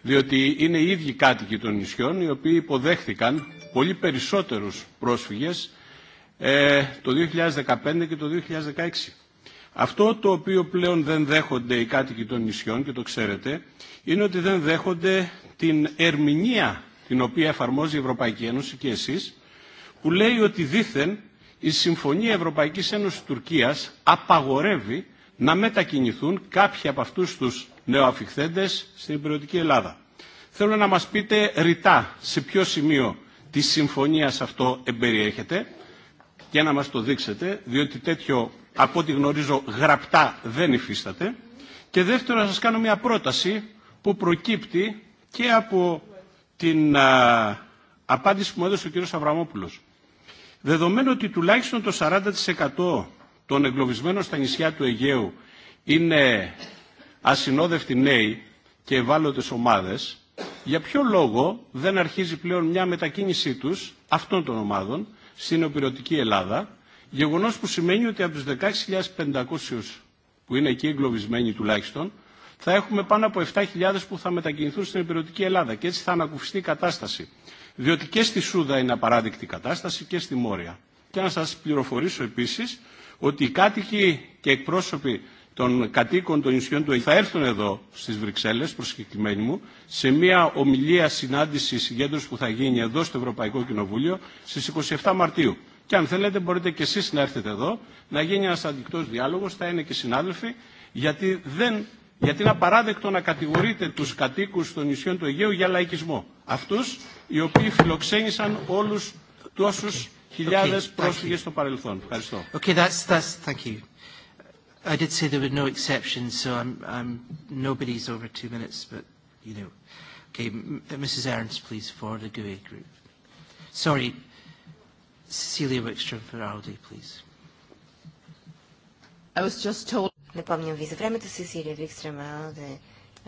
Διότι είναι οι ίδιοι κάτοικοι των νησιών οι οποίοι υποδέχθηκαν πολύ περισσότερους πρόσφυγες ε, το 2015 και το 2016. Αυτό το οποίο πλέον δεν δέχονται οι κάτοικοι των νησιών και το ξέρετε είναι ότι δεν δέχονται την ερμηνεία την οποία εφαρμόζει η Ευρωπαϊκή Ένωση και εσείς που λέει ότι δήθεν η Συμφωνία Ευρωπαϊκής Ένωσης Τουρκίας απαγορεύει να μετακινηθούν κάποιοι από αυτούς τους νεοαφιχθέντες στην υπηρετική Ελλάδα. Θέλω να μας πείτε ρητά σε ποιο σημείο της συμφωνίας αυτό εμπεριέχεται και να μας το δείξετε, διότι τέτοιο από ό,τι γνωρίζω γραπτά δεν υφίσταται. Και δεύτερο να σας κάνω μια πρόταση που προκύπτει και από την α, απάντηση που μου έδωσε ο κ. Αβραμόπουλος. Δεδομένου ότι τουλάχιστον το 40% των εγκλωβισμένων στα νησιά του Αιγαίου είναι ασυνόδευτοι νέοι και ευάλωτε ομάδε για ποιο λόγο δεν αρχίζει πλέον μια μετακίνησή του αυτών των ομάδων στην οπηρετική Ελλάδα, γεγονό που σημαίνει ότι από του 16.500 που είναι εκεί εγκλωβισμένοι τουλάχιστον, θα έχουμε πάνω από 7.000 που θα μετακινηθούν στην υπηρετική Ελλάδα και έτσι θα ανακουφιστεί η κατάσταση. Διότι και στη Σούδα είναι απαράδεκτη κατάσταση και στη Μόρια. Και να σας πληροφορήσω επίσης ότι οι κάτοικοι και εκπρόσωποι των κατοίκων των νησιών του θα έρθουν εδώ στις Βρυξέλλες, προσκεκλημένοι μου, σε μια ομιλία συνάντηση συγκέντρωση που θα γίνει εδώ στο Ευρωπαϊκό Κοινοβούλιο στις 27 Μαρτίου. Και αν θέλετε μπορείτε και εσείς να έρθετε εδώ, να γίνει ένας αντικτός διάλογος, θα είναι και συνάδελφοι, γιατί, δεν, γιατί είναι απαράδεκτο να κατηγορείτε τους κατοίκους των νησιών του Αιγαίου για λαϊκισμό. Αυτούς οι οποίοι φιλοξένησαν όλους τόσους χιλιάδες okay, πρόσφυγες στο παρελθόν. Ευχαριστώ. Okay, that's, that's, thank you. I did say there were no exceptions, so I'm, I'm, nobody's over two minutes, but you know. Okay, M Mrs. Ernst, please, for the GUE group. Sorry, Cecilia Wickstrom for Aldi, please. I was just told... Не помням ви за времето, Сесилия Викстрема, да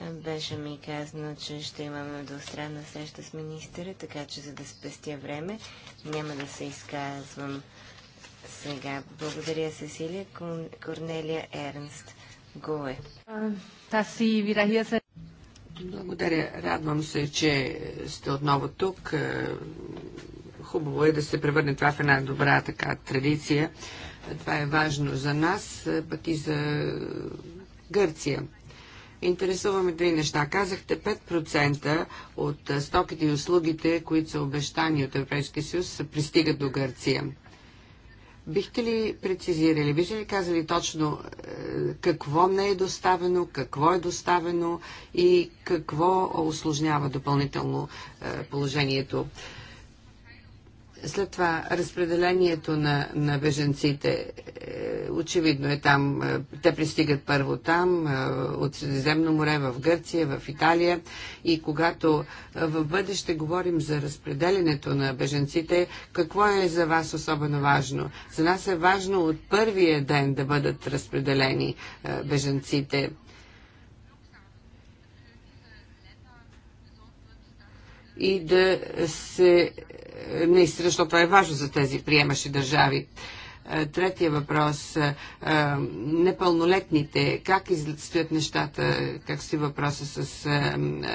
беше ми казано, че ще имаме двустранна среща с министъра, така че за да спестя време, няма да се изказвам сега. Благодаря, Сесилия. Корнелия Ернст. Гуе. Благодаря. Радвам се, че сте отново тук. Е, хубаво е да се превърне това в една добра така традиция. Е, това е важно за нас, е, пък и за Гърция. Интересуваме три неща. Казахте 5% от стоките и услугите, които са обещани от Европейския съюз, пристигат до Гърция. Бихте ли прецизирали, бихте ли казали точно е, какво не е доставено, какво е доставено и какво осложнява допълнително е, положението? След това разпределението на, на беженците е, очевидно е там. Е, те пристигат първо там, е, от Средиземно море в Гърция, в Италия. И когато в бъдеще говорим за разпределението на беженците, какво е за вас особено важно? За нас е важно от първия ден да бъдат разпределени беженците. И да се е, наистина, защото това е важно за тези приемащи държави. Е, третия въпрос. Е, непълнолетните. Как стоят нещата? Как стои въпроса с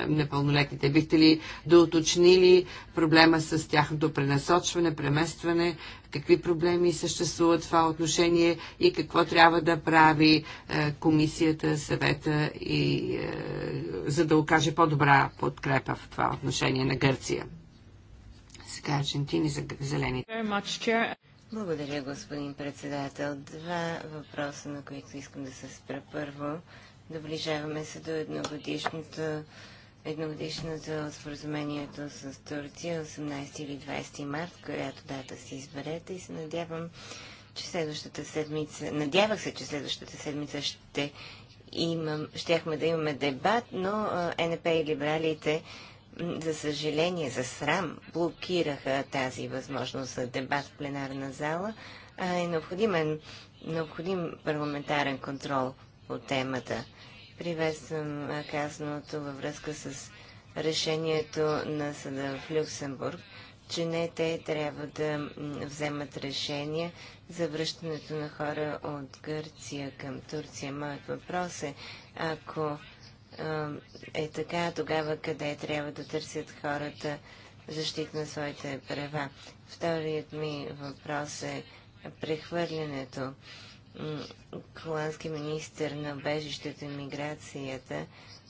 непълнолетните? Бихте ли доуточнили проблема с тяхното пренасочване, преместване? Какви проблеми съществуват в това отношение и какво трябва да прави комисията, съвета, и, за да окаже по-добра подкрепа в това отношение на Гърция? Франческа Аржентини за зелени. Благодаря, господин председател. Два въпроса, на които искам да се спра. Първо, доближаваме се до едногодишното едногодишното споразумението с Турция 18 или 20 март, която дата си изберете и се надявам, че следващата седмица, надявах се, че следващата седмица ще имам, щяхме да имаме дебат, но НП и либералите за съжаление, за срам, блокираха тази възможност за дебат в пленарна зала, а е е необходим парламентарен контрол по темата. Приветствам казаното във връзка с решението на съда в Люксембург, че не те трябва да вземат решения за връщането на хора от Гърция към Турция. Моят въпрос е, ако е така, тогава къде трябва да търсят хората защита на своите права. Вторият ми въпрос е прехвърлянето. Холандски министр на обежището и миграцията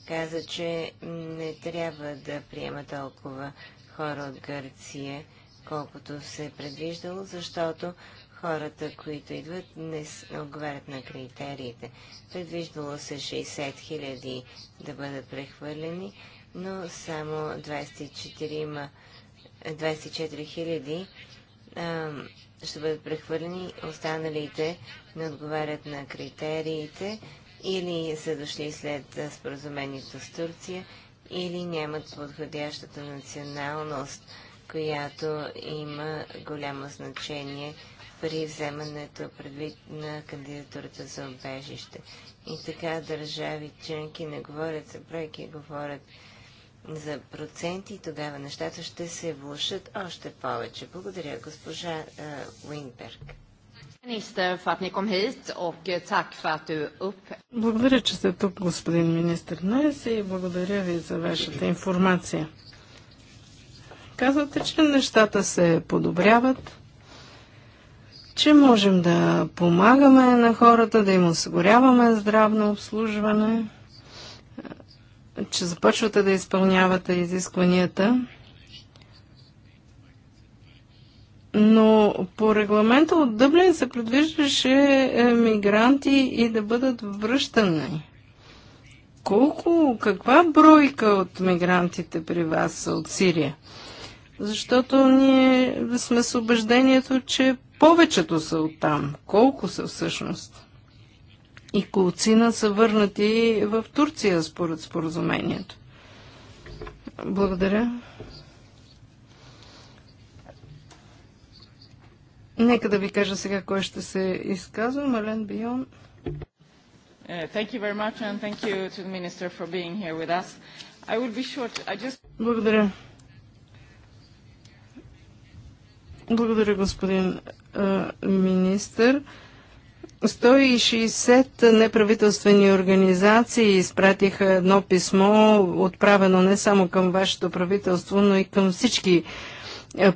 каза, че не трябва да приема толкова хора от Гърция, колкото се е предвиждало, защото хората, които идват, не отговарят на критериите. Предвиждало се 60 000 да бъдат прехвърлени, но само 24 000 ще бъдат прехвърлени, останалите не отговарят на критериите или са дошли след споразумението с Турция, или нямат подходящата националност, която има голямо значение – при вземането предвид на кандидатурата за обежище. И така държави членки не говорят за бройки, говорят за проценти и тогава нещата ще се влушат още повече. Благодаря, госпожа Уинберг. Е, е, благодаря, че сте тук, господин министр, днес и благодаря ви за вашата информация. Казвате, че нещата се подобряват че можем да помагаме на хората, да им осигуряваме здравно обслужване, че започвате да изпълнявате изискванията. Но по регламента от Дъблин се предвиждаше е, мигранти и да бъдат връщани. Колко, каква бройка от мигрантите при вас са от Сирия? Защото ние сме с убеждението, че повечето са оттам. Колко са всъщност? И колцина са върнати в Турция според споразумението. Благодаря. Нека да ви кажа сега кой ще се изказва. Мален Бион. Е, Благодаря. Благодаря, господин министър. 160 неправителствени организации изпратиха едно писмо, отправено не само към вашето правителство, но и към всички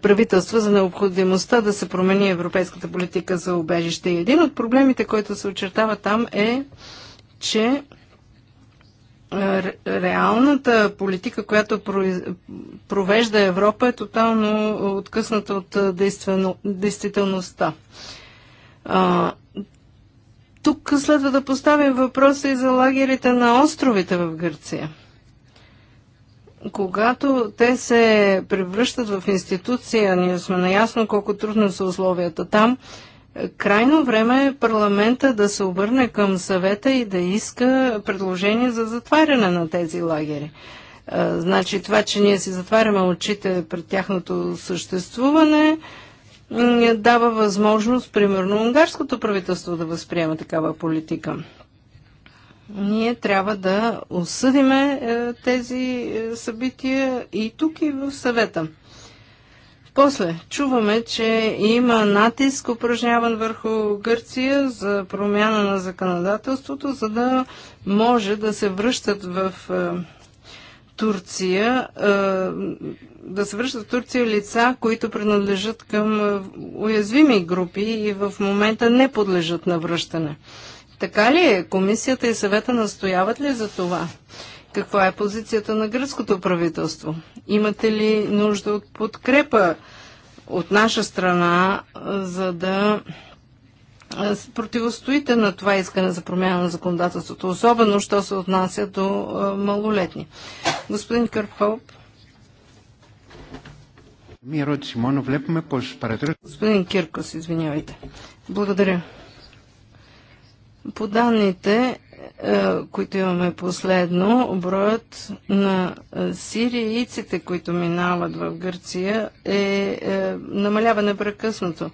правителства за необходимостта да се промени европейската политика за убежище. И един от проблемите, който се очертава там е, че реалната политика, която провежда Европа, е тотално откъсната от действителността. тук следва да поставим въпроса и за лагерите на островите в Гърция. Когато те се превръщат в институция, ние сме наясно колко трудно са условията там, Крайно време е парламента да се обърне към съвета и да иска предложение за затваряне на тези лагери. Значи това, че ние си затваряме очите пред тяхното съществуване, дава възможност, примерно, унгарското правителство да възприема такава политика. Ние трябва да осъдиме е, тези е, събития и тук, и в съвета. После чуваме, че има натиск упражняван върху Гърция за промяна на законодателството, за да може да се връщат в е, Турция, е, да се връщат в Турция лица, които принадлежат към е, уязвими групи и в момента не подлежат на връщане. Така ли е? Комисията и съвета настояват ли за това? Каква е позицията на гръцкото правителство? Имате ли нужда от подкрепа от наша страна, за да противостоите на това искане за промяна на законодателството, особено, що се отнася до малолетни. Господин Кърхоп. Ми ερώτηση Господин Киркос, извинявайте. Благодаря. По данните е, които имаме последно, броят на е, сирийците, които минават в Гърция, е, е намалява непрекъснато.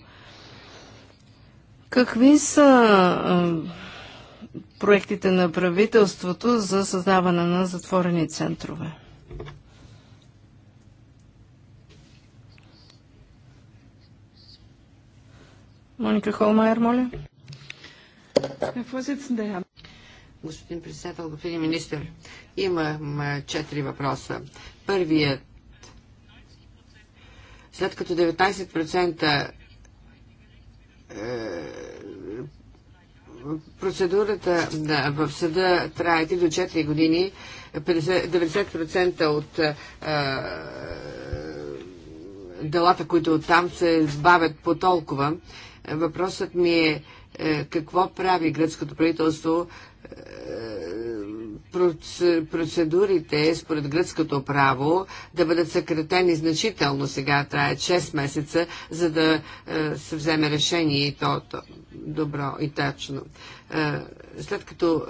Какви са е, проектите на правителството за създаване на затворени центрове? Моника Холмайер, моля. Herr Господин председател, господин министр, имам четири въпроса. Първият. След като 19% е, процедурата да, в съда трае 3 до 4 години, 90% от е, е, делата, които там се сбавят по толкова. Въпросът ми е какво прави гръцкото правителство, е, е, е, процедурите според гръцкото право да бъдат съкратени значително. Сега трае 6 месеца, за да се вземе решение и то, то добро и точно. След като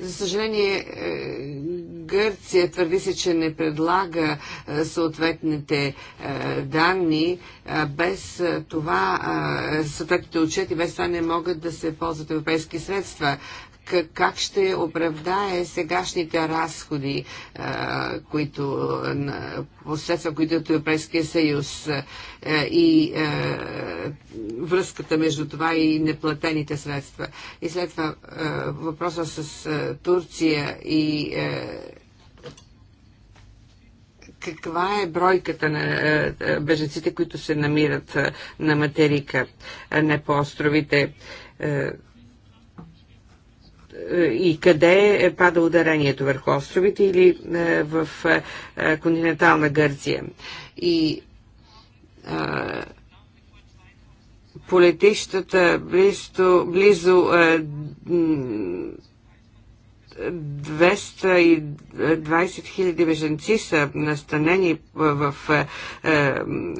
за съжаление, е, Гърция твърди се, че не предлага е, съответните е, данни. Без това, съответните отчети, без това не могат да се ползват европейски средства как ще оправдае сегашните разходи, които, последства, които е от Европейския съюз и връзката между това и неплатените средства. И след това въпроса с Турция и каква е бройката на беженците, които се намират на материка, не по островите. Е, и къде е пада ударението върху островите или е, в континентална Гърция. И по близо, близо 220 хиляди беженци са настанени в е, е,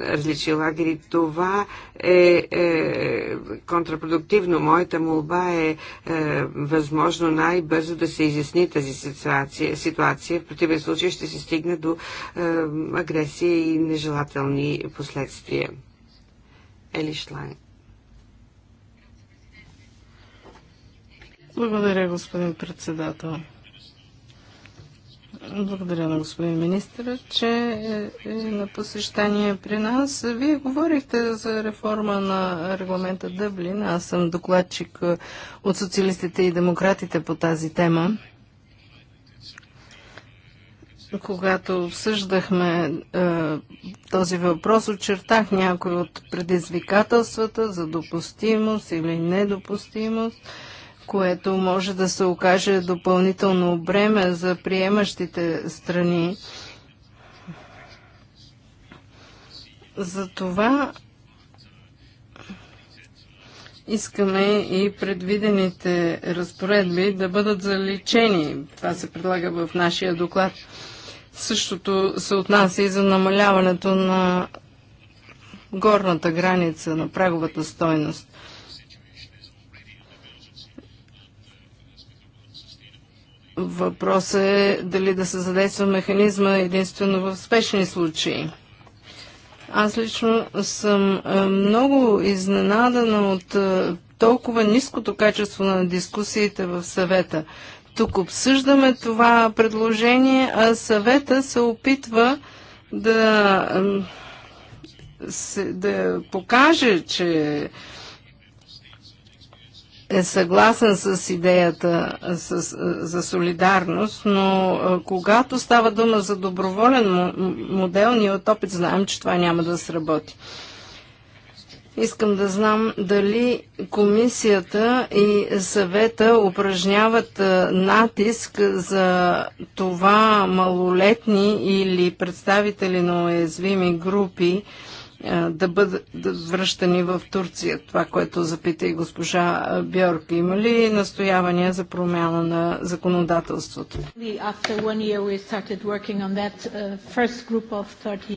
различни лагери. Това е, е контрапродуктивно. Моята молба е възможно най-бързо да се изясни тази ситуация. В противен случай ще се стигне до агресия и нежелателни последствия. Елиш Лайнг. Благодаря, господин председател. Благодаря на господин министър, че е, е на посещание при нас. Вие говорихте за реформа на регламента Дъблин. Аз съм докладчик е, от социалистите и демократите по тази тема. Когато обсъждахме е, този въпрос, очертах някои от предизвикателствата за допустимост или недопустимост което може да се окаже допълнително бреме за приемащите страни. Затова искаме и предвидените разпоредби да бъдат заличени. Това се предлага в нашия доклад. Същото се отнася и за намаляването на горната граница на праговата стойност. Въпросът е дали да се задейства механизма единствено в спешни случаи. Аз лично съм е, много изненадана от е, толкова ниското качество на дискусиите в съвета. Тук обсъждаме това предложение, а съвета се опитва да, да покаже, че е съгласен с идеята за солидарност, но когато става дума за доброволен модел, ние от опит знаем, че това няма да сработи. Искам да знам дали комисията и съвета упражняват натиск за това малолетни или представители на уязвими групи е, да бъдат връщани в Турция. Това, което запита и госпожа е, Бьорк. Има ли настоявания за промяна на законодателството?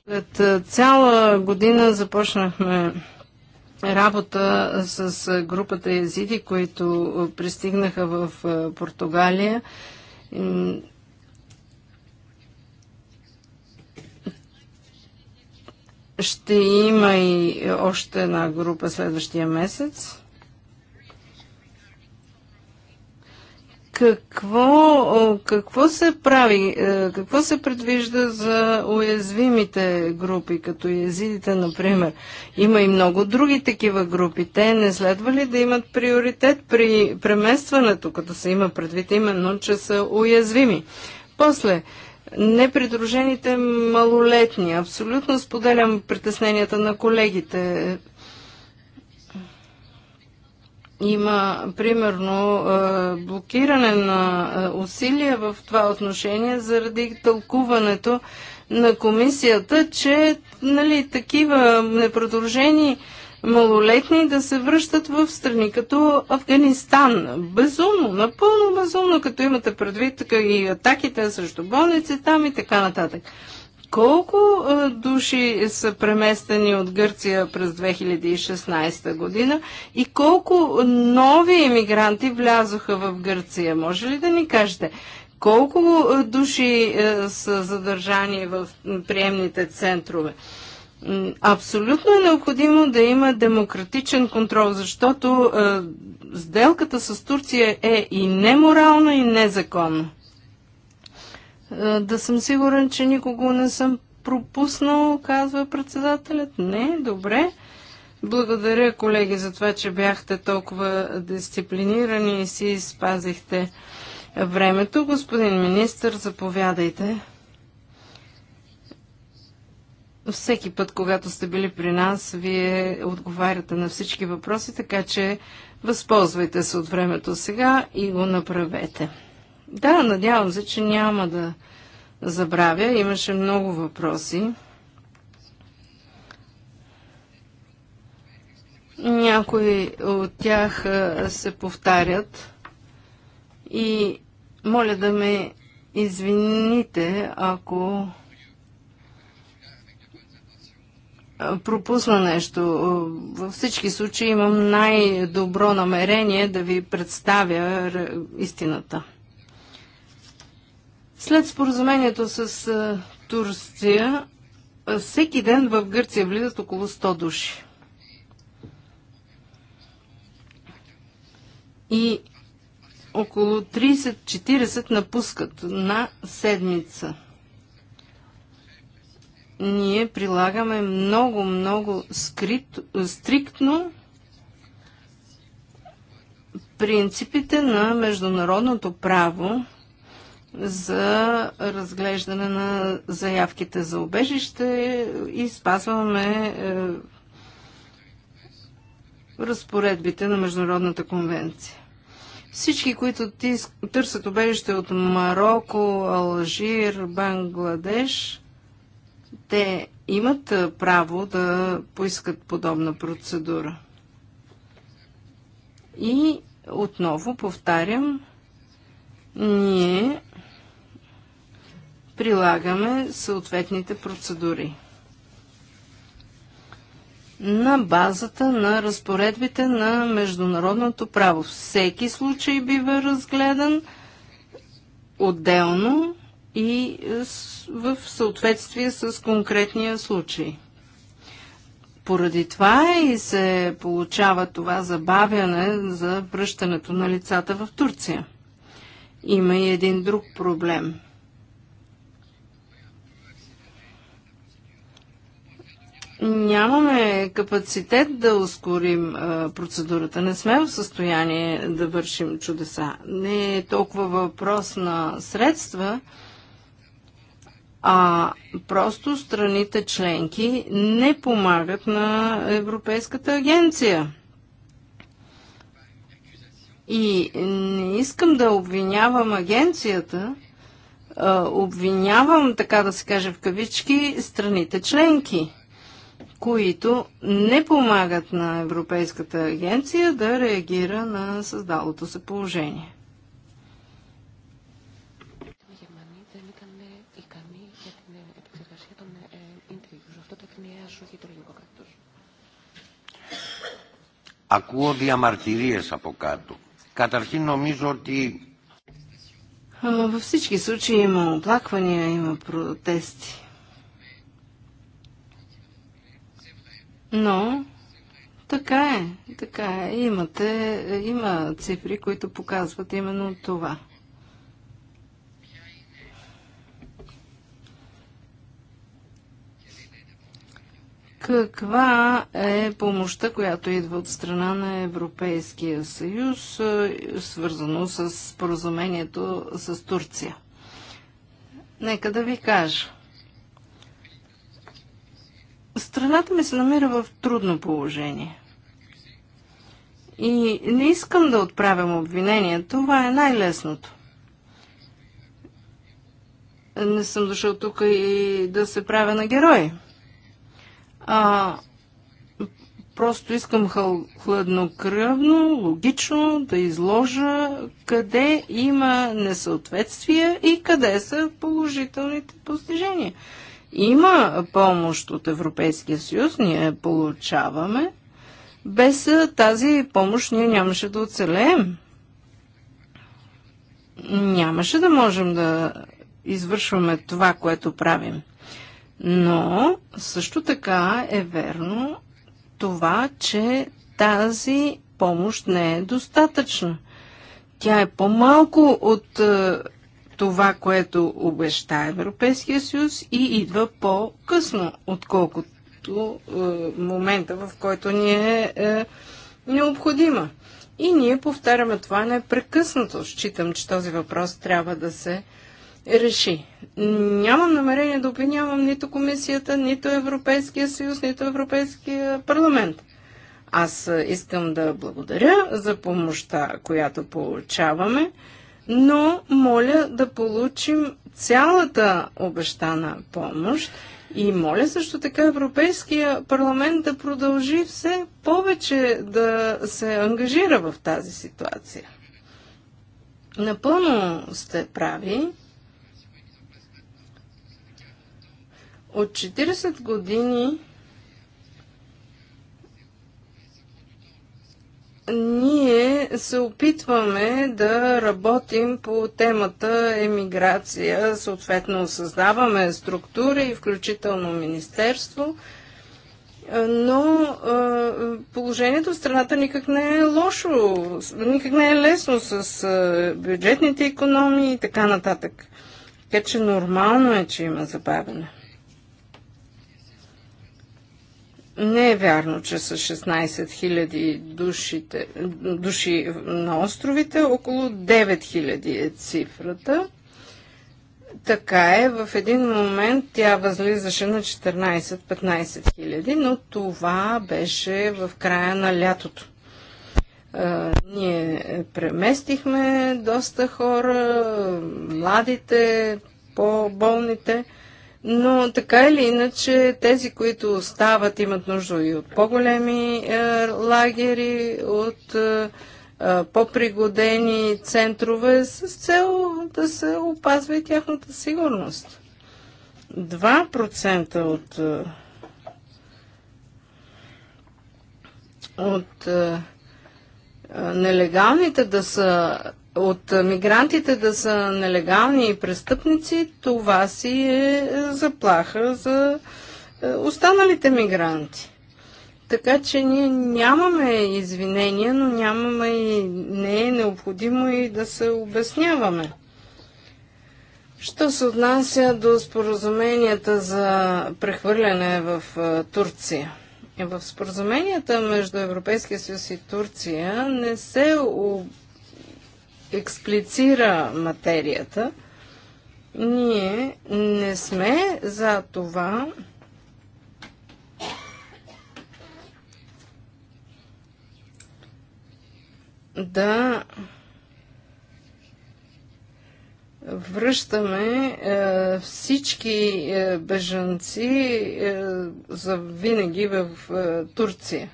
След uh, е, цяла година започнахме работа с групата езиди, които пристигнаха в Португалия. Ще има и още една група следващия месец. Какво, какво се прави, е, какво се предвижда за уязвимите групи, като езидите, например? Има и много други такива групи. Те не следва ли да имат приоритет при преместването, като се има предвид именно, че са уязвими? После, непридружените малолетни. Абсолютно споделям притесненията на колегите. Има, примерно, блокиране на усилия в това отношение заради тълкуването на комисията, че нали, такива непродължени малолетни да се връщат в страни като Афганистан. Безумно, напълно безумно, като имате предвид така и атаките срещу болници там и така нататък. Колко души са преместени от Гърция през 2016 година и колко нови емигранти влязоха в Гърция? Може ли да ни кажете? Колко души са задържани в приемните центрове? Абсолютно е необходимо да има демократичен контрол, защото е, сделката с Турция е и неморална, и незаконна. Е, да съм сигурен, че никого не съм пропуснал, казва председателят. Не, добре. Благодаря, колеги, за това, че бяхте толкова дисциплинирани и си спазихте времето. Господин министр, заповядайте всеки път, когато сте били при нас, вие отговаряте на всички въпроси, така че възползвайте се от времето сега и го направете. Да, надявам се, че няма да забравя. Имаше много въпроси. Някои от тях се повтарят и моля да ме извините, ако Е, пропусна нещо. Във всички случаи имам най-добро намерение да ви представя истината. След споразумението с е, Турция, е, всеки ден в Гърция влизат около 100 души. И около 30-40 напускат на седмица ние прилагаме много, много скрит, стриктно принципите на международното право за разглеждане на заявките за обежище и спазваме е, разпоредбите на Международната конвенция. Всички, които търсят обежище от Марокко, Алжир, Бангладеш, те имат право да поискат подобна процедура. И отново повтарям, ние прилагаме съответните процедури на базата на разпоредбите на международното право. Всеки случай бива разгледан отделно и е, в съответствие с конкретния случай. Поради това и се получава това забавяне за връщането на лицата в Турция. Има и един друг проблем. Нямаме капацитет да ускорим е, процедурата. Не сме в състояние да вършим чудеса. Не е толкова въпрос на средства, а просто страните членки не помагат на Европейската агенция. И не искам да обвинявам агенцията, обвинявам, така да се каже в кавички, страните членки, които не помагат на Европейската агенция да реагира на създалото се положение. Ακούω διαμαρτυρίες από κάτω. Καταρχήν νομίζω ότι... Във всички случаи има оплаквания, има протести. Но, така е, така е. Имате, има цифри, които показват именно това. Каква е помощта, която идва от страна на Европейския съюз, е, свързано с споразумението с Турция? Нека да ви кажа. Страната ми се намира в трудно положение. И не искам да отправям обвинение. Това е най-лесното. Не съм дошъл тук и да се правя на герои а просто искам хладнокръвно, логично да изложа къде има несъответствия и къде са положителните постижения. Има помощ от Европейския съюз, ние получаваме. Без тази помощ ние нямаше да оцелеем. Нямаше да можем да извършваме това, което правим. Но също така е верно това, че тази помощ не е достатъчна. Тя е по-малко от е, това, което обеща Европейския съюз и идва по-късно, отколкото е, момента, в който ни е, е необходима. И ние повтаряме това непрекъснато. Считам, че този въпрос трябва да се реши. Нямам намерение да обвинявам нито комисията, нито Европейския съюз, нито Европейския парламент. Аз искам да благодаря за помощта, която получаваме, но моля да получим цялата обещана помощ и моля също така Европейския парламент да продължи все повече да се ангажира в тази ситуация. Напълно сте прави От 40 години ние се опитваме да работим по темата емиграция, съответно създаваме структури, включително министерство, но положението в страната никак не е лошо, никак не е лесно с бюджетните економии и така нататък. Така че нормално е, че има забавене. Не е вярно, че са 16 000 души на островите, около 9 000 е цифрата. Така е, в един момент тя възлизаше на 14-15 хиляди, но това беше в края на лятото. ние преместихме доста хора, младите, по-болните – но така или иначе, тези, които остават, имат нужда и от по-големи е, лагери, от е, е по-пригодени центрове, с цел да се опазва и тяхната сигурност. 2% от, е, от е, е, нелегалните да са от мигрантите да са нелегални и престъпници, това си е, е заплаха за е, останалите мигранти. Така че ние нямаме извинения, но нямаме и не е необходимо и да се обясняваме. Що се отнася до споразуменията за прехвърляне в е, Турция? В споразуменията между Европейския съюз и Турция не се експлицира материята, ние не сме за това да връщаме е, всички е, бежанци е, за винаги в е, Турция.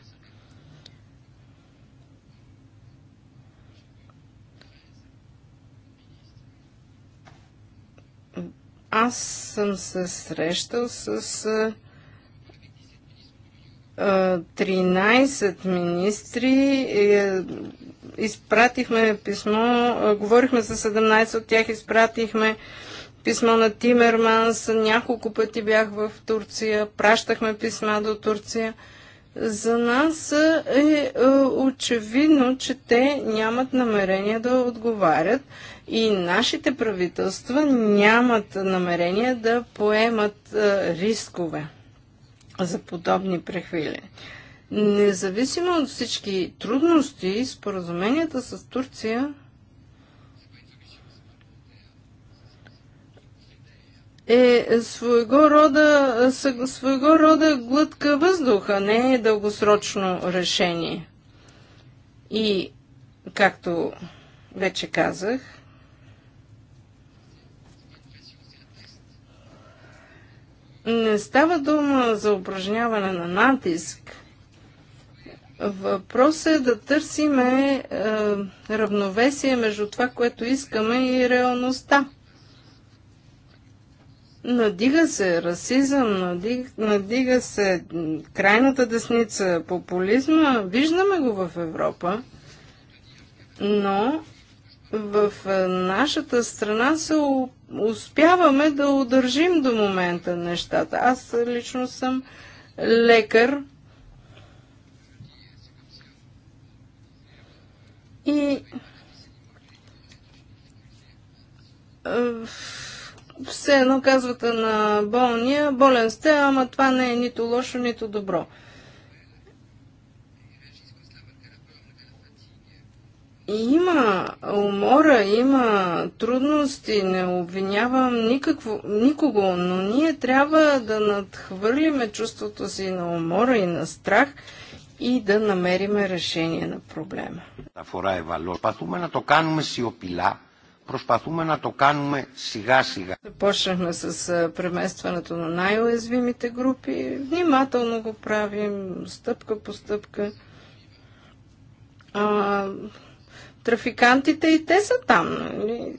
Аз съм се срещал с 13 министри. Е, изпратихме писмо, говорихме за 17 от тях, изпратихме писмо на Тимерманс, няколко пъти бях в Турция, пращахме писма до Турция. За нас е очевидно, че те нямат намерение да отговарят и нашите правителства нямат намерение да поемат рискове за подобни прехвили. Независимо от всички трудности, споразуменията с Турция е своего рода, своего рода глътка въздуха, не е дългосрочно решение. И, както вече казах, Не става дума за упражняване на натиск. Въпросът е да търсиме е, равновесие между това, което искаме и реалността. Надига се расизъм, надиг, надига се крайната десница, популизма. Виждаме го в Европа, но в е, нашата страна се успяваме да удържим до момента нещата. Аз лично съм лекар и е, все едно казвате на болния, болен сте, ама това не е нито лошо, нито добро. Има умора, има трудности, не обвинявам никакво, никого, но ние трябва да надхвърлиме чувството си на умора и на страх и да намериме решение на проблема. Αφορά ευαλώς. Προσπαθούμε να το κάνουμε σιωπηλά, προσπαθούμε να το κάνουμε сега сега. Започнахме с преместването на най-уязвимите групи. Внимателно го правим, стъпка по стъпка. А, Трафикантите и те са там. Нали?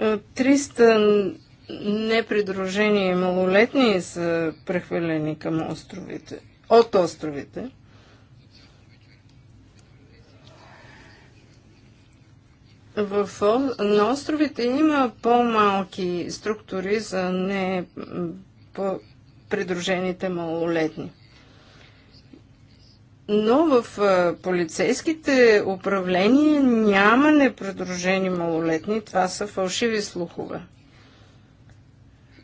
300 е, непридружени малолетни са прехвърлени към островите, от островите. В, на островите има по-малки структури за не по, придружените малолетни но в полицейските управления няма непредружени малолетни. Това са фалшиви слухове.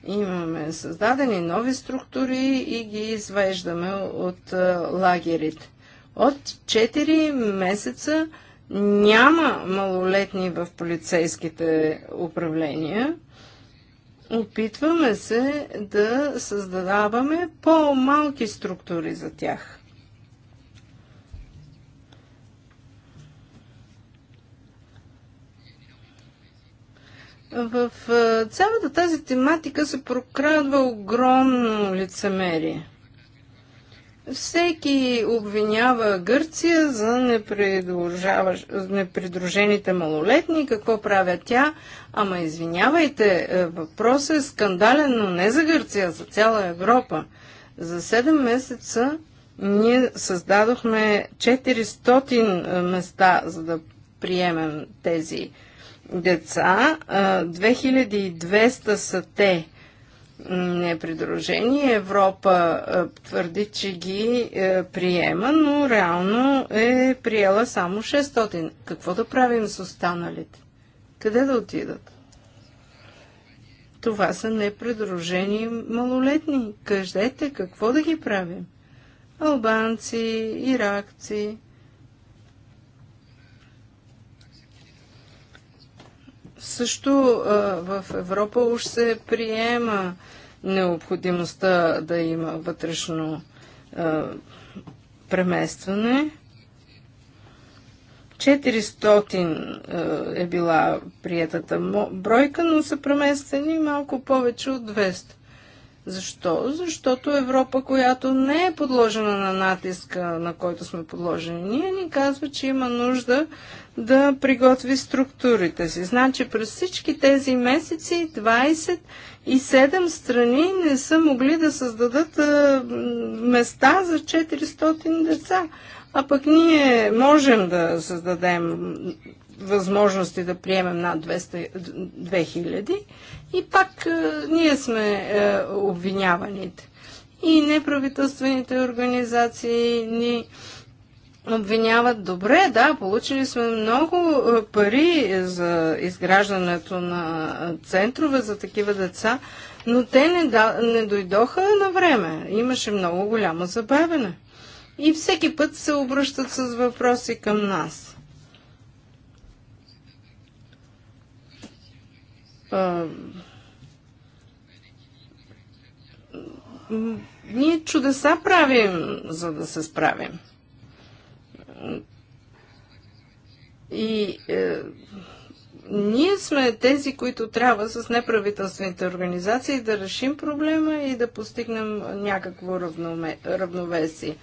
Имаме създадени нови структури и ги извеждаме от лагерите. От 4 месеца няма малолетни в полицейските управления. Опитваме се да създаваме по-малки структури за тях. В е, цялата тази тематика се прокрадва огромно лицемерие. Всеки обвинява Гърция за непридружените малолетни, какво правя тя. Ама извинявайте, е, въпросът е скандален, но не за Гърция, за цяла Европа. За 7 месеца ние създадохме 400 е, места, за да приемем тези деца, 2200 са те непридружени. Европа твърди, че ги е, приема, но реално е приела само 600. Какво да правим с останалите? Къде да отидат? Това са непридружени малолетни. Кажете, какво да ги правим? Албанци, иракци, Също в Европа уж се приема необходимостта да има вътрешно преместване. 400 е била приятата бройка, но са преместени малко повече от 200. Защо? Защото Европа, която не е подложена на натиска, на който сме подложени, ние ни казва, че има нужда да приготви структурите си. Значи през всички тези месеци 27 страни не са могли да създадат а, места за 400 деца а пък ние можем да създадем възможности да приемем над 200, 2000 и пак е, ние сме е, обвиняваните. И неправителствените организации ни обвиняват добре, да, получили сме много е, пари за изграждането на центрове за такива деца, но те не, да, не дойдоха на време. Имаше много голямо забавене и всеки път се обръщат с въпроси към нас. А, ние чудеса правим, за да се справим. И е, ние сме тези, които трябва с неправителствените организации да решим проблема и да постигнем някакво равновесие.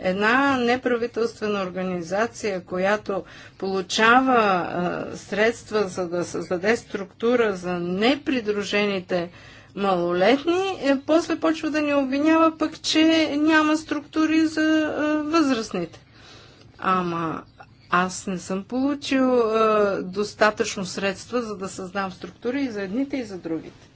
Една неправителствена организация, която получава а, средства за да създаде структура за непридружените малолетни, е, после почва да ни обвинява пък, че няма структури за а, възрастните. Ама аз не съм получил а, достатъчно средства, за да създам структури и за едните, и за другите.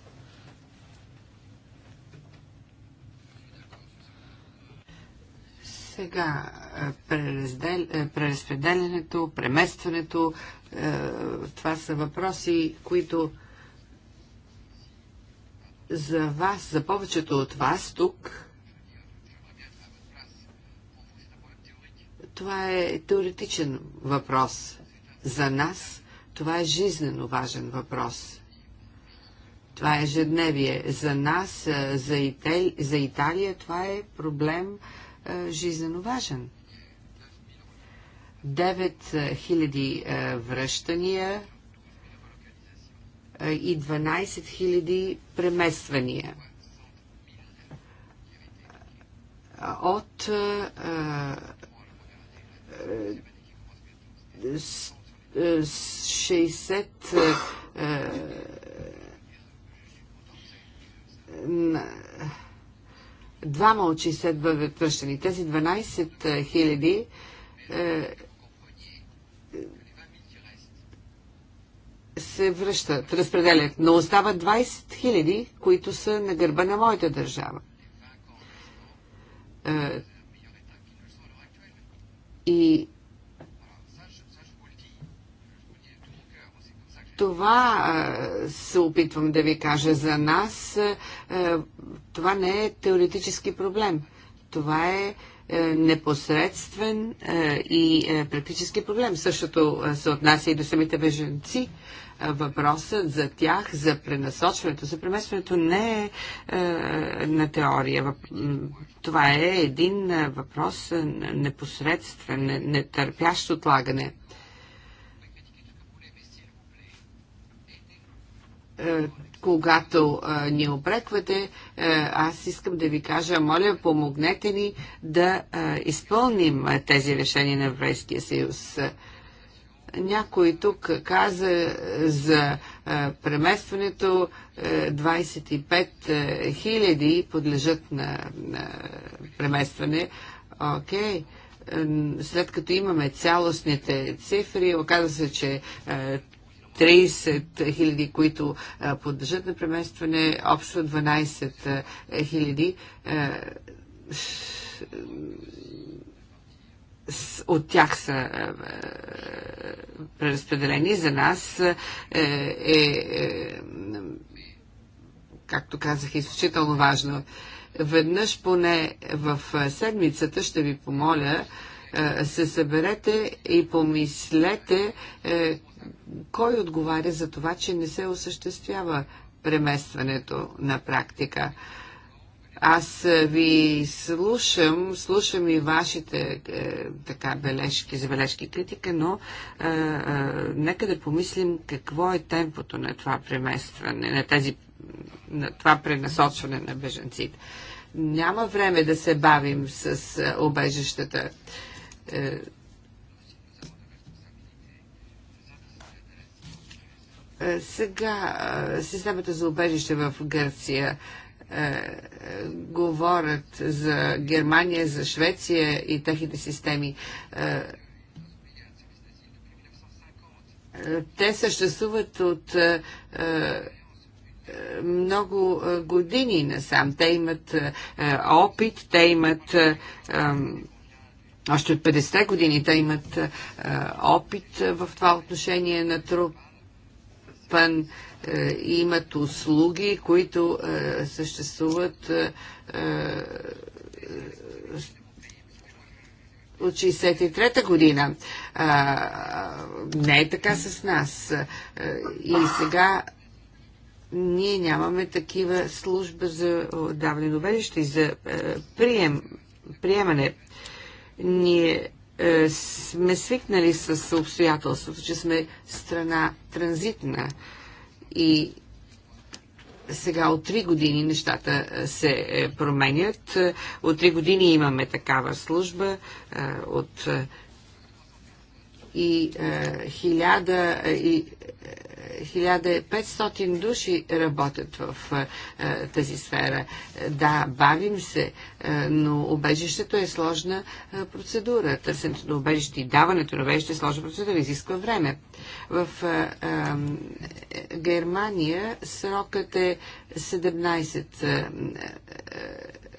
Сега е, е, преразпределянето, преместването, е, това са въпроси, които за вас, за повечето от вас тук, това е теоретичен въпрос. За нас това е жизнено важен въпрос. Това е ежедневие. За нас, за, за Италия, това е проблем е, жизненно важен. 9000 е, е, връщания и 12 000 премествания от с 60 на двама от 60 бъдат връщани. Тези 12 хиляди е, се връщат, разпределят, но остават 20 хиляди, които са на гърба на моята държава. Е, и Това се опитвам да ви кажа за нас. Това не е теоретически проблем. Това е, е непосредствен е, и е, практически проблем. Същото се отнася и до самите беженци. Въпросът за тях, за пренасочването, за преместването не е на теория. Това е един въпрос непосредствен, нетърпящ отлагане. Е, когато а, е, ни опреквате, а, е, аз искам да ви кажа, моля, помогнете ни да а, изпълним а, тези решения на Европейския съюз. Някой тук каза за а, преместването а, 25 хиляди подлежат на, на преместване. Окей. Okay след като имаме цялостните цифри, оказва се, че 30 хиляди, които поддържат на преместване, общо 12 хиляди от тях са преразпределени. За нас е, е, както казах, изключително важно. Веднъж поне в седмицата ще ви помоля се съберете и помислете кой отговаря за това, че не се осъществява преместването на практика? Аз е, ви слушам, слушам и вашите е, така бележки, забележки, критика, но е, е, нека да помислим какво е темпото на това преместване, на, тези, на това пренасочване на беженците. Няма време да се бавим с е, обежищата. Е, Сега системата за убежище в Гърция говорят за Германия, за Швеция и техните системи. Те съществуват от много години насам. Те имат опит, те имат още от 50-те години те имат опит в това отношение на труп пан е, имат услуги, които е, съществуват е, от 63-та година. не е така с нас. и сега ние нямаме такива служба за давлено на и за прием, приемане. Ние е, сме свикнали с обстоятелството, че сме страна транзитна и сега от три години нещата е, се е, променят. От 3 години имаме такава служба от и 1000 и 1500 души работят в е, е, тази сфера. Да, бавим се, е, но обежището е сложна процедура. Търсенето на обежище и даването на обежище е сложна процедура, изисква време. В Германия срокът е 17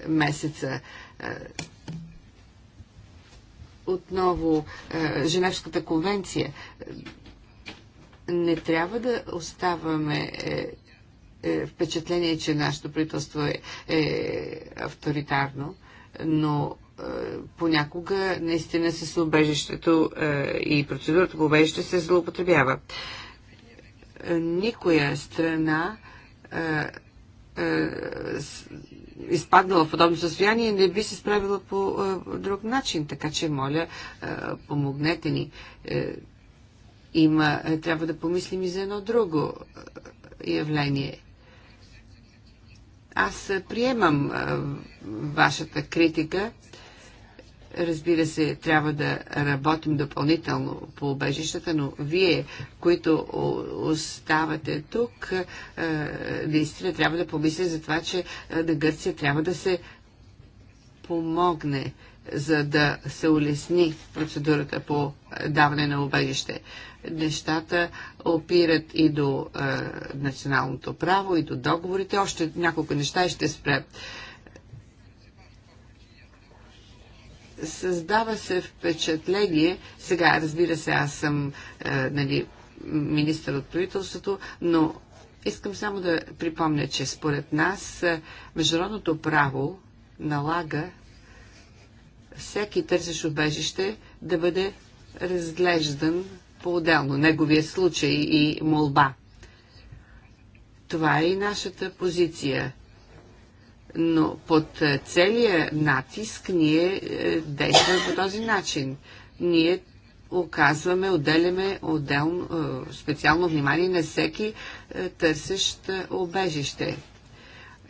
месеца отново Женевската конвенция не трябва да оставаме е, е, впечатление, че нашето правителство е, е авторитарно, но е, понякога наистина с убежището е, и процедурата по убежище се злоупотребява. Никоя страна е, е, с, изпаднала в подобно състояние, не би се справила по е, друг начин. Така че, моля, е, помогнете ни. Е, има, е, трябва да помислим и за едно друго е, явление. Аз е, приемам вашата критика. Разбира се, трябва да работим допълнително по убежищата, но вие, които оставате тук, наистина трябва да помислите за това, че на Гърция трябва да се помогне, за да се улесни процедурата по даване на убежище нещата опират и до е, националното право, и до договорите. Още няколко неща и ще спре. Създава се впечатление, сега разбира се, аз съм е, нали, министър от правителството, но искам само да припомня, че според нас е, международното право налага всеки търсещ убежище да бъде разглеждан по-отделно, неговия случай и молба. Това е и нашата позиция. Но под е, целия натиск ние е, действаме по този начин. Ние оказваме, отделяме отделно, е, специално внимание на всеки търсещ обежище.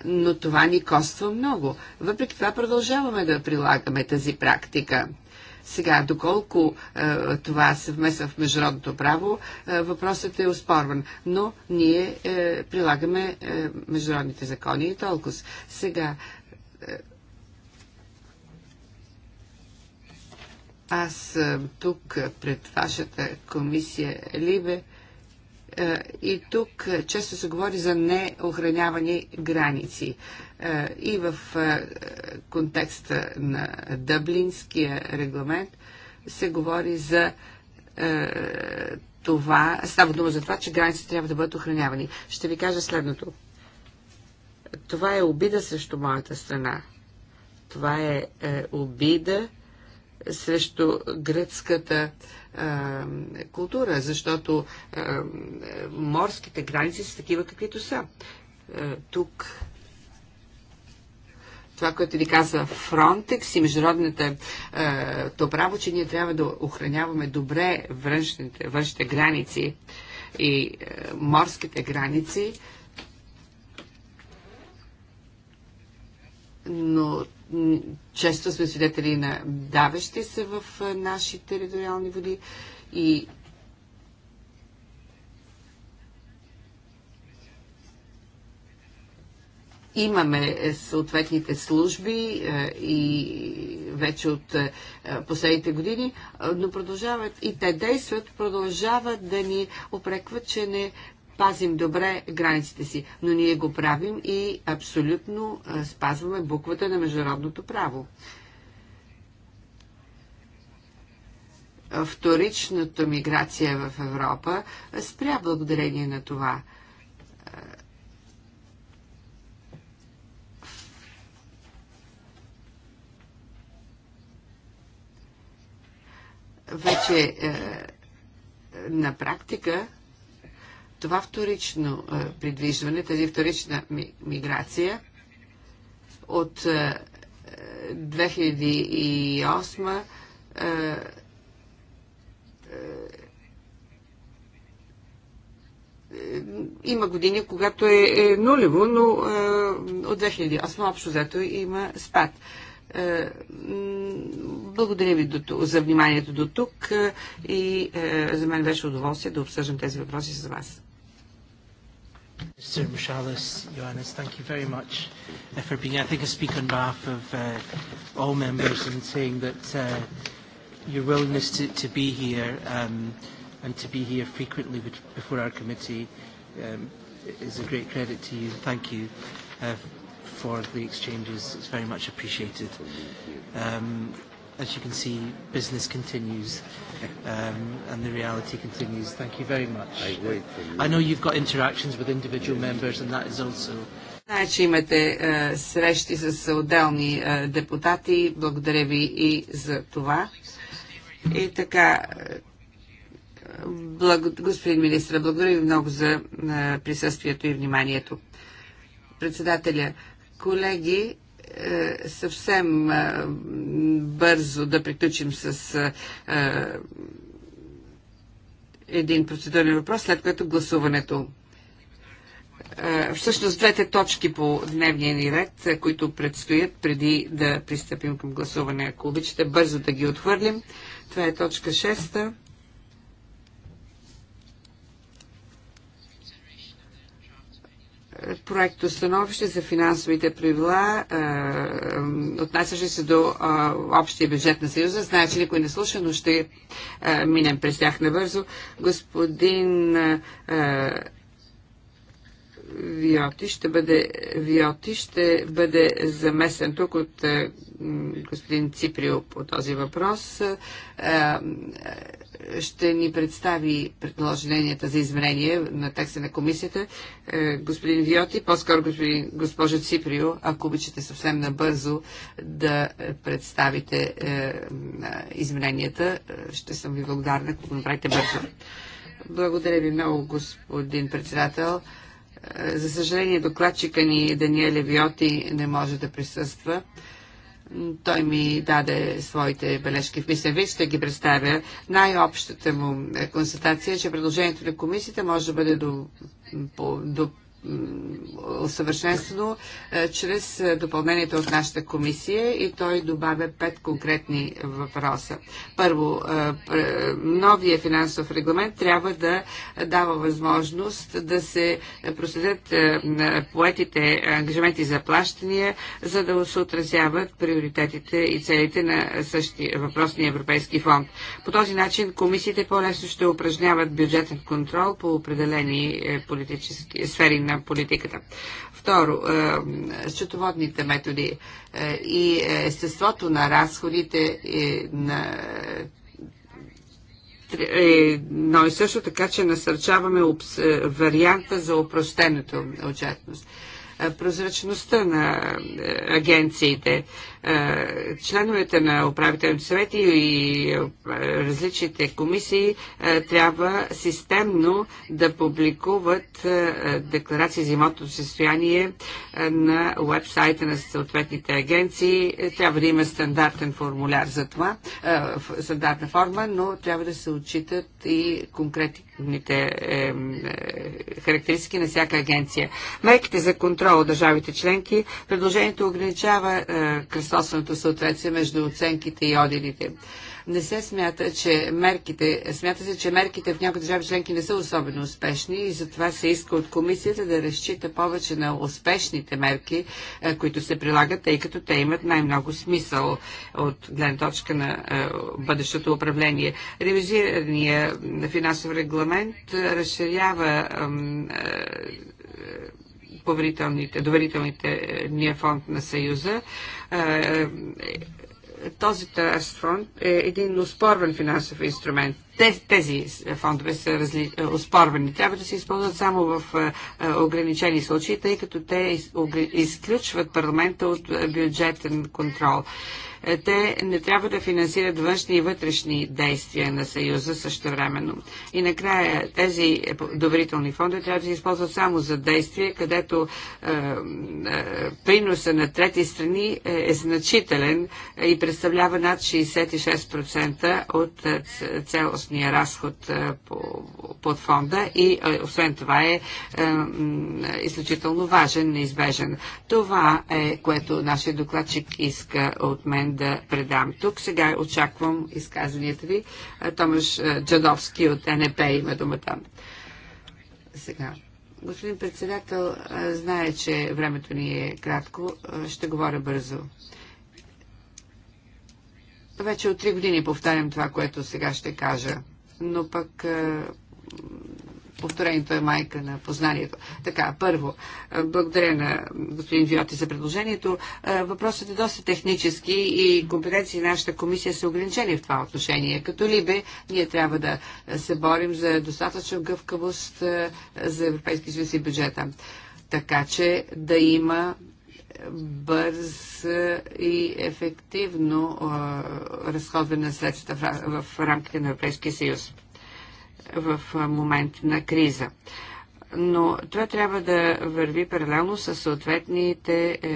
Но това ни коства много. Въпреки това продължаваме да прилагаме тази практика – сега, доколко е, това се вмесва в международното право, е, въпросът е оспорван. Но ние е, прилагаме е, международните закони и толкова. Сега, е, аз съм тук пред вашата комисия Либе е, и тук е, често се говори за неохранявани граници и в контекста на Дъблинския регламент се говори за това, става дума за това, че границите трябва да бъдат охранявани. Ще ви кажа следното. Това е обида срещу моята страна. Това е, е обида срещу гръцката е, култура, защото е, морските граници са такива, каквито са. Е, тук това, което ви казва Фронтекс и международната е, то право, че ние трябва да охраняваме добре външните, външните граници и е, морските граници, но често сме свидетели на давещи се в е, нашите териториални води и Имаме е, съответните служби е, и вече от е, последните години, но продължават и те действат, продължават да ни опрекват, че не пазим добре границите си, но ние го правим и абсолютно спазваме буквата на международното право. Вторичната миграция в Европа спря благодарение на това – вече е, на практика това вторично е, придвижване, тази вторична ми, миграция от е, 2008 е, е, има години, когато е, е нулево, но е, от 2008 общо взето има спад. Е, благодаря ви за вниманието до тук и за мен беше удоволствие да обсъждам тези въпроси с вас. Mr. Michalis, Johannes, thank you very much uh, for being here. I think I speak on behalf of uh, all members in saying that uh, your willingness to, to be here um, and to be here frequently before our committee um, is a great credit to you. Thank you. Uh, for the exchanges. It's very much appreciated. Um, as you can see, business continues um, and the reality continues. Thank you very much. I, wait for you. I know you've got interactions with individual members and that is also... Знае, че имате е, срещи с отделни е, депутати. Благодаря ви и за това. И така, благо, господин министр, благодаря ви много за е, присъствието и вниманието. Председателя, Колеги, е, съвсем е, бързо да приключим с е, един процедурен въпрос, след което гласуването. Всъщност двете точки по дневния ни ред, които предстоят преди да пристъпим към гласуване. Ако обичате бързо да ги отхвърлим, това е точка 6. проекто становище за финансовите правила, е, отнасящи се до е, общия бюджет на Съюза. Знае, че никой не слуша, но ще е, минем през тях набързо. Господин Виоти ще бъде, Виоти ще бъде замесен тук от господин Циприо по този въпрос ще ни представи предложенията за изменение на текста на комисията. Е, господин Виоти, по-скоро господин, госпожа Циприо, ако обичате съвсем набързо да представите е, измененията, е, ще съм ви благодарна, ако направите бързо. Благодаря ви много, господин председател. За съжаление, докладчика ни Даниеле Виоти не може да присъства. Той ми даде своите бележки в писмен ще ги представя. Най-общата му констатация е, че предложението на комисията може да бъде до, по, до усъвършенствано е, чрез допълнението от нашата комисия и той добавя пет конкретни въпроса. Първо, е, новия финансов регламент трябва да дава възможност да се проследят е, поетите ангажименти за плащания, за да се отразяват приоритетите и целите на същия въпросния Европейски фонд. По този начин комисиите по-лесно ще упражняват бюджетен контрол по определени политически сфери на на политиката. Второ, е, счетоводните методи е, и естеството на разходите е, на но и също така, че насърчаваме варианта за упростеното отчетност прозрачността на агенциите, е, членовете на управителните съвети и е, различните комисии е, трябва системно да публикуват декларации за имотното състояние на уебсайта на съответните агенции. Трябва да има стандартен формуляр за това, стандартна форма, но трябва да се отчитат и конкретните характеристики на всяка агенция. Мерките за контрол от държавите членки. Предложението ограничава кръстосаното съответствие между оценките и одитите. Не се смята, че мерките, смята се, че мерките в някои държави членки не са особено успешни и затова се иска от комисията да разчита повече на успешните мерки, е, които се прилагат, тъй като те имат най-много смисъл от гледна точка на е, бъдещото управление. Ревизирания финансов регламент е, разширява поверителните, доверителните е, ния фонд на Съюза. Е, е, този Trust фонд е един успорван финансов инструмент. Тези фондове са разли... успорвани. Трябва да се използват само в ограничени случаи, тъй като те изключват парламента от бюджетен контрол. Е, те не трябва да финансират външни и вътрешни действия на Съюза също времено. И накрая тези доверителни фондове трябва да се използват само за действия, където е, е, приноса на трети страни е, е значителен и представлява над 66% от е, цялостния разход е, по, под фонда и е, освен това е, е, е изключително важен, неизбежен. Това е което нашия докладчик иска от мен да предам тук. Сега очаквам изказванията ви. Томаш Джадовски от НП има думата. Сега. Господин председател, знае, че времето ни е кратко. Ще говоря бързо. Вече от три години повтарям това, което сега ще кажа. Но пък повторението е майка на познанието. Така, първо, благодаря на господин Виоти за предложението. Въпросът е доста технически и компетенции на нашата комисия са ограничени в това отношение. Като ли бе, ние трябва да се борим за достатъчна гъвкавост за Европейски съюз и бюджета. Така че да има бърз и ефективно разходване на средствата в рамките на Европейския съюз в момент на криза. Но това трябва да върви паралелно с съответните е,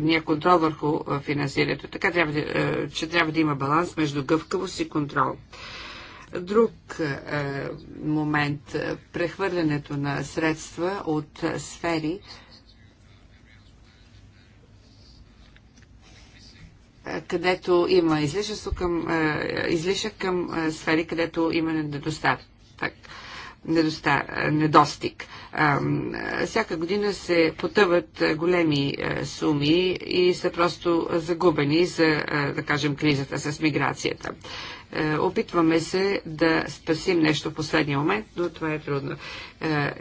ния контрол върху финансирането. Така трябва, е, че трябва да има баланс между гъвкавост и контрол. Друг е, момент, е, прехвърлянето на средства от сфери, където има излишък към, излишък към сфери, където има недостатък недоста, недостиг. Всяка година се потъват големи суми и са просто загубени за, да кажем, кризата с миграцията. Е, опитваме се да спасим нещо в последния момент, но това е трудно. Е,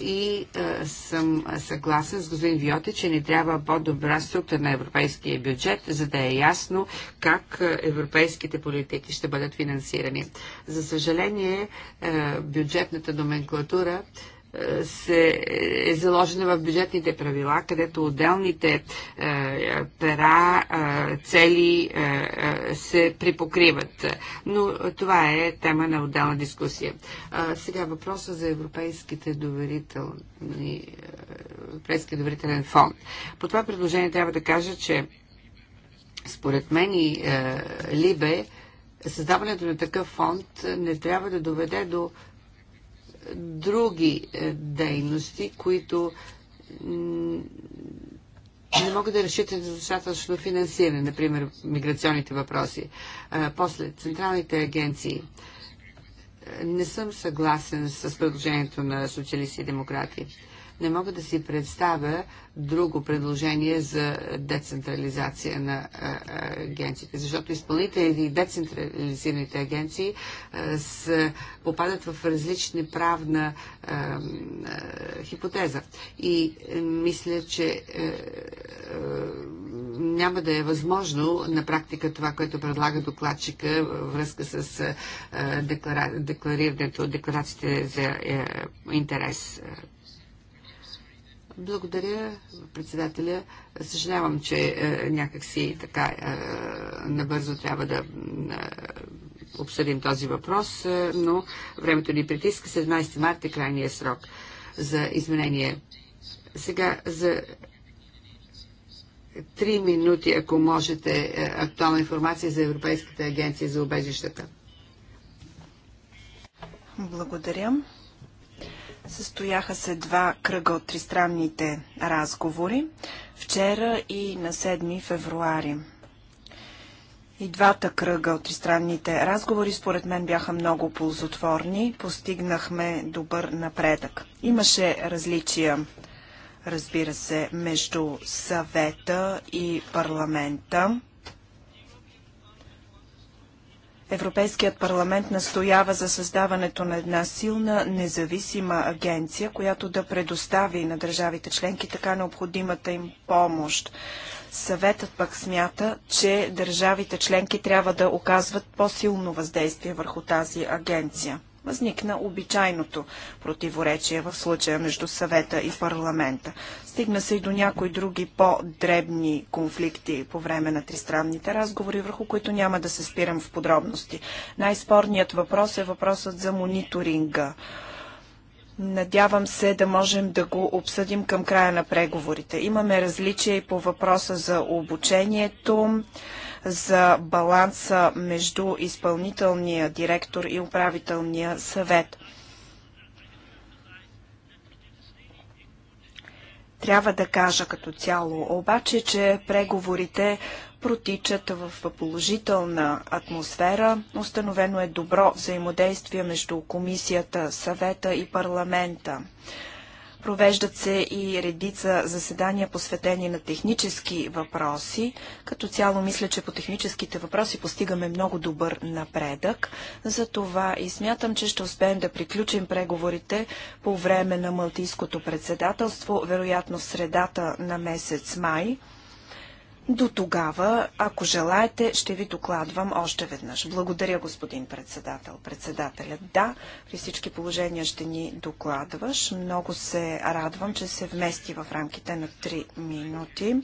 и е, съм съгласен с господин Виоти, че ни трябва по-добра структура на европейския бюджет, за да е ясно как европейските политики ще бъдат финансирани. За съжаление, бюджетната номенклатура се е заложена в бюджетните правила, където отделните е, пера, е, цели е, се припокриват. Но това е тема на отделна дискусия. Сега въпроса за европейските доверителни, европейския доверителен фонд. По това предложение трябва да кажа, че според мен и Либе, създаването на такъв фонд не трябва да доведе до други е, дейности, които не могат да решат достатъчно финансиране, например миграционните въпроси. Е, после централните агенции. Е, не съм съгласен с предложението на социалисти и демократи не мога да си представя друго предложение за децентрализация на агенциите, защото изпълнителите и децентрализираните агенции с, попадат в различни правна а, а, хипотеза. И е, мисля, че а, е, е, няма да е възможно на практика това, което предлага докладчика връзка с декларирането, декларациите за интерес благодаря, председателя. Съжалявам, че е, някакси така е, набързо трябва да е, обсъдим този въпрос, е, но времето ни притиска. 17 марта е крайния срок за изменение. Сега за три минути, ако можете, е, актуална информация за Европейската агенция за обежищата. Благодаря. Състояха се два кръга от тристранните разговори вчера и на 7 февруари. И двата кръга от тристранните разговори според мен бяха много ползотворни. Постигнахме добър напредък. Имаше различия, разбира се, между съвета и парламента. Европейският парламент настоява за създаването на една силна, независима агенция, която да предостави на държавите членки така необходимата им помощ. Съветът пък смята, че държавите членки трябва да оказват по-силно въздействие върху тази агенция. Възникна обичайното противоречие в случая между съвета и парламента. Стигна се и до някои други по-дребни конфликти по време на тристранните разговори, върху които няма да се спирам в подробности. Най-спорният въпрос е въпросът за мониторинга. Надявам се да можем да го обсъдим към края на преговорите. Имаме различия и по въпроса за обучението, за баланса между изпълнителния директор и управителния съвет. Трябва да кажа като цяло, обаче, че преговорите протичат в положителна атмосфера. Установено е добро взаимодействие между комисията, съвета и парламента. Провеждат се и редица заседания, посветени на технически въпроси. Като цяло мисля, че по техническите въпроси постигаме много добър напредък. Затова и смятам, че ще успеем да приключим преговорите по време на Малтийското председателство, вероятно в средата на месец май. До тогава, ако желаете, ще ви докладвам още веднъж. Благодаря, господин председател. Председателят, да, при всички положения ще ни докладваш. Много се радвам, че се вмести в рамките на 3 минути.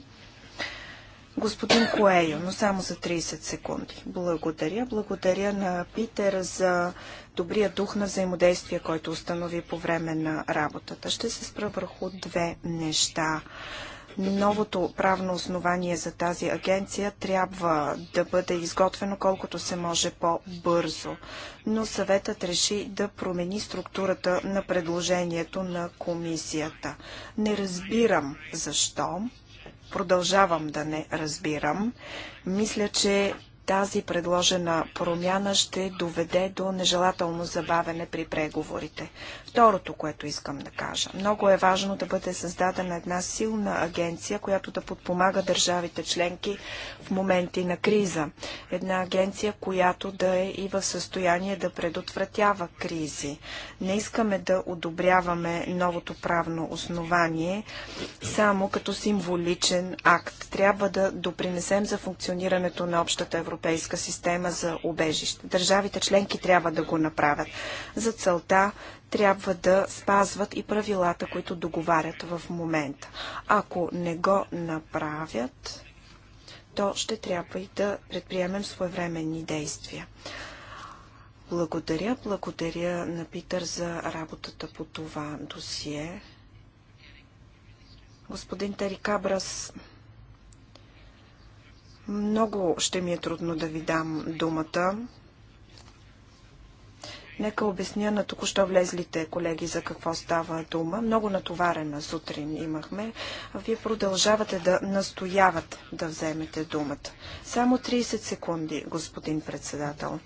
Господин Коейо, но само за 30 секунди. Благодаря. Благодаря на Питер за добрия дух на взаимодействие, който установи по време на работата. Ще се спра върху две неща новото правно основание за тази агенция трябва да бъде изготвено колкото се може по-бързо. Но съветът реши да промени структурата на предложението на комисията. Не разбирам защо. Продължавам да не разбирам. Мисля, че тази предложена промяна ще доведе до нежелателно забавене при преговорите. Второто, което искам да кажа. Много е важно да бъде създадена една силна агенция, която да подпомага държавите членки в моменти на криза. Една агенция, която да е и в състояние да предотвратява кризи. Не искаме да одобряваме новото правно основание само като символичен акт. Трябва да допринесем за функционирането на общата европейска система за убежище. Държавите членки трябва да го направят. За целта трябва да спазват и правилата, които договарят в момента. Ако не го направят, то ще трябва и да предприемем своевременни действия. Благодаря, благодаря на Питър за работата по това досие. Господин Терикабрас, много ще ми е трудно да ви дам думата. Нека обясня на току-що влезлите колеги за какво става дума. Много натоварена сутрин имахме. Вие продължавате да настоявате да вземете думата. Само 30 секунди, господин председател.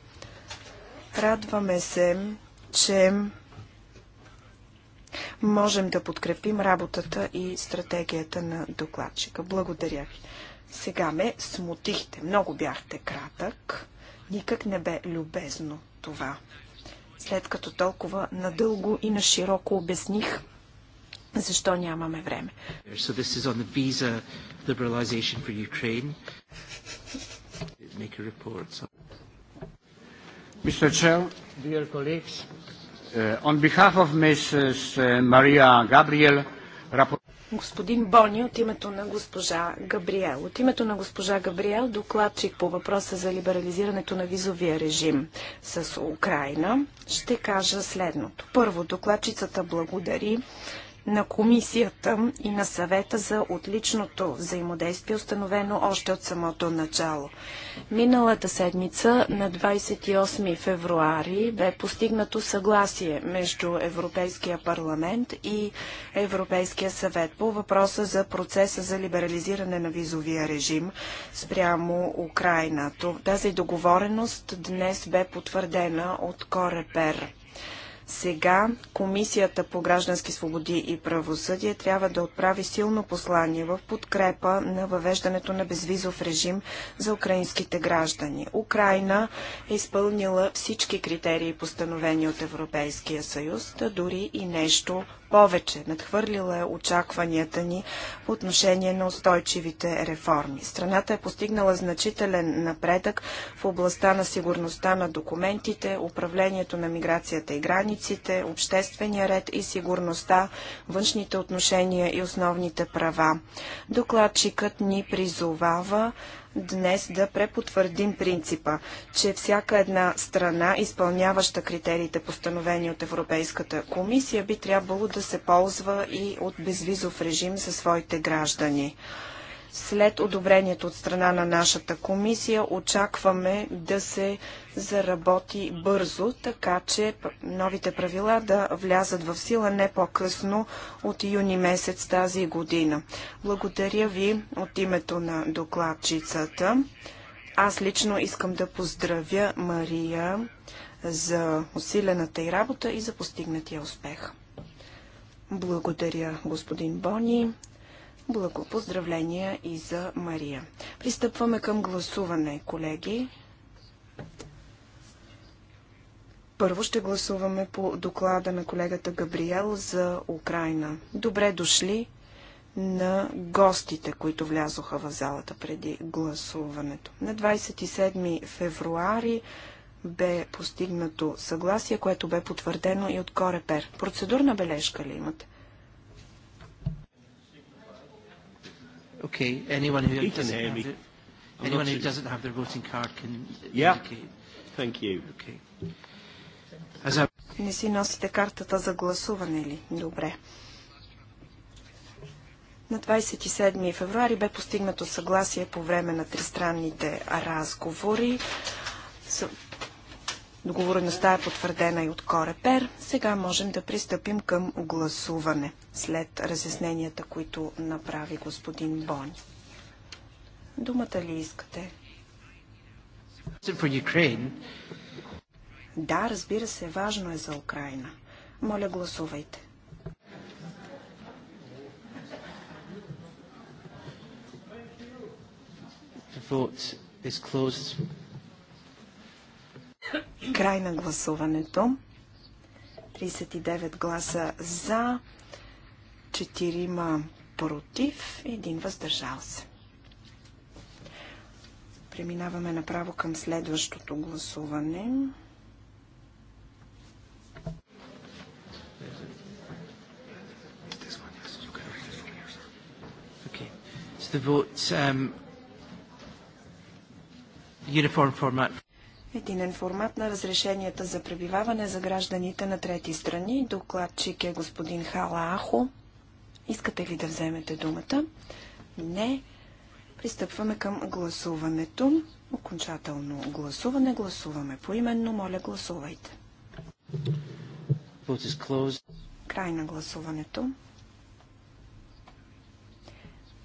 Радваме се, че можем да подкрепим работата и стратегията на докладчика. Благодаря ви. Сега ме смутихте. Много бяхте кратък. Никак не бе любезно това след като толкова надълго и на широко обясних защо нямаме време. So this is on the visa liberalization for Ukraine. Make a report. So. Mr. Chair, dear colleagues, uh, on behalf of Mrs. Maria Gabriel, rapport господин Бони от името на госпожа Габриел. От името на госпожа Габриел, докладчик по въпроса за либерализирането на визовия режим с Украина, ще кажа следното. Първо, докладчицата благодари на комисията и на съвета за отличното взаимодействие, установено още от самото начало. Миналата седмица на 28 февруари бе постигнато съгласие между Европейския парламент и Европейския съвет по въпроса за процеса за либерализиране на визовия режим спрямо Украина. Тази договореност днес бе потвърдена от Корепер. Сега Комисията по граждански свободи и правосъдие трябва да отправи силно послание в подкрепа на въвеждането на безвизов режим за украинските граждани. Украина е изпълнила всички критерии, постановени от Европейския съюз, да дори и нещо повече, надхвърлила е очакванията ни по отношение на устойчивите реформи. Страната е постигнала значителен напредък в областта на сигурността на документите, управлението на миграцията и границите, обществения ред и сигурността, външните отношения и основните права. Докладчикът ни призовава днес да препотвърдим принципа, че всяка една страна, изпълняваща критериите постановени от Европейската комисия, би трябвало да се ползва и от безвизов режим за своите граждани. След одобрението от страна на нашата комисия очакваме да се заработи бързо, така че новите правила да влязат в сила не по-късно от юни месец тази година. Благодаря ви от името на докладчицата. Аз лично искам да поздравя Мария за усилената й работа и за постигнатия успех. Благодаря, господин Бони. Благопоздравления и за Мария. Пристъпваме към гласуване, колеги. Първо ще гласуваме по доклада на колегата Габриел за Украина. Добре дошли на гостите, които влязоха в залата преди гласуването. На 27 февруари бе постигнато съгласие, което бе потвърдено и от Корепер. Процедурна бележка ли имате? Okay, anyone who, he doesn't, can hear have me. Their, anyone who doesn't have their voting card can yeah. indicate. Thank you. Okay. As I... Не си носите картата за гласуване ли? Добре. На 27 февруари бе постигнато съгласие по време на тристранните разговори Договореността е потвърдена и от Корепер. Сега можем да пристъпим към гласуване след разясненията, които направи господин Бони. Думата ли искате? Да, разбира се, важно е за Украина. Моля, гласувайте. The vote is closed. Край на гласуването. 39 гласа за, 4 против, 1 въздържал се. Преминаваме направо към следващото гласуване. the vote um, uniform format. Единен формат на разрешенията за пребиваване за гражданите на трети страни. Докладчик е господин Хала Ахо. Искате ли да вземете думата? Не. Пристъпваме към гласуването. Окончателно гласуване. Гласуваме поименно. Моля, гласувайте. Край на гласуването.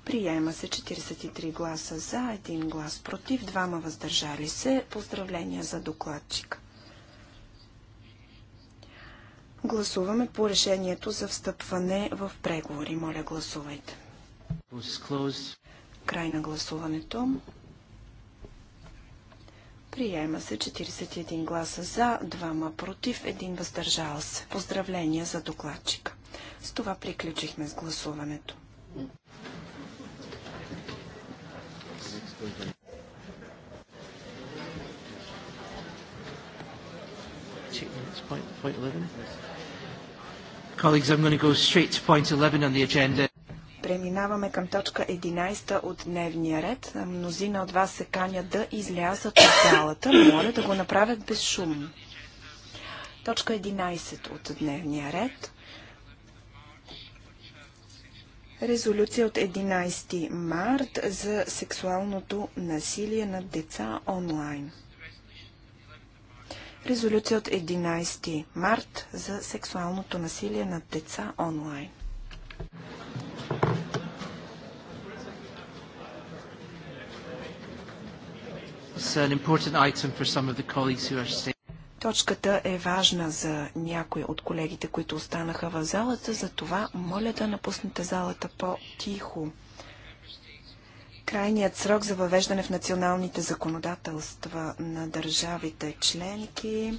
Приема се 43 гласа за, 1 глас против, 2 въздържали се. Поздравления за докладчика. Гласуваме по решението за встъпване в преговори. Моля, гласувайте. Край на гласуването. Приема се 41 гласа за, 2 против, 1 въздържал се. Поздравления за докладчика. С това приключихме с гласуването. point, point 11. Colleagues, I'm going to go straight to point 11 on the agenda. Преминаваме към точка 11 от дневния ред. Мнозина от вас се канят да излязат от залата. Моля да го направят безшумно. Точка 11 от дневния ред резолюция от 11 март за сексуалното насилие на деца онлайн. Резолюция от 11 март за сексуалното насилие на деца онлайн. It's an important item for some of the colleagues who are staying. Точката е важна за някои от колегите, които останаха в залата, затова моля да напуснете залата по-тихо. Крайният срок за въвеждане в националните законодателства на държавите членки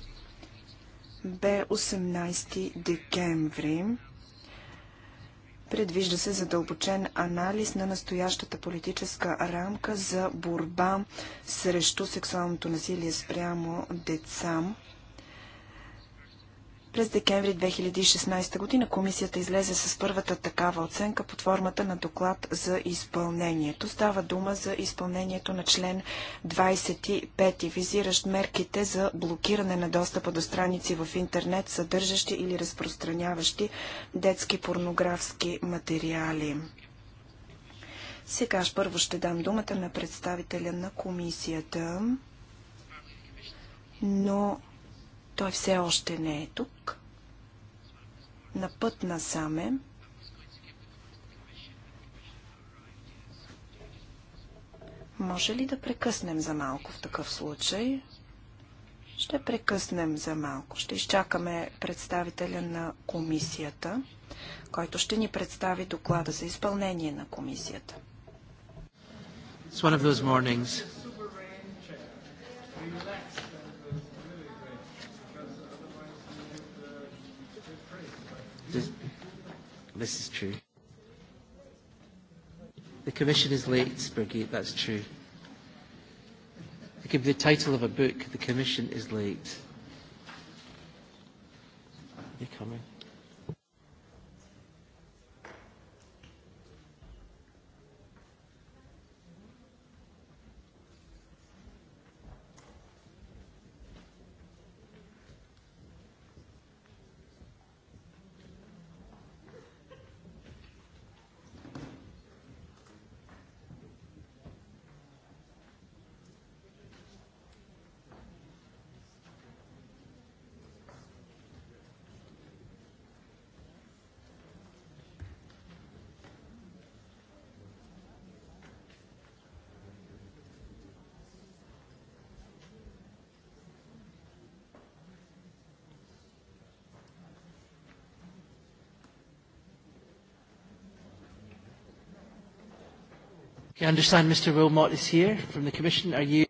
бе 18 декември. Предвижда се задълбочен анализ на настоящата политическа рамка за борба срещу сексуалното насилие спрямо децам. През декември 2016 година комисията излезе с първата такава оценка под формата на доклад за изпълнението. Става дума за изпълнението на член 25, визиращ мерките за блокиране на достъпа до страници в интернет, съдържащи или разпространяващи детски порнографски материали. Сега първо ще дам думата на представителя на комисията, но той все още не е тук. На път насаме. Може ли да прекъснем за малко в такъв случай? Ще прекъснем за малко. Ще изчакаме представителя на комисията, който ще ни представи доклада за изпълнение на комисията. It's one of those mornings This, this is true. The Commission is late, Brigitte, that's true. It could be the title of a book, The Commission is Late. You're coming.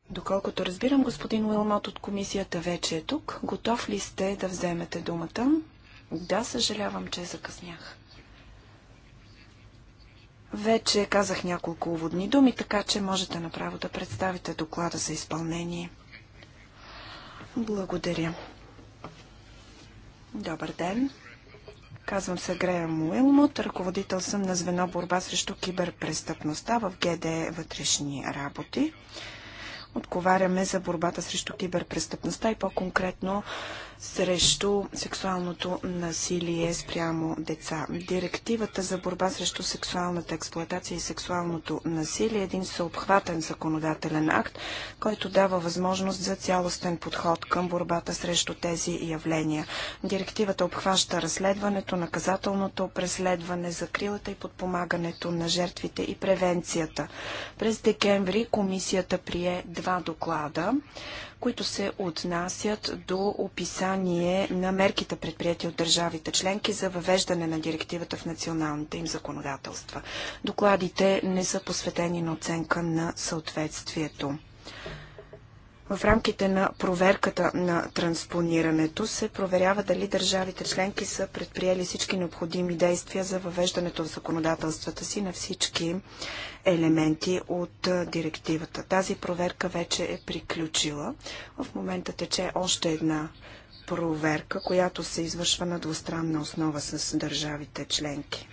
Доколкото разбирам, господин Уилмот от комисията вече е тук. Готов ли сте да вземете думата? Да, съжалявам, че закъснях. Вече казах няколко уводни думи, така че можете направо да представите доклада за изпълнение. Благодаря. Добър ден. Казвам се Грея Уилмут, ръководител съм на звено борба срещу киберпрестъпността в ГД вътрешни работи. Отговаряме за борбата срещу киберпрестъпността и по-конкретно срещу сексуалното насилие спрямо деца. Директивата за борба срещу сексуалната експлоатация и сексуалното насилие е един съобхватен законодателен акт, който дава възможност за цялостен подход към борбата срещу тези явления. Директивата обхваща разследването, наказателното преследване, закрилата и подпомагането на жертвите и превенцията. През декември комисията прие два доклада, които се отнасят до описание на мерките предприяти от държавите членки за въвеждане на директивата в националните им законодателства. Докладите не са посветени на оценка на съответствието. В рамките на проверката на транспонирането се проверява дали държавите членки са предприели всички необходими действия за въвеждането в законодателствата си на всички елементи от директивата. Тази проверка вече е приключила. В момента тече още една проверка, която се извършва на двустранна основа с държавите членки.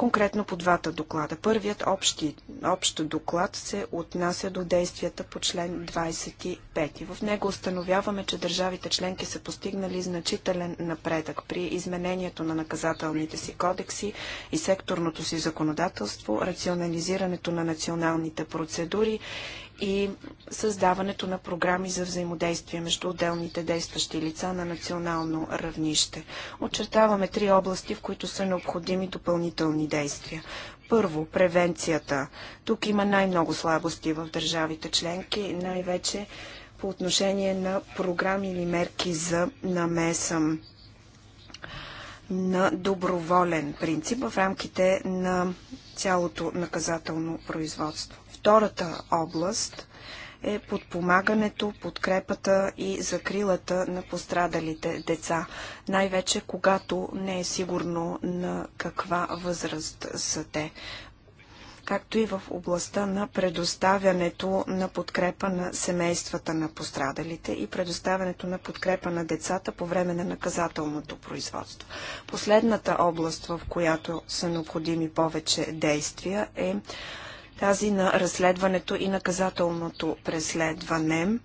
Конкретно по двата доклада. Първият общи, общ доклад се отнася до действията по член 25. В него установяваме, че държавите членки са постигнали значителен напредък при изменението на наказателните си кодекси и секторното си законодателство, рационализирането на националните процедури и създаването на програми за взаимодействие между отделните действащи лица на национално равнище. Очертаваме три области, в които са необходими допълнителни действия. Първо, превенцията. Тук има най-много слабости в държавите членки, най-вече по отношение на програми или мерки за намеса на доброволен принцип в рамките на цялото наказателно производство. Втората област е подпомагането, подкрепата и закрилата на пострадалите деца, най-вече когато не е сигурно на каква възраст са те както и в областта на предоставянето на подкрепа на семействата на пострадалите и предоставянето на подкрепа на децата по време на наказателното производство. Последната област, в която са необходими повече действия е тази на разследването и наказателното преследване,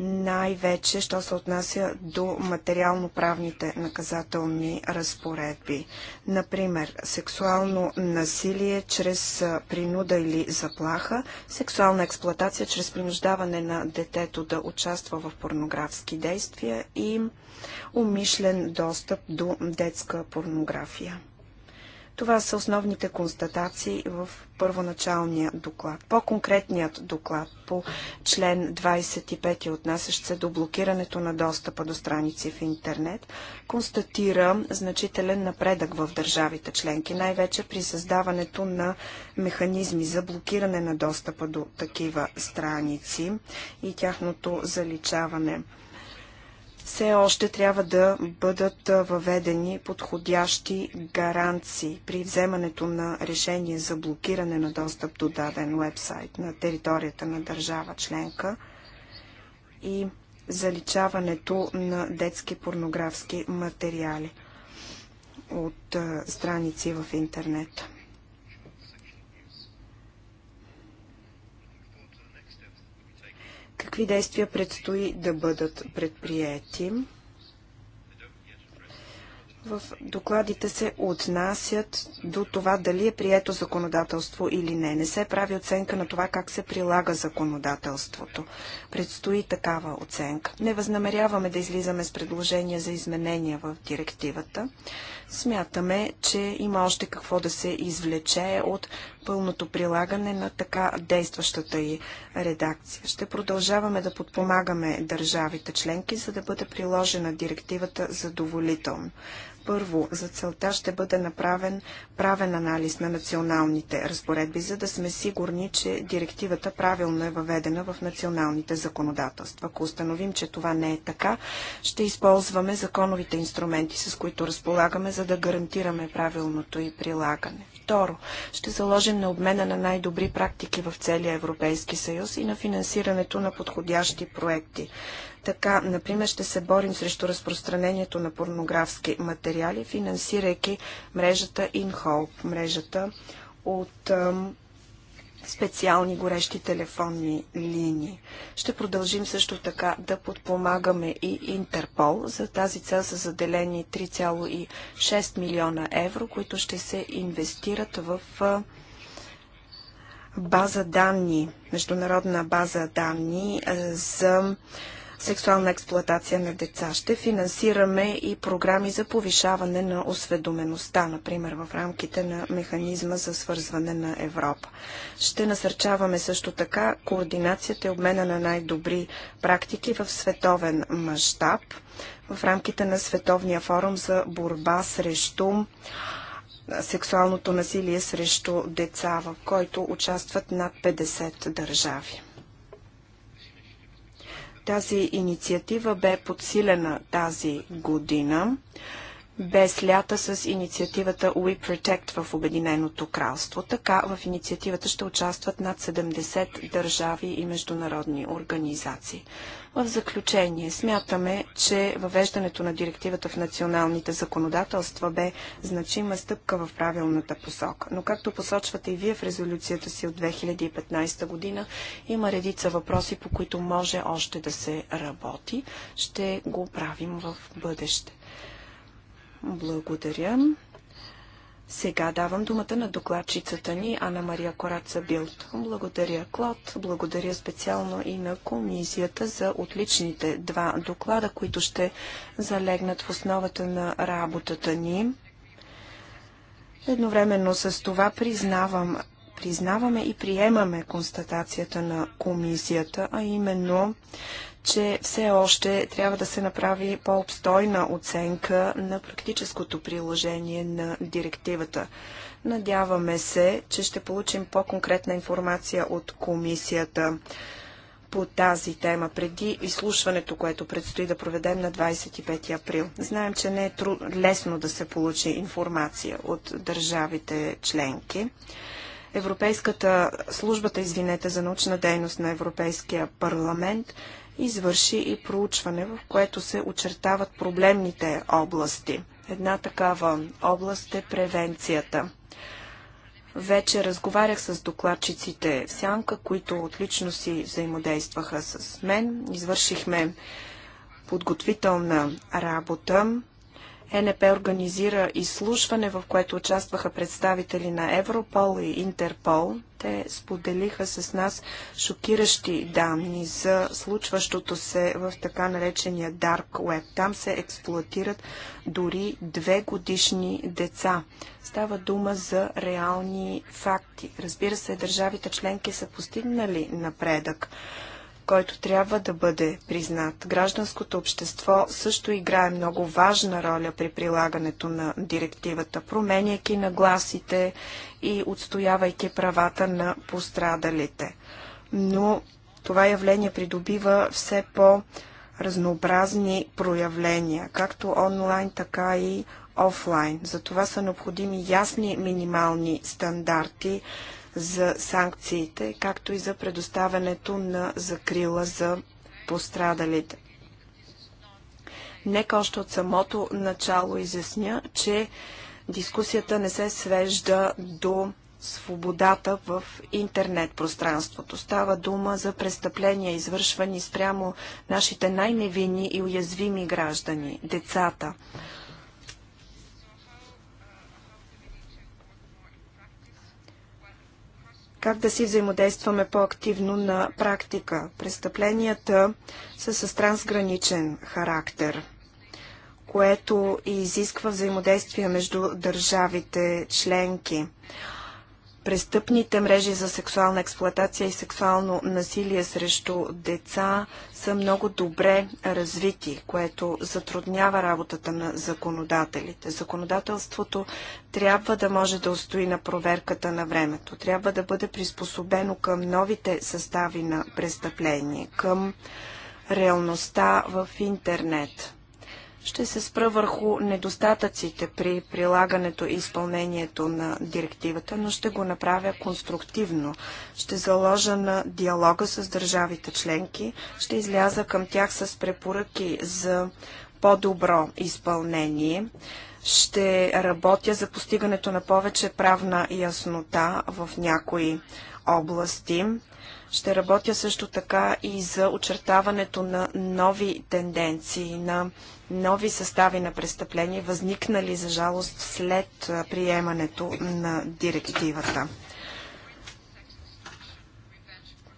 най-вече, що се отнася до материално-правните наказателни разпоредби. Например, сексуално насилие чрез принуда или заплаха, сексуална експлоатация чрез принуждаване на детето да участва в порнографски действия и умишлен достъп до детска порнография. Това са основните констатации в първоначалния доклад. По-конкретният доклад по член 25, отнасящ се до блокирането на достъпа до страници в интернет, констатира значителен напредък в държавите членки, най-вече при създаването на механизми за блокиране на достъпа до такива страници и тяхното заличаване все още трябва да бъдат въведени подходящи гаранции при вземането на решение за блокиране на достъп до даден вебсайт на територията на държава членка и заличаването на детски порнографски материали от страници в интернет. Какви действия предстои да бъдат предприяти? В докладите се отнасят до това дали е прието законодателство или не. Не се прави оценка на това как се прилага законодателството. Предстои такава оценка. Не възнамеряваме да излизаме с предложения за изменения в директивата. Смятаме, че има още какво да се извлече от пълното прилагане на така действащата и редакция. Ще продължаваме да подпомагаме държавите членки, за да бъде приложена директивата задоволително. Първо, за целта ще бъде направен правен анализ на националните разпоредби, за да сме сигурни, че директивата правилно е въведена в националните законодателства. Ако установим, че това не е така, ще използваме законовите инструменти, с които разполагаме, за да гарантираме правилното и прилагане. Второ, ще заложим на обмена на най-добри практики в целия Европейски съюз и на финансирането на подходящи проекти. Така, например, ще се борим срещу разпространението на порнографски материали, финансирайки мрежата InHope, мрежата от специални горещи телефонни линии. Ще продължим също така да подпомагаме и Интерпол. За тази цел са заделени 3,6 милиона евро, които ще се инвестират в база данни, международна база данни за сексуална експлоатация на деца. Ще финансираме и програми за повишаване на осведомеността, например в рамките на механизма за свързване на Европа. Ще насърчаваме също така координацията и обмена на най-добри практики в световен мащаб в рамките на Световния форум за борба срещу сексуалното насилие срещу деца, в който участват над 50 държави. Тази инициатива бе подсилена тази година без лята с инициативата We Protect в Обединеното кралство. Така в инициативата ще участват над 70 държави и международни организации. В заключение, смятаме, че въвеждането на директивата в националните законодателства бе значима стъпка в правилната посока. Но както посочвате и вие в резолюцията си от 2015 година, има редица въпроси, по които може още да се работи. Ще го правим в бъдеще. Благодаря. Сега давам думата на докладчицата ни Анна Мария Кораца Билт. Благодаря, Клод. Благодаря специално и на комисията за отличните два доклада, които ще залегнат в основата на работата ни. Едновременно с това признавам, признаваме и приемаме констатацията на комисията, а именно, че все още трябва да се направи по-обстойна оценка на практическото приложение на директивата. Надяваме се, че ще получим по-конкретна информация от комисията по тази тема преди изслушването, което предстои да проведем на 25 април. Знаем, че не е труд... лесно да се получи информация от държавите членки. Европейската службата, извинете, за научна дейност на Европейския парламент извърши и проучване, в което се очертават проблемните области. Една такава област е превенцията. Вече разговарях с докладчиците в Сянка, които отлично си взаимодействаха с мен. Извършихме подготвителна работа ЕНП организира изслушване, в което участваха представители на Европол и Интерпол. Те споделиха с нас шокиращи данни за случващото се в така наречения Dark Web. Там се експлуатират дори две годишни деца. Става дума за реални факти. Разбира се, държавите членки са постигнали напредък който трябва да бъде признат. Гражданското общество също играе много важна роля при прилагането на директивата, променяйки нагласите и отстоявайки правата на пострадалите. Но това явление придобива все по-разнообразни проявления, както онлайн, така и офлайн. За това са необходими ясни минимални стандарти за санкциите, както и за предоставянето на закрила за пострадалите. Нека още от самото начало изясня, че дискусията не се свежда до свободата в интернет пространството. Става дума за престъпления, извършвани спрямо нашите най-невинни и уязвими граждани – децата. как да си взаимодействаме по-активно на практика. Престъпленията са с трансграничен характер, което и изисква взаимодействие между държавите членки престъпните мрежи за сексуална експлоатация и сексуално насилие срещу деца са много добре развити, което затруднява работата на законодателите. Законодателството трябва да може да устои на проверката на времето, трябва да бъде приспособено към новите състави на престъпление, към реалността в интернет. Ще се спра върху недостатъците при прилагането и изпълнението на директивата, но ще го направя конструктивно. Ще заложа на диалога с държавите членки, ще изляза към тях с препоръки за по-добро изпълнение. Ще работя за постигането на повече правна яснота в някои области. Ще работя също така и за очертаването на нови тенденции, на нови състави на престъпления, възникнали за жалост след приемането на директивата.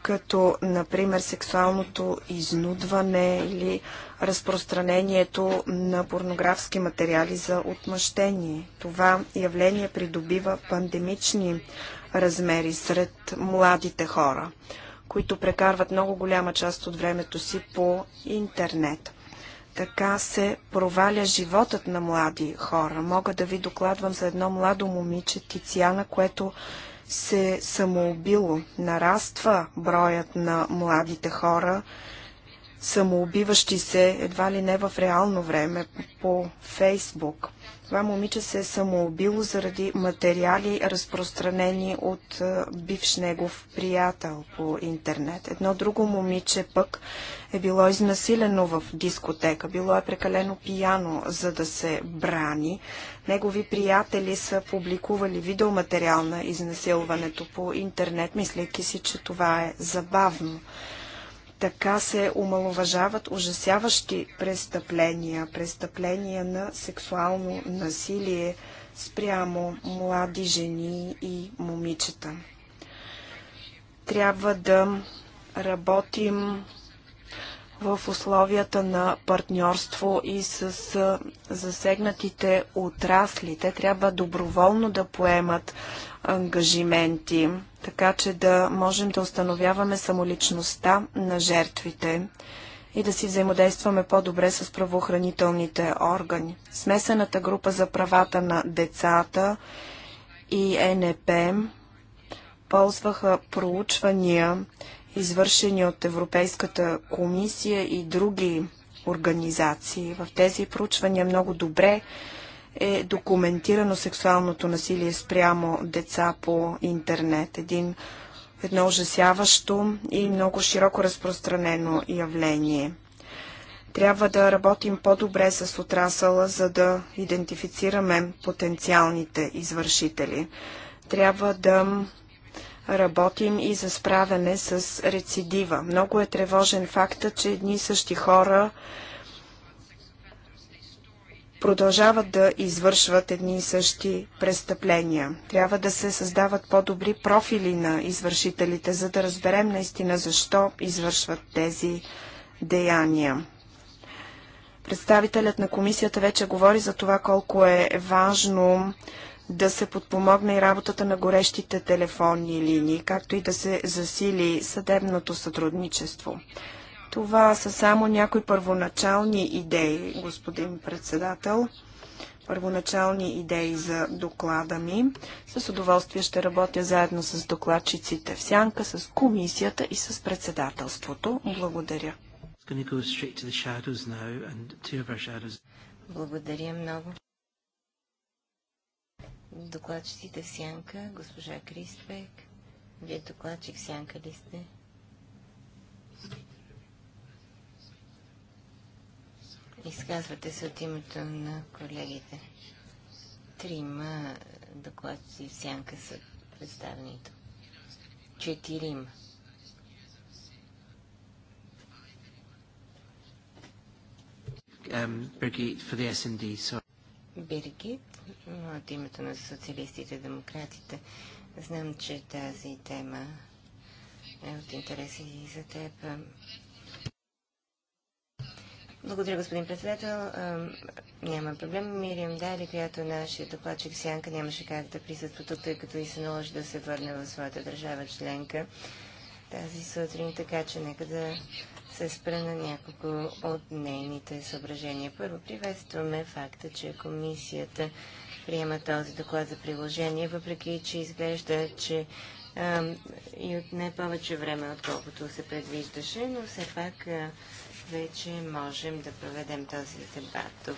Като, например, сексуалното изнудване или разпространението на порнографски материали за отмъщение. Това явление придобива пандемични размери сред младите хора, които прекарват много голяма част от времето си по интернет. Така се проваля животът на млади хора. Мога да ви докладвам за едно младо момиче, Тициана, което се самоубило. Нараства броят на младите хора, самоубиващи се едва ли не в реално време по Фейсбук. Това момиче се е самоубило заради материали, разпространени от е, бивш негов приятел по интернет. Едно друго момиче пък е било изнасилено в дискотека. Било е прекалено пияно, за да се брани. Негови приятели са публикували видеоматериал на изнасилването по интернет, мислейки си, че това е забавно. Така се омалуважават ужасяващи престъпления, престъпления на сексуално насилие спрямо млади жени и момичета. Трябва да работим в условията на партньорство и с засегнатите отрасли. Те трябва доброволно да поемат ангажименти така че да можем да установяваме самоличността на жертвите и да си взаимодействаме по-добре с правоохранителните органи. Смесената група за правата на децата и ЕНП ползваха проучвания, извършени от Европейската комисия и други организации. В тези проучвания много добре е документирано сексуалното насилие спрямо деца по интернет. Един, едно ужасяващо и много широко разпространено явление. Трябва да работим по-добре с отрасъла, за да идентифицираме потенциалните извършители. Трябва да работим и за справяне с рецидива. Много е тревожен факта, че едни и същи хора продължават да извършват едни и същи престъпления. Трябва да се създават по-добри профили на извършителите, за да разберем наистина защо извършват тези деяния. Представителят на комисията вече говори за това колко е важно да се подпомогне и работата на горещите телефонни линии, както и да се засили съдебното сътрудничество. Това са само някои първоначални идеи, господин председател. Първоначални идеи за доклада ми. С удоволствие ще работя заедно с докладчиците в Сянка, с комисията и с председателството. Благодаря. Благодаря много. Докладчиците в Сянка, госпожа Криспек. Вие докладчик в Сянка ли сте? Изказвате се от името на колегите. Трима докладци в сянка са представени тук. Четирима. Um, Биргит, от името на социалистите и демократите. Знам, че тази тема е от интереса и за теб. Благодаря, господин председател. Няма проблем. Мирим Дали, която е нашия докладчик Сянка нямаше как да присъства тук, тъй като и се наложи да се върне в своята държава членка тази сутрин, така че нека да се спра на няколко от нейните съображения. Първо, приветстваме факта, че комисията приема този доклад за приложение, въпреки че изглежда, че а, и отне повече време, отколкото се предвиждаше, но все пак а, вече можем да проведем този дебат тук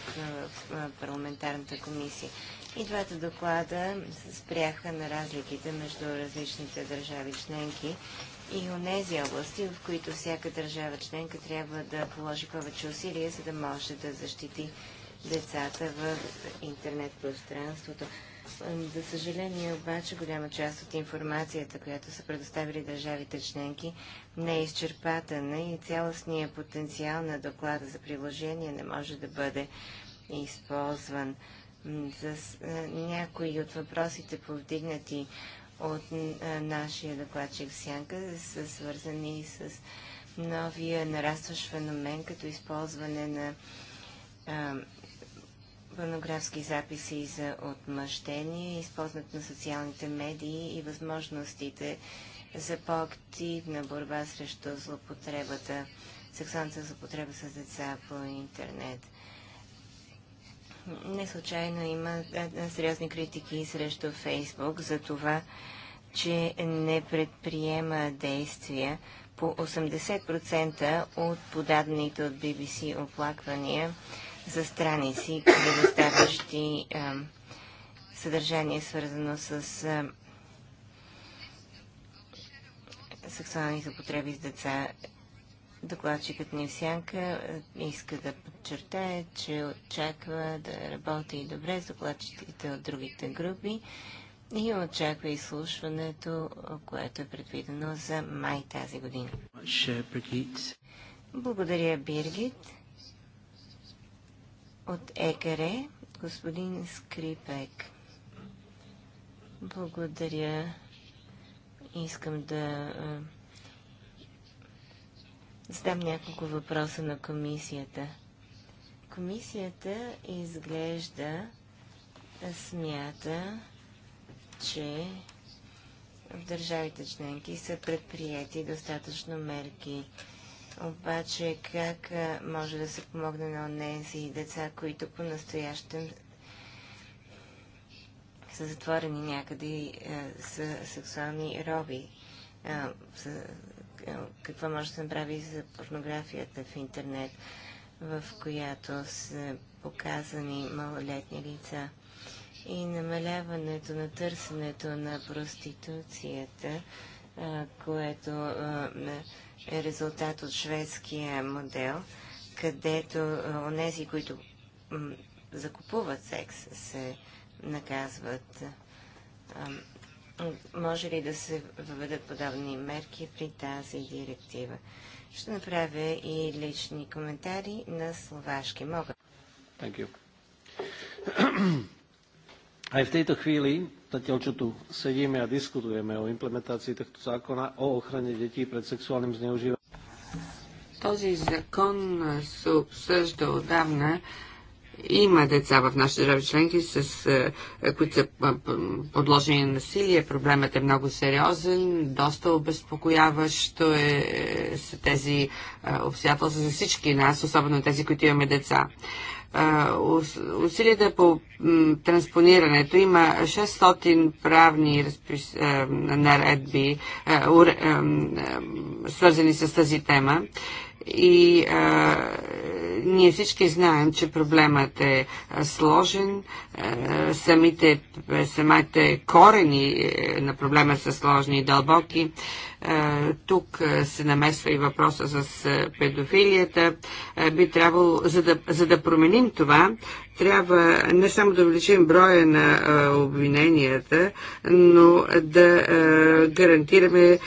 в парламентарната комисия. И двата доклада спряха на разликите между различните държави членки и онези области, в които всяка държава членка трябва да положи повече усилия, за да може да защити децата в интернет пространството. За съжаление обаче голяма част от информацията, която са предоставили държавите членки, не е изчерпателна и цялостният потенциал на доклада за приложение не може да бъде използван. За някои от въпросите, повдигнати от нашия докладчик Сянка, са свързани с новия нарастващ феномен, като използване на панографски записи за отмъщение, използват на социалните медии и възможностите за по-активна борба срещу злопотребата, сексуалната злопотреба с деца по интернет. Не случайно има е, е, сериозни критики срещу Фейсбук за това, че не предприема действия по 80% от подадените от BBC оплаквания за страници, предоставящи съдържание, свързано с сексуални запотреби с деца. Докладчикът ни е в сянка иска да подчертае, че очаква да работи и добре с докладчиците от другите групи и очаква изслушването, което е предвидено за май тази година. Благодаря, Биргит от ЕКАРЕ, господин Скрипек. Благодаря. Искам да задам няколко въпроса на комисията. Комисията изглежда смята, че в държавите членки са предприяти достатъчно мерки обаче как може да се помогне на тези деца, които по-настоящем са затворени някъде и са сексуални роби. какво може да се направи за порнографията в интернет, в която са показани малолетни лица и намаляването на търсенето на проституцията, което а, е резултат от шведския модел, където е, онези, които закупуват секс, се наказват. Може ли да се въведат подобни мерки при тази директива? Ще направя и лични коментари на словашки. Мога. Thank you. А в хвили zatiaľ čo tu sedíme a diskutujeme o implementácii tohto zákona o ochrane detí pred sexuálnym zneužívaním. Този закон се обсъжда отдавна. Има деца в нашите държави членки, с, е, които са е, подложени на насилие. Проблемът е много сериозен, доста обезпокояващо е, е, са тези обстоятелства за всички нас, особено тези, които имаме деца усилията по транспонирането има 600 правни разпис... наредби, свързани с тази тема. И а, ние всички знаем, че проблемът е сложен, а, самите, самите корени е, на проблема са сложни и дълбоки. А, тук се намесва и въпроса с педофилията. Би трябвало, за да, за да променим това, трябва не само да увеличим броя на обвиненията, но да гарантираме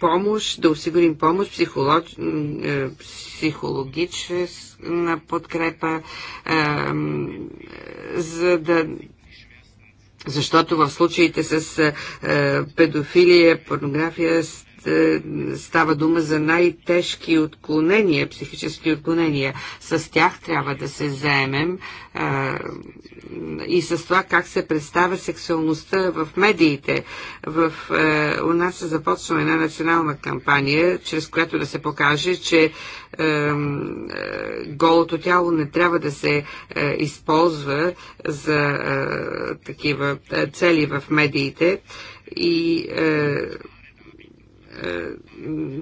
помощ, да осигурим помощ, психолог, психологическа подкрепа, за да защото в случаите с е, е педофилия, порнография е, става дума за най-тежки отклонения, психически отклонения. С тях трябва да се заемем е, и с това как се представя сексуалността в медиите. В, е, у нас се започва една национална кампания, чрез която да се покаже, че е, е, голото тяло не трябва да се е, използва за е, такива е, цели в медиите и е, е,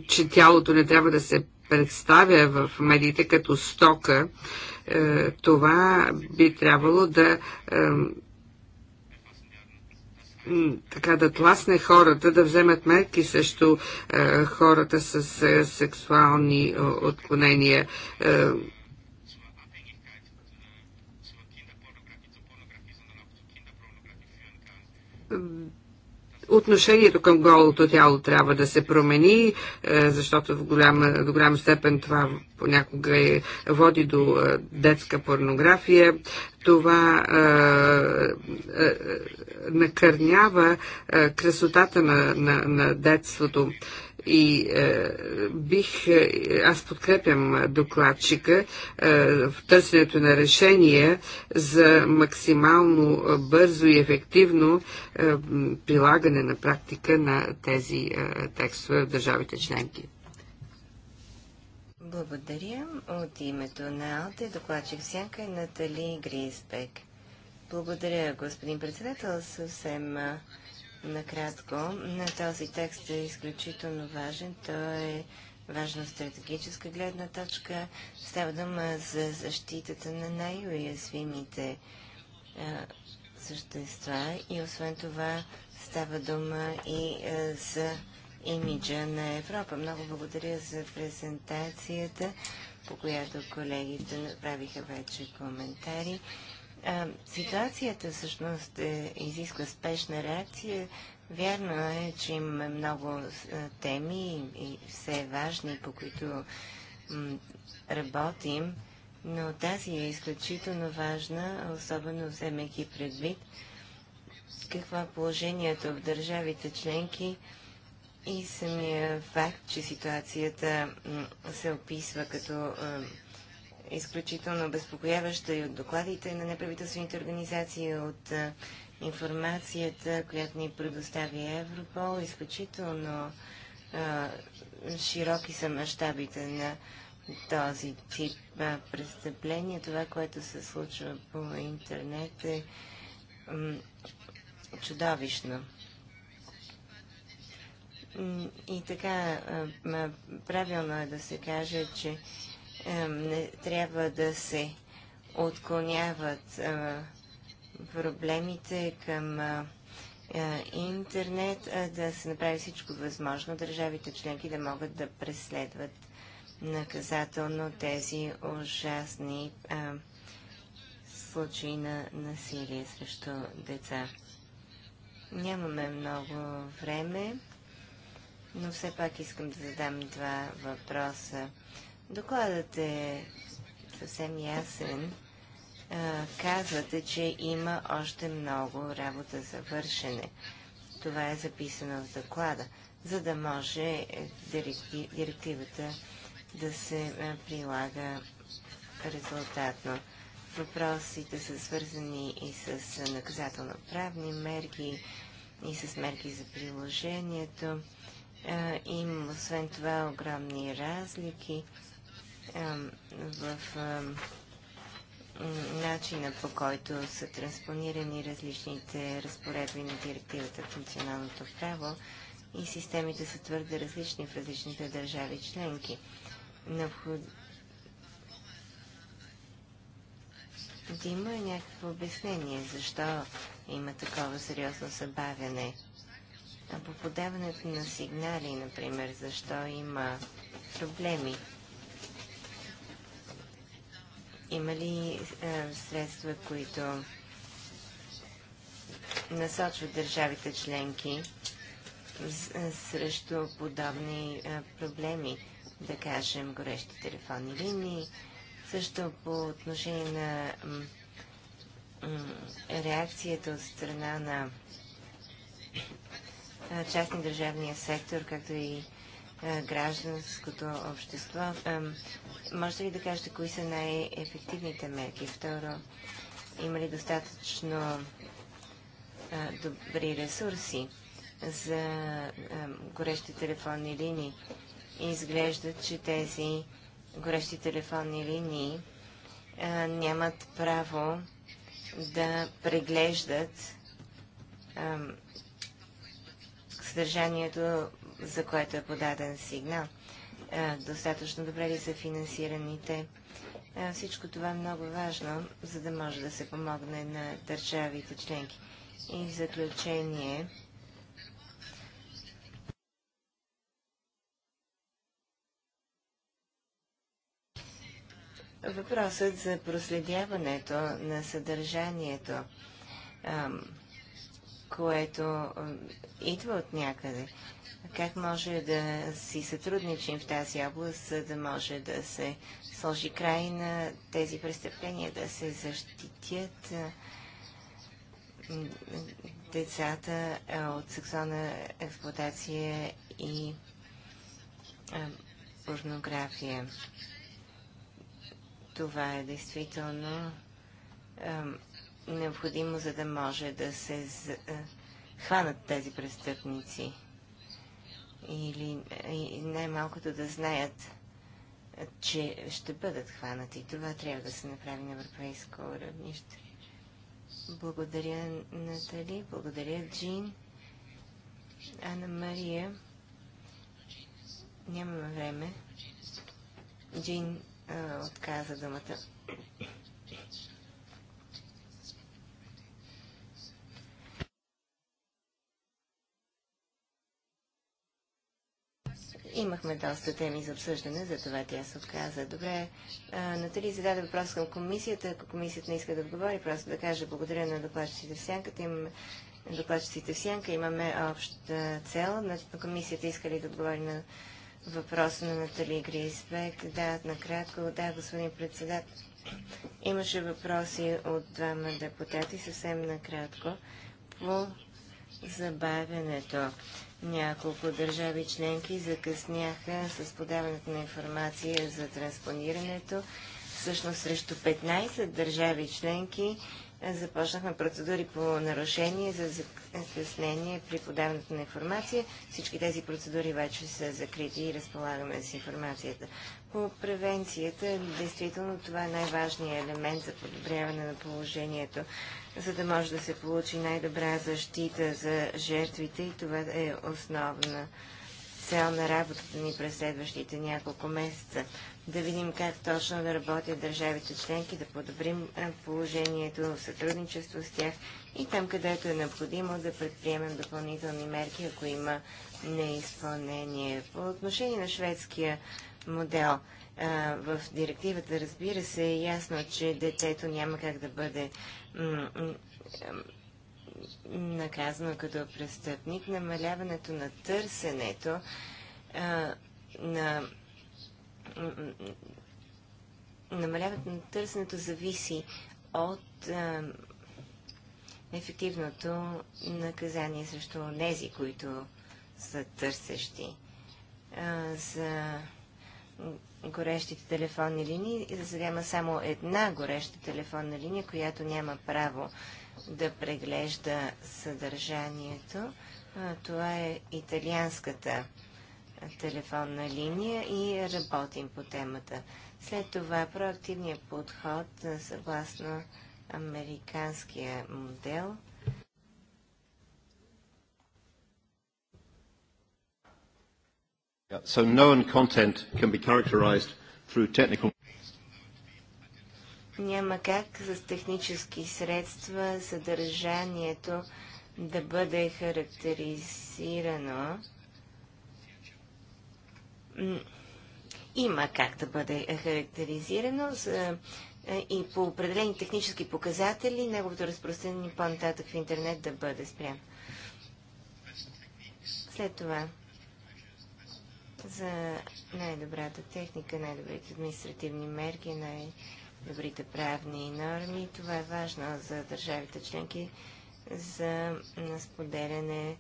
че тялото не трябва да се представя в медиите като стока. Е, е, това би трябвало да е, така да тласне хората да вземат мерки срещу е, хората с сексуални отклонения. Е, Отношението към голото тяло трябва да се промени, е, защото в голяма, в голяма степен това понякога е, води до е, детска порнография. Това е, е, е накърнява красотата на, на, на детството и е, бих, е, аз подкрепям докладчика е, в търсенето на решения за максимално бързо и ефективно е, прилагане на практика на тези е, текстове в държавите членки. Благодаря. От името на Алте докладчик сянка е Натали Гризбек. Благодаря, господин председател. Съвсем е, накратко. На този текст е изключително важен. Той е важна стратегическа гледна точка. Става дума за защитата на най-уязвимите същества и освен това става дума и за имиджа на Европа. Много благодаря за презентацията, по която колегите направиха вече коментари ситуацията всъщност е, изисква спешна реакция. Вярно е, че имаме много теми и все важни, по които работим, но тази е изключително важна, особено вземайки предвид какво е положението в държавите членки и самия факт, че ситуацията се описва като изключително обезпокояваща и от докладите на неправителствените организации, от информацията, която ни предостави Европол. Изключително а, широки са мащабите на този тип а, престъпления. Това, което се случва по интернет е чудовищно. И така, правилно е да се каже, че не трябва да се отклоняват е, проблемите към е, е, интернет, а да се направи всичко възможно държавите членки да могат да преследват наказателно тези ужасни случаи на насилие срещу деца. Нямаме много време, но все пак искам да задам два въпроса. Докладът е съвсем ясен. казвате, че има още много работа за вършене. Това е записано в доклада, за да може е, директивата да се е, прилага резултатно. Въпросите са свързани и с наказателно-правни мерки, и с мерки за приложението. има освен това огромни разлики в начина по който са транспонирани различните разпоредби на директивата в националното право и системите са твърде различни в различните държави членки. Да има някакво обяснение защо има такова сериозно събавяне. А по подаването на сигнали, например, защо има проблеми има ли е, средства, които насочват държавите членки е, срещу подобни е, проблеми, да кажем горещи телефонни линии, също по отношение на реакцията от страна на частни държавния сектор, както и е, гражданското общество. Може ли да кажете кои са най-ефективните мерки? Второ, има ли достатъчно добри ресурси за горещи телефонни линии? Изглежда, че тези горещи телефонни линии нямат право да преглеждат съдържанието за което е подаден сигнал. Е, достатъчно добре ли са финансираните? Е, всичко това е много важно, за да може да се помогне на държавите членки. И в заключение, Въпросът за проследяването на съдържанието, което идва от някъде, как може да си сътрудничим в тази област, за да може да се сложи край на тези престъпления, да се защитят децата от сексуална експлуатация и порнография. Това е действително необходимо, за да може да се хванат тези престъпници или е, най-малкото да знаят, е, че ще бъдат хванати. Това трябва да се направи на европейско равнище. Благодаря, Натали. Благодаря, Джин. Ана Мария. Нямаме време. Джин а, е, отказа думата. Имахме доста теми за обсъждане, затова тя се отказа. Добре, а, Натали зададе въпрос към комисията. Ако комисията не иска да отговори, просто да каже благодаря на докладчиците в сянката. Имаме докладчиците в сянка. Имаме обща цел. На комисията иска ли да отговори на въпроса на Натали Грисбек? Да, накратко. Да, господин председател. Имаше въпроси от двама депутати, съвсем накратко, по забавянето. Няколко държави членки закъсняха с подаването на информация за транспонирането. Всъщност срещу 15 държави членки започнахме процедури по нарушение за закъснение при подаването на информация. Всички тези процедури вече са закрити и разполагаме с информацията. По превенцията, действително това е най-важният елемент за подобряване на положението, за да може да се получи най-добра защита за жертвите и това е основна цел на работата ни през следващите няколко месеца да видим как точно да работят държавите членки, да подобрим положението в сътрудничество с тях и там, където е необходимо да предприемем допълнителни мерки, ако има неизпълнение. По отношение на шведския модел, в директивата разбира се е ясно, че детето няма как да бъде наказано като престъпник. Намаляването на търсенето на намаляването на търсенето зависи от а, ефективното наказание срещу нези, които са търсещи. А, за горещите телефонни линии. За сега има само една гореща телефонна линия, която няма право да преглежда съдържанието. А, това е италианската телефонна линия и работим по темата. След това проактивният подход съгласно американския модел – So known content can be characterized through technical Няма как с технически средства съдържанието да бъде характеризирано има как да бъде характеризирано за, е, и по определени технически показатели неговото разпространение по-нататък в интернет да бъде спрямо. След това за най-добрата техника, най-добрите административни мерки, най-добрите правни норми. Това е важно за държавите членки за споделяне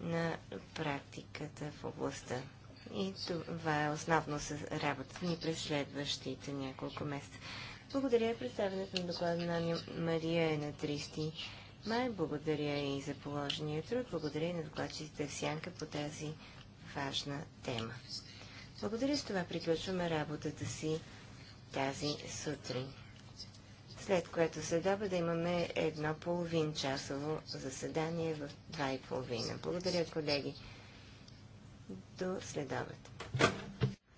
на практиката в областта. И това е основно с работата ни през следващите няколко месеца. Благодаря представенето на доклада на Мария е на 30 май. Благодаря и за положения труд. Благодаря и на докладчиците в Сянка по тази важна тема. Благодаря с това приключваме работата си тази сутрин. След което след да имаме едно половин часово заседание в два и половина. Благодаря, колеги до следобед.